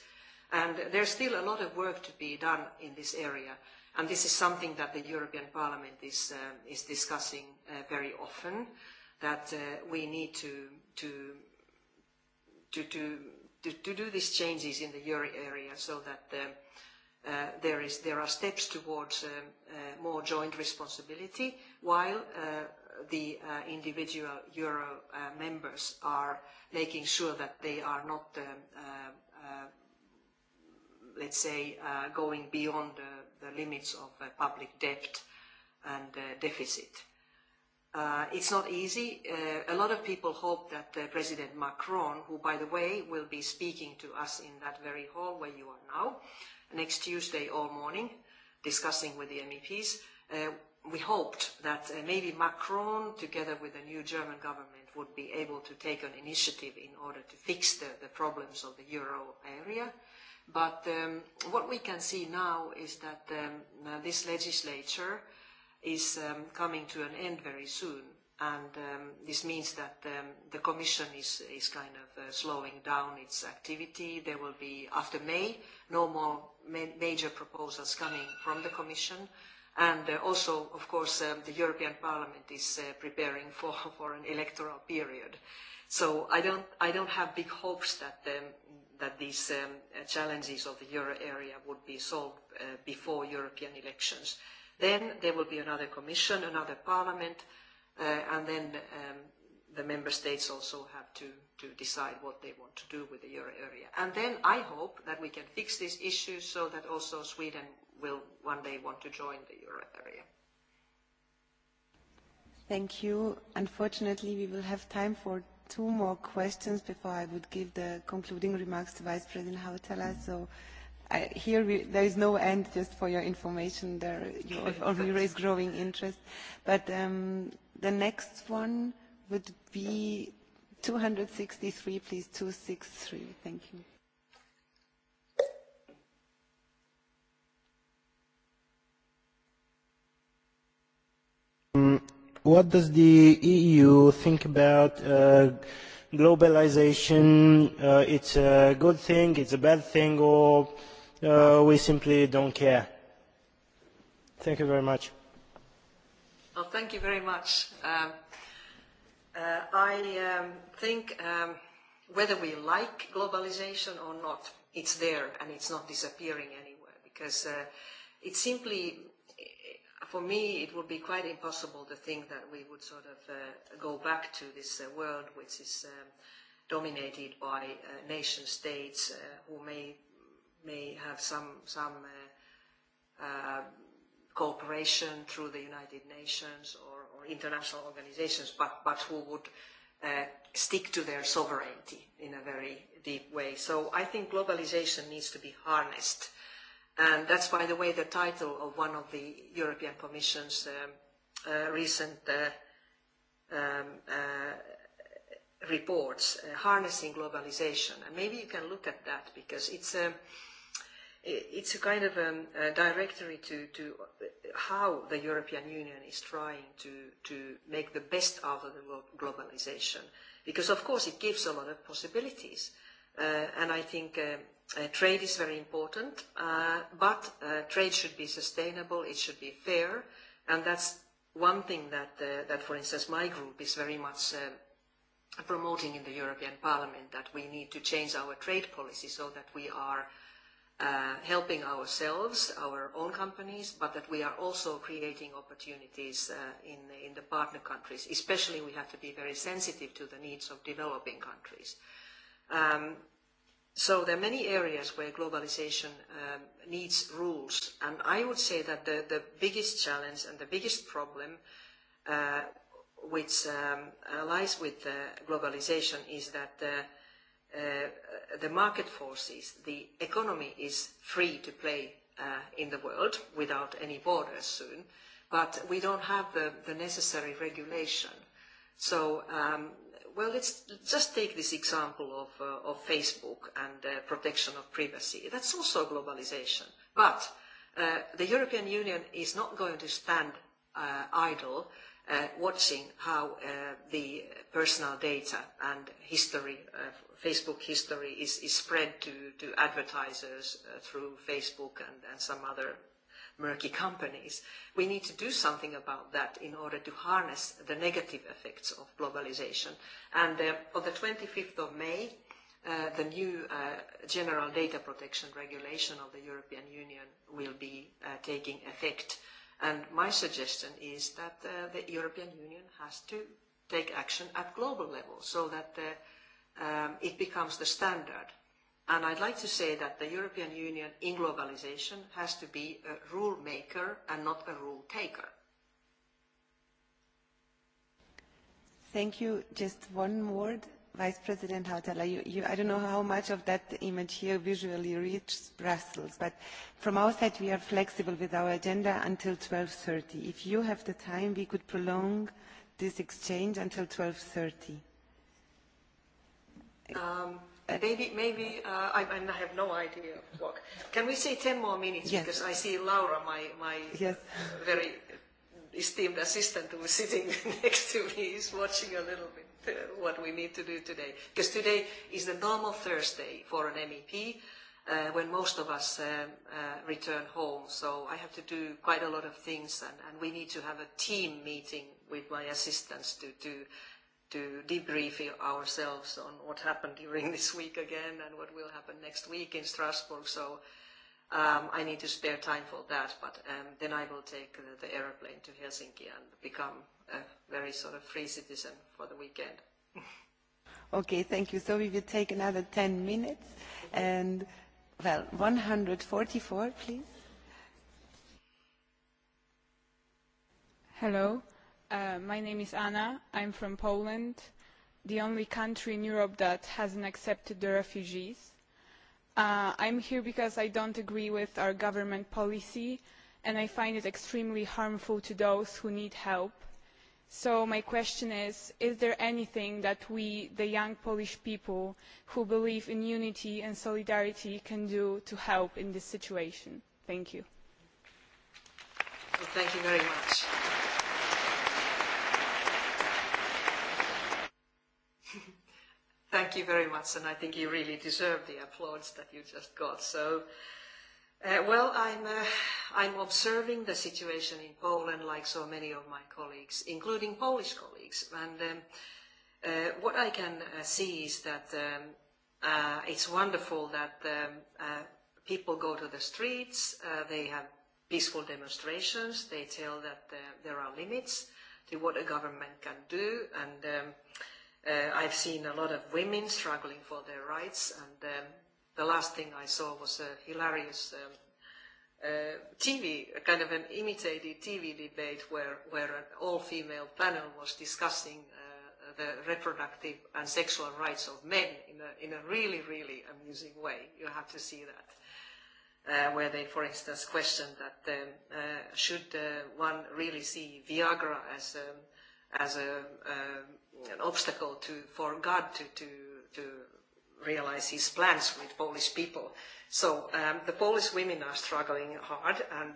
Y: And there's still a lot of work to be done in this area and this is something that the European Parliament is is discussing very often that we need to to to to do these changes in the euro area so that there is there are steps towards more joint responsibility while the individual euro members are making sure that they are not let's say going beyond the limits of public debt and deficit. It's not easy. A lot of people hope that President Macron, who by the way will be speaking to us in that very hall where you are now, next Tuesday all morning, discussing with the MEPs, we hoped that maybe Macron, together with the new German government, would be able to take an initiative in order to fix the problems of the euro area. But what we can see now is that this legislature is coming to an end very soon, and this means that the Commission is is kind of slowing down its activity. There will be, after May, no more major proposals coming from the Commission, and also, of course, the European Parliament is preparing for for an electoral period. So I don't I don't have big hopes that that these challenges of the euro area would be solved before European elections. Then there will be another commission, another parliament, and then the member states also have to decide what they want to do with the euro area. And then I hope that we can fix these issues so that also Sweden will one day want to join the euro area.
X: Thank you. Unfortunately, we will have time for two more questions before I would give the concluding remarks to Vice President Hautala. So here there is no end, just for your information. There you already raised growing interest. But the next one would be 263, please, 263. Thank you.
F: what does the EU think about globalization? It's a good thing, it's a bad thing, or we simply don't care? Thank you very much.
Y: Well, thank you very much. I think whether we like globalization or not, it's there and it's not disappearing anywhere because it simply for me, it would be quite impossible to think that we would sort of go back to this world which is dominated by nation states who may may have some some cooperation through the United Nations or international organizations, but but who would stick to their sovereignty in a very deep way. So I think globalization needs to be harnessed And that's, by the way, the title of one of the European Commission's recent reports, Harnessing Globalization. And maybe you can look at that because it's a, it's a kind of a directory to, to how the European Union is trying to, to make the best out of the globalization. Because, of course, it gives a lot of possibilities. and I think Trade is very important, but trade should be sustainable, it should be fair, and that's one thing that, that, for instance, my group is very much promoting in the European Parliament, that we need to change our trade policy so that we are helping ourselves, our own companies, but that we are also creating opportunities in the partner countries. Especially we have to be very sensitive to the needs of developing countries. So there are many areas where globalization needs rules, and I would say that the the biggest challenge and the biggest problem which lies with globalization is that the market forces, the economy is free to play in the world without any borders soon, but we don't have the the necessary regulation. So Well, let's just take this example of Facebook and protection of privacy. That's also globalization. But the European Union is not going to stand idle watching how the personal data and history, Facebook history, is spread to advertisers through Facebook and some other murky companies. We need to do something about that in order to harness the negative effects of globalization. And on the 25th of May, the new General Data Protection Regulation of the European Union will be taking effect. And my suggestion is that the European Union has to take action at global level so that it becomes the standard And I'd like to say that the European Union in globalization has to be a rule maker and not a rule taker.
X: Thank you. Just one word. Vice President Hautala, I don't know how much of that image here visually reaches Brussels, but from our side we are flexible with our agenda until 12.30. If you have the time, we could prolong this exchange until 12.30.
Y: Um, Maybe, maybe uh, I, I have no idea what. Can we say 10 more minutes? Because I see Laura, my, my yes. very esteemed assistant who is sitting next to me, is watching a little bit what we need to do today. Because today is the normal Thursday for an MEP uh, when most of us um, uh, return home. So I have to do quite a lot of things, and, and we need to have a team meeting with my assistants to, to to debrief ourselves on what happened during this week again and what will happen next week in Strasbourg. So um, I need to spare time for that, but um, then I will take the aeroplane to Helsinki and become a very sort of free citizen for the weekend.
X: okay, thank you. So we will take another 10 minutes and, well, 144, please.
Q: Hello. My name is Anna. I'm from Poland, the only country in Europe that hasn't accepted the refugees. I'm here because I don't agree with our government policy, and I find it extremely harmful to those who need help. So my question is, is there anything that we, the young Polish people who believe in unity and solidarity, can do to help in this situation? Thank you.
Y: Thank you very much. Thank you very much, and I think you really deserve the applause that you just got. So, well, I'm I'm observing the situation in Poland, like so many of my colleagues, including Polish colleagues, and what I can see is that it's wonderful that people go to the streets, they have peaceful demonstrations, they tell that there are limits to what a government can do, and I've seen a lot of women struggling for their rights, and the last thing I saw was a hilarious TV, kind of an imitated TV debate where where an all-female panel was discussing the reproductive and sexual rights of men in a in a really really amusing way. You have to see that where they, for instance, questioned that should one really see Viagra as as a an obstacle to for God to to to realize his plans with Polish people. So um, the Polish women are struggling hard and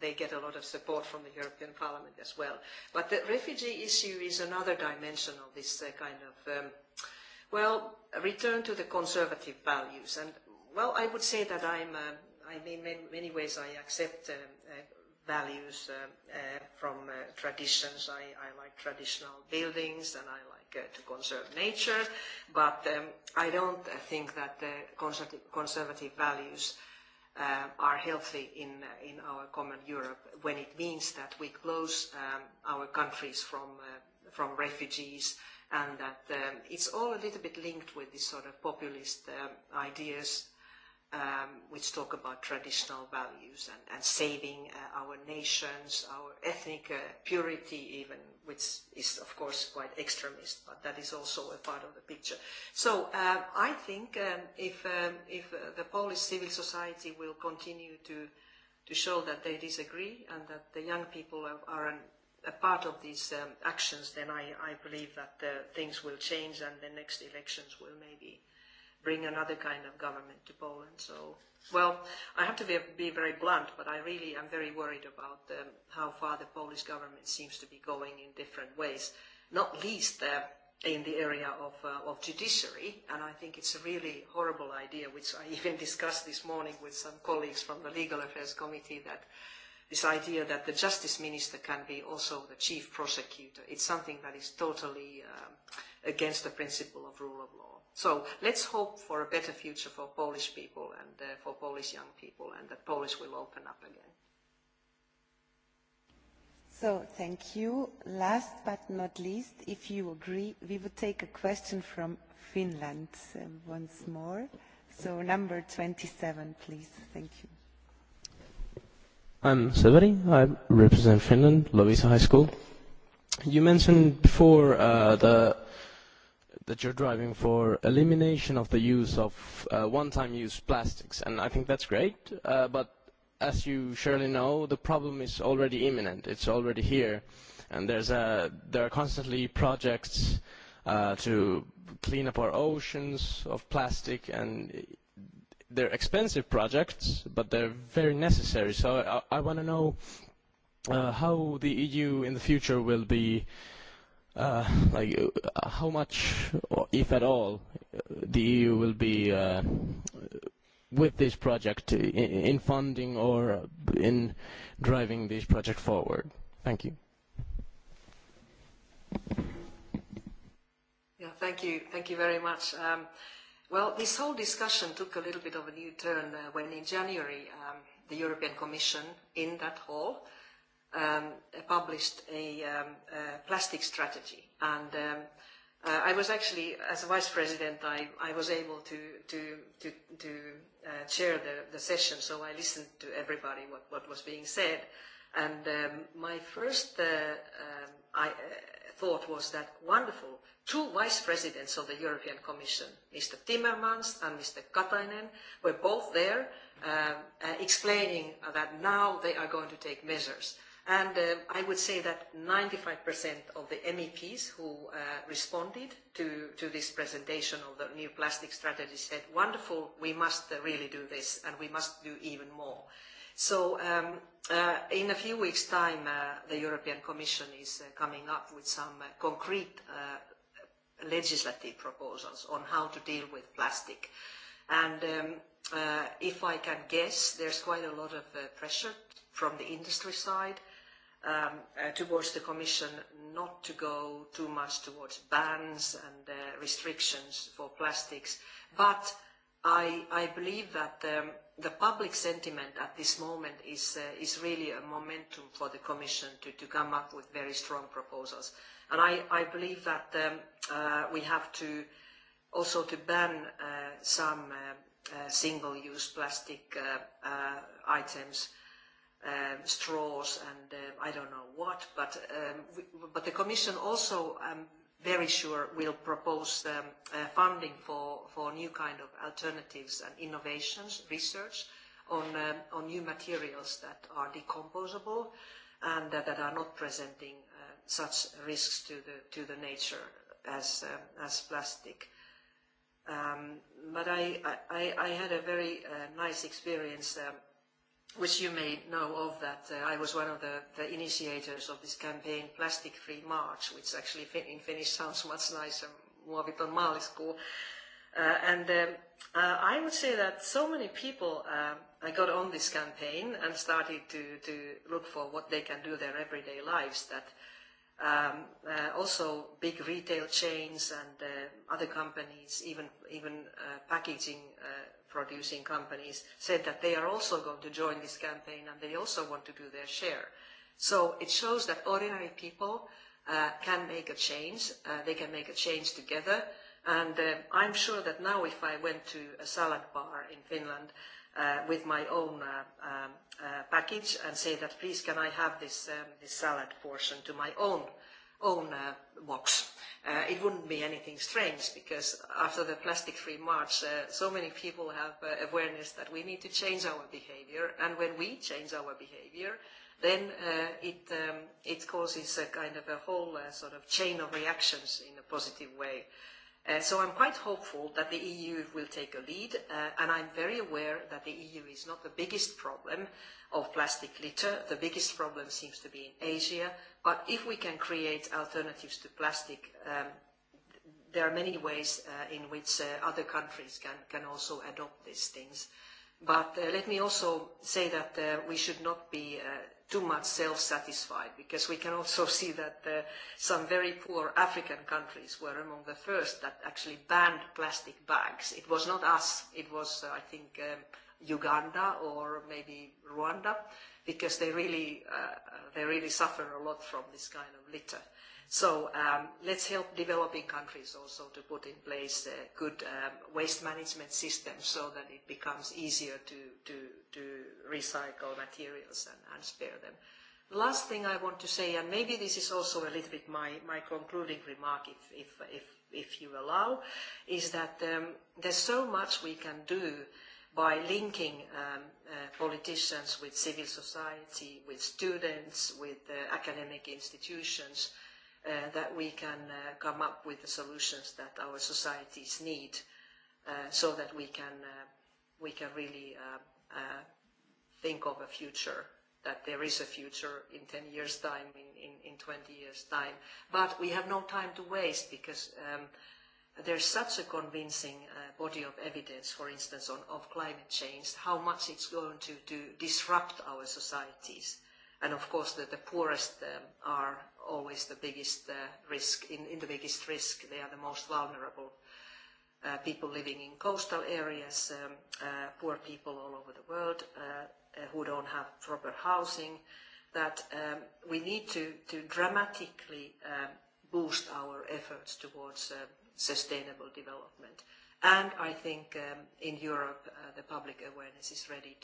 Y: they get a lot of support from the European Parliament as well. But the refugee issue is another dimension of this kind of, um, well, return to the conservative values. And, well, I would say that I'm, I mean, in many ways I accept uh, values from traditions. I I like traditional buildings and I like to conserve nature, but I don't think that conservative values are healthy in in our common Europe when it means that we close our countries from from refugees and that it's all a little bit linked with this sort of populist ideas which talk about traditional values and saving our nations, our ethnic purity even, which is of course quite extremist, but that is also a part of the picture. So I think if if the Polish civil society will continue to to show that they disagree and that the young people are a part of these actions, then I I believe that things will change and the next elections will maybe bring another kind of government to Poland. So, well, I have to be, be very blunt, but I really am very worried about how far the Polish government seems to be going in different ways, not least in the area of, of judiciary. And I think it's a really horrible idea, which I even discussed this morning with some colleagues from the Legal Affairs Committee, that this idea that the justice minister can be also the chief prosecutor. It's something that is totally against the principle of rule of law So let's hope for a better future for Polish people and for Polish young people and that Polish will open up again.
X: So thank you. Last but not least, if you agree, we would take a question from Finland once more. So number 27, please. Thank you.
U: I'm Severi. I represent Finland, Lovisa High School. You mentioned before the that you're driving for elimination of the use of one-time use plastics, and I think that's great, but as you surely know, the problem is already imminent. It's already here, and there's there are constantly projects to clean up our oceans of plastic, and they're expensive projects, but they're very necessary. So I want to know how the EU in the future will be like how much, if at all, the EU will be with this project in funding or in driving this project forward. Thank you.
Y: Yeah, thank you. Thank you very much. Well, this whole discussion took a little bit of a new turn when in January the European Commission in that hall published a plastic strategy. And I was actually, as a vice president, I I was able to to to to chair the the session, so I listened to everybody what what was being said. And my first thought was that wonderful, two vice presidents of the European Commission, Mr. Timmermans and Mr. Katainen, were both there explaining that now they are going to take measures. And I would say that 95% of the MEPs who responded to to this presentation of the new plastic strategy said, wonderful, we must really do this and we must do even more. So in a few weeks' time, the European Commission is coming up with some concrete legislative proposals on how to deal with plastic. And if I can guess, there's quite a lot of pressure from the industry side towards the Commission not to go too much towards bans and restrictions for plastics, but I believe that the public sentiment at this moment is is really a momentum for the Commission to come up with very strong proposals. And I believe that we have to also to ban some single-use plastic items straws and I don't know what, but but the Commission also, I'm very sure, will propose funding for for new kind of alternatives and innovations, research on on new materials that are decomposable and that are not presenting such risks to the to the nature as as plastic. But I I I had a very nice experience which you may know of that I was one of the, the initiators of this campaign Plastic Free March, which actually in Finnish sounds much nicer, Muoviton maaliskuu. Uh, and um, uh, I would say that so many people uh, got on this campaign and started to, to look for what they can do their everyday lives that um, uh, also big retail chains and uh, other companies, even, even uh, packaging uh, producing companies said that they are also going to join this campaign and they also want to do their share. So it shows that ordinary people can make a change, they can make a change together and I'm sure that now if I went to a salad bar in Finland with my own package and say that please can I have this salad portion to my own own box. It wouldn't be anything strange because after the plastic-free march, so many people have awareness that we need to change our behavior. And when we change our behavior, then it it causes a kind of a whole sort of chain of reactions in a positive way. So I'm quite hopeful that the EU will take a lead, and I'm very aware that the EU is not the biggest problem of plastic litter. The biggest problem seems to be in Asia, but if we can create alternatives to plastic, there are many ways in which other countries can also adopt these things. But let me also say that we should not be too much self-satisfied because we can also see that some very poor African countries were among the first that actually banned plastic bags. It was not us, it was I think Uganda or maybe Rwanda because they really, they really suffer a lot from this kind of litter. So let's help developing countries also to put in place good waste management systems so that it becomes easier to to recycle materials and spare them. The last thing I want to say, and maybe this is also a little bit my my concluding remark, if if if you allow, is that there's so much we can do by linking politicians with civil society, with students, with academic institutions that we can come up with the solutions that our societies need so that we can we can really think of a future that there is a future in 10 years time in in in 20 years time but we have no time to waste because there's such a convincing body of evidence for instance on of climate change how much it's going to to disrupt our societies and of course that the poorest are always the biggest risk, in the biggest risk. They are the most vulnerable people living in coastal areas, poor people all over the world who don't have proper housing, that we need to dramatically boost our efforts towards sustainable development. And I think in Europe the public awareness is ready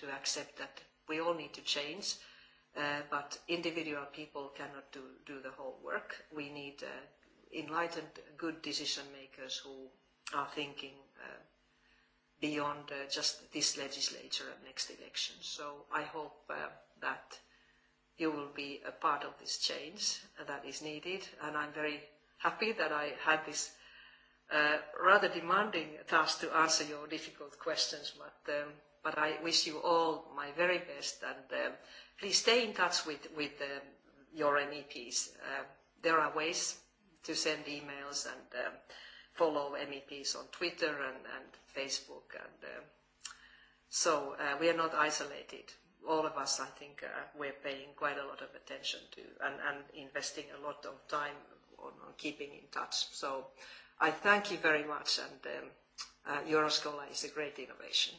Y: to accept that we all need to change but individual people cannot do do the whole work. We need enlightened, good decision makers who are thinking beyond just this legislature and next election. So I hope that you will be a part of this change that is needed, and I'm very happy that I had this rather demanding task to answer your difficult questions, but but I wish you all my very best and please stay in touch with with your MEPs. There are ways to send emails and follow MEPs on Twitter and and Facebook and so we are not isolated. All of us, I think, we're paying quite a lot of attention to and and investing a lot of time on keeping in touch. So I thank you very much and Euroscola is a great innovation.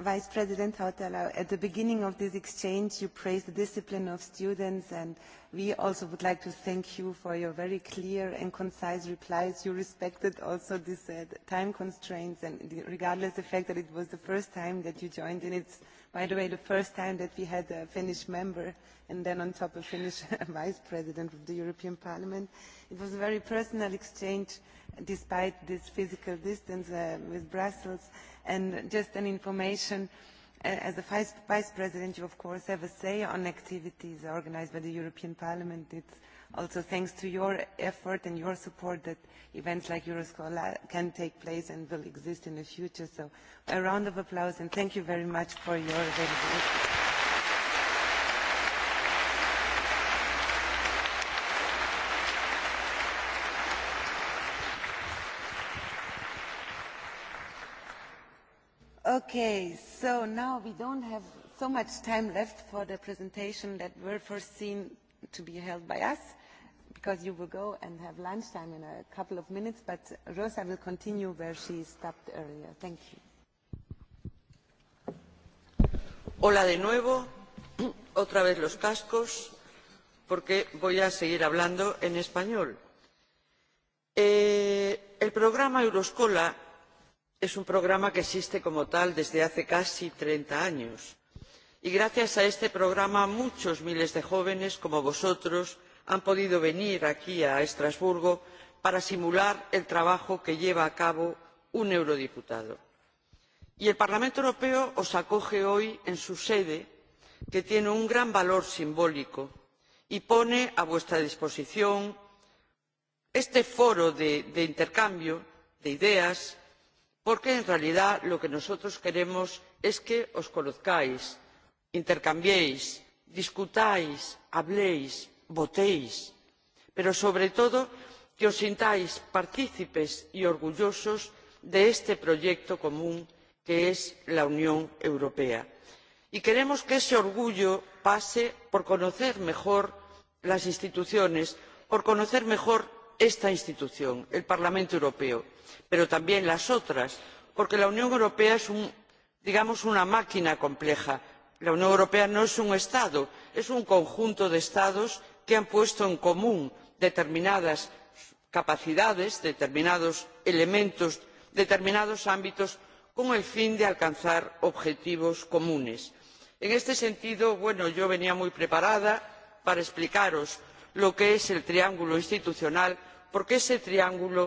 X: Vice President Hautala, at the beginning of this exchange, you praised the discipline of students, and we also would like to thank you for your very clear and concise replies. You respected also these time constraints, and regardless of the fact that it was the first time that you joined in, it's By the way, the first time that we had a Finnish member and then on top a Finnish vice president of the European Parliament, it was a very personal exchange despite this physical distance with Brussels and just an information. As a vice president, you of course have a say on activities organised by the European Parliament. It's also thanks to your effort and your support that events like Euroscola can take place and will exist in the future. So a round of applause and thank you very much for your availability. Okay, so now we don't have so much time left for the presentation that were foreseen to be held by us because you will go and have in a couple of minutes, but Rosa will continue where she stopped earlier. Thank you.
T: Hola de nuevo, otra vez los cascos, porque voy a seguir hablando en español. El programa Euroscola es un programa que existe como tal desde hace casi 30 años. Y gracias a este programa muchos miles de jóvenes como vosotros han podido venir aquí a estrasburgo para simular el trabajo que lleva a cabo un eurodiputado. y el parlamento europeo os acoge hoy en su sede que tiene un gran valor simbólico y pone a vuestra disposición este foro de intercambio de ideas porque en realidad lo que nosotros queremos es que os conozcáis intercambiéis discutáis habléis votéis, pero sobre todo que os sintáis partícipes y orgullosos de este proyecto común que es la Unión Europea. Y queremos que ese orgullo pase por conocer mejor las instituciones, por conocer mejor esta institución, el Parlamento Europeo, pero también las otras, porque la Unión Europea es, digamos, una máquina compleja. La Unión Europea no es un Estado, es un conjunto de Estados que han puesto en común determinadas capacidades determinados elementos determinados ámbitos con el fin de alcanzar objetivos comunes. en este sentido yo venía muy preparada para explicaros lo que es el triángulo institucional porque ese triángulo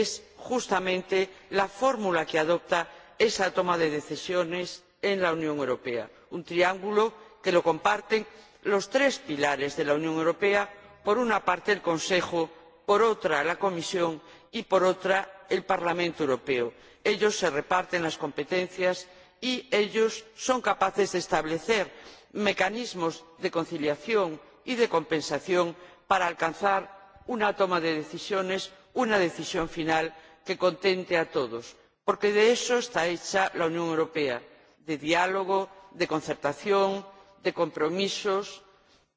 T: es justamente la fórmula que adopta esa toma de decisiones en la unión europea un triángulo que lo comparten los tres pilares de la unión europea por una parte el consejo por otra la comisión y por otra el parlamento europeo. ellos se reparten las competencias y ellos son capaces de establecer mecanismos de conciliación y de compensación para alcanzar una toma de decisiones una decisión final que contente a todos porque de eso está hecha la unión europea de diálogo de concertación de compromisos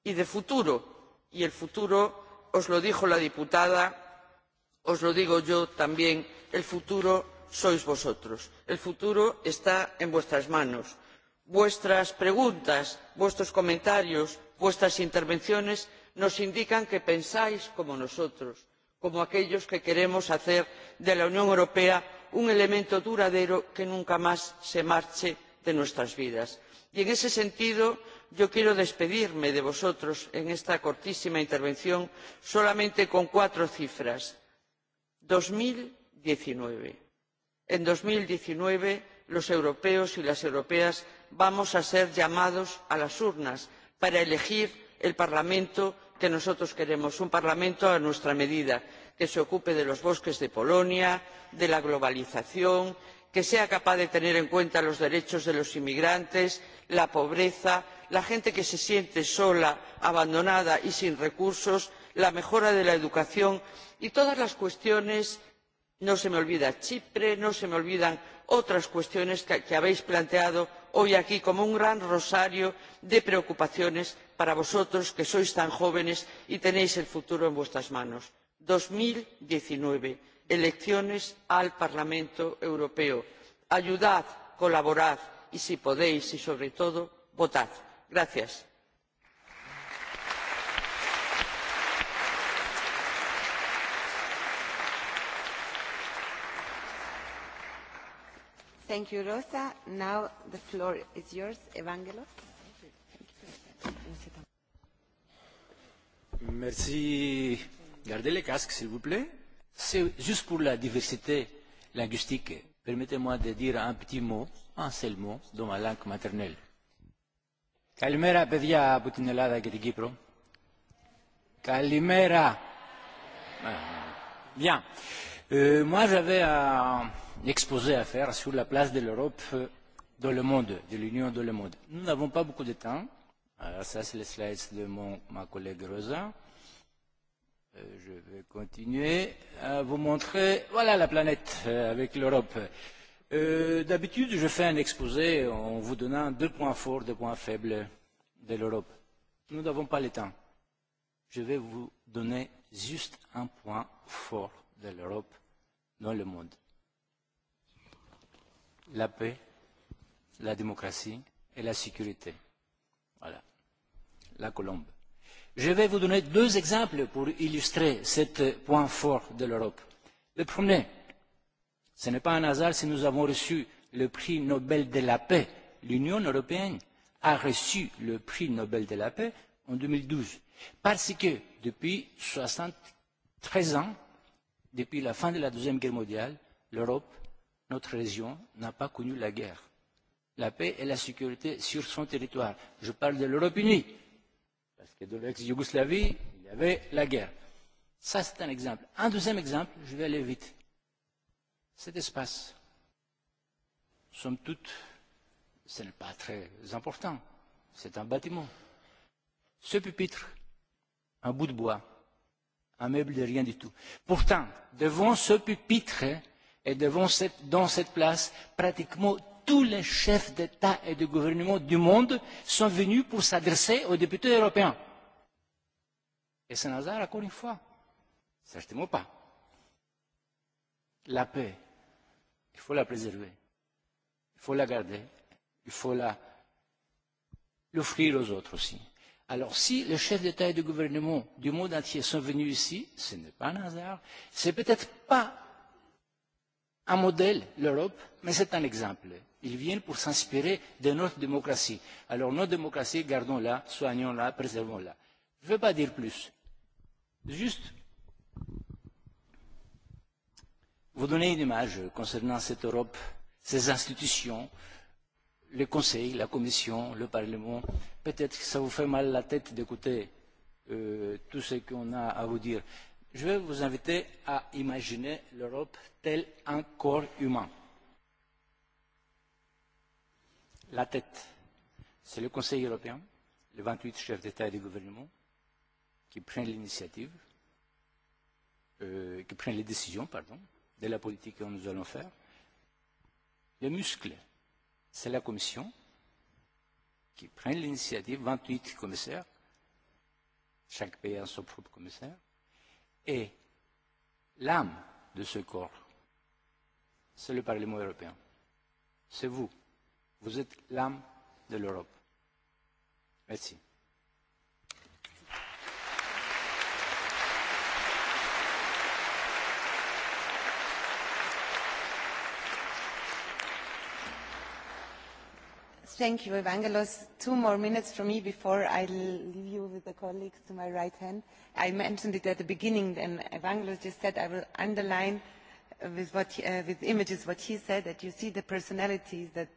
T: y de futuro y el futuro os lo dijo la diputada os lo digo yo también el futuro sois vosotros el futuro está en vuestras manos. vuestras preguntas vuestros comentarios vuestras intervenciones nos indican que pensáis como nosotros como aquellos que queremos hacer de la unión europea un elemento duradero que nunca más se marche de nuestras vidas. y en ese sentido yo quiero despedirme de vosotros en esta cortísima intervención solamente con cuatro cifras dos mil diecinueve en dos mil diecinueve los europeos y las europeas vamos a ser llamados a las urnas para elegir el parlamento que nosotros queremos un parlamento a nuestra medida que se ocupe de los bosques de polonia de la globalización que sea capaz de tener en cuenta los derechos de los inmigrantes la pobreza la gente que se siente sola abandonada y sin recursos la mejora de la educación y todas las cuestiones no se me olvida chipre no se me olvidan otras cuestiones que habéis planteado hoy aquí como un gran rosario de preocupaciones para vosotros que sois tan jóvenes y tenéis el futuro en vuestras manos. dos mil diecinueve elecciones al parlamento europeo. ayudad colaborad y si podéis y sobre todo votad gracias.
X: Thank you, Rosa. Now the floor is yours, Evangelos.
S: Merci. Gardez les casques, s'il vous plaît. C'est juste pour la diversité linguistique. Permettez-moi de dire un petit mot, un seul mot, dans ma langue maternelle. Καλημέρα παιδιά από την Ελλάδα και την Κύπρο. Καλημέρα. Bien. moi j'avais un exposé à faire sur la place de l'Europe dans le monde, de l'Union dans le monde. Nous n'avons pas beaucoup de temps. Alors ça c'est les slides de mon, ma collègue Rosa. je vais continuer à vous montrer, voilà la planète avec l'Europe. D'habitude, je fais un exposé en vous donnant deux points forts, deux points faibles de l'Europe. Nous n'avons pas le temps. Je vais vous donner juste un point fort de l'Europe dans le monde. La paix, la démocratie et la sécurité. Voilà. La colombe. Je vais vous donner deux exemples pour illustrer ce point fort de l'Europe. Le premier, Ce n'est pas un hasard si nous avons reçu le prix Nobel de la paix. L'Union européenne a reçu le prix Nobel de la paix en 2012. Parce que depuis 73 ans, depuis la fin de la Deuxième Guerre mondiale, l'Europe, notre région, n'a pas connu la guerre. La paix et la sécurité sur son territoire. Je parle de l'Europe unie. Parce que de l'ex-Yougoslavie, il y avait la guerre. Ça, c'est un exemple. Un deuxième exemple, je vais aller vite cet espace. Somme toute, ce n'est pas très important, c'est un bâtiment. Ce pupitre, un bout de bois, un meuble de rien du tout. Pourtant, devant ce pupitre et devant cette, dans cette place, pratiquement tous les chefs d'État et de gouvernement du monde sont venus pour s'adresser aux députés européens. Et c'est un hasard, encore une fois Certainement pas. La paix Il faut la préserver. Il faut la garder. Il faut l'offrir aux autres aussi. Alors si les chefs d'État et de gouvernement du monde entier sont venus ici, ce n'est pas un hasard, n'est peut-être pas un modèle, l'Europe, mais c'est un exemple. Ils viennent pour s'inspirer de notre démocratie. Alors notre démocratie, gardons-la, soignons-la, préservons-la. Je ne veux pas dire plus. Juste Vous donnez une image concernant cette Europe, ces institutions, le Conseil, la Commission, le Parlement. Peut-être que ça vous fait mal la tête d'écouter tout ce qu'on a à vous dire. Je vais vous inviter à imaginer l'Europe tel un corps humain. La tête, c'est le Conseil européen, les 28 chefs d'État et de gouvernement qui prennent l'initiative, qui prennent les décisions, pardon de la politique que nous allons faire. Le muscle, c'est la Commission qui prend l'initiative, 28 commissaires, chaque pays a son propre commissaire, et l'âme de ce corps, c'est le Parlement européen. C'est vous. Vous êtes l'âme de l'Europe. Merci.
X: Thank you, Evangelos. Two more minutes from me before I leave you with the colleagues to my right hand. I mentioned it at the beginning, and Evangelos just said I will underline with images what he said, that you see the personalities that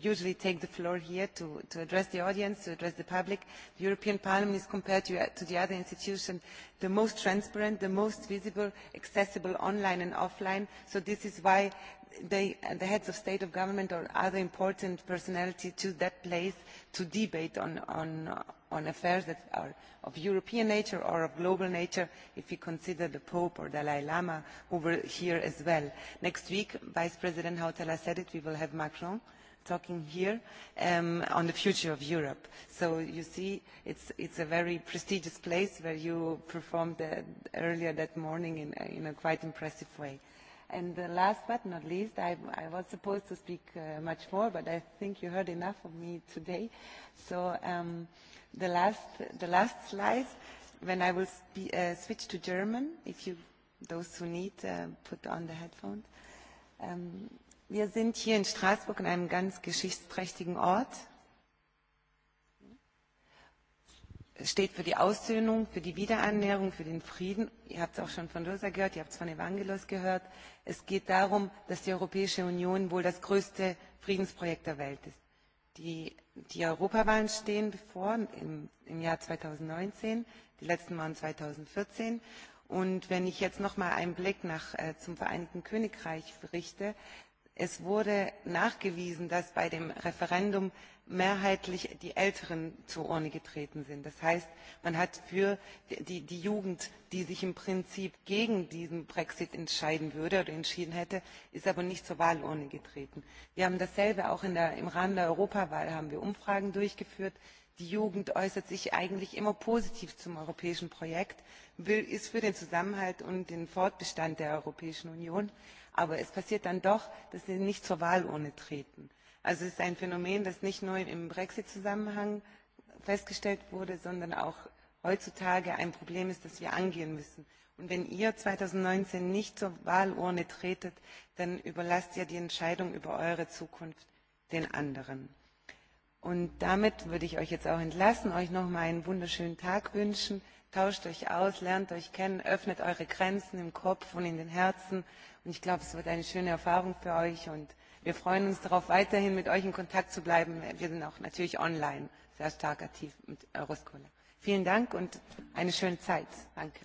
X: usually take the floor here to, to address the audience, to address the public. The European Parliament is compared to, the other institutions the most transparent, the most visible, accessible online and offline. So this is why the heads of state of government or other important personalities to that place to debate on, on, on affairs that are of European nature or of global nature, if we consider the Pope or Dalai Lama, who were here as well. Next week, Vice President Hautala said it, we will have Macron talking here on the future of Europe. So you see, it's it's a very prestigious place where you performed earlier that morning in in a quite impressive way. And last but not least, I I was supposed to speak much more, but I think you heard enough of me today. So the last the last slide, when I will switch to German, if you those who need put on the headphones. Wir sind hier in Straßburg in einem ganz geschichtsträchtigen Ort. Es Steht für die Aussöhnung, für die Wiederannäherung, für den Frieden. Ihr habt es auch schon von Rosa gehört, ihr habt es von Evangelos gehört. Es geht darum, dass die Europäische Union wohl das größte Friedensprojekt der Welt ist. Die, die Europawahlen stehen bevor im, im Jahr 2019, die letzten waren 2014. Und wenn ich jetzt noch mal einen Blick nach, zum Vereinigten Königreich berichte Es wurde nachgewiesen, dass bei dem Referendum mehrheitlich die Älteren zur Urne getreten sind. Das heißt, man hat für die Jugend, die sich im Prinzip gegen diesen Brexit entscheiden würde oder entschieden hätte, ist aber nicht zur Wahlurne getreten. Wir haben dasselbe auch im Rahmen der Europawahl haben wir Umfragen durchgeführt. Die Jugend äußert sich eigentlich immer positiv zum europäischen Projekt, ist für den Zusammenhalt und den Fortbestand der Europäischen Union aber es passiert dann doch dass sie nicht zur wahlurne treten. also es ist ein phänomen das nicht nur im brexit zusammenhang festgestellt wurde sondern auch heutzutage ein problem ist das wir angehen müssen. und wenn ihr 2019 nicht zur wahlurne tretet dann überlasst ihr die entscheidung über eure zukunft den anderen. und damit würde ich euch jetzt auch entlassen euch noch mal einen wunderschönen tag wünschen tauscht euch aus lernt euch kennen öffnet eure grenzen im kopf und in den herzen ich glaube, es wird eine schöne Erfahrung für euch. Und wir freuen uns darauf, weiterhin mit euch in Kontakt zu bleiben. Wir sind auch natürlich online sehr stark aktiv mit Euroskola. Vielen Dank und eine schöne Zeit. Danke.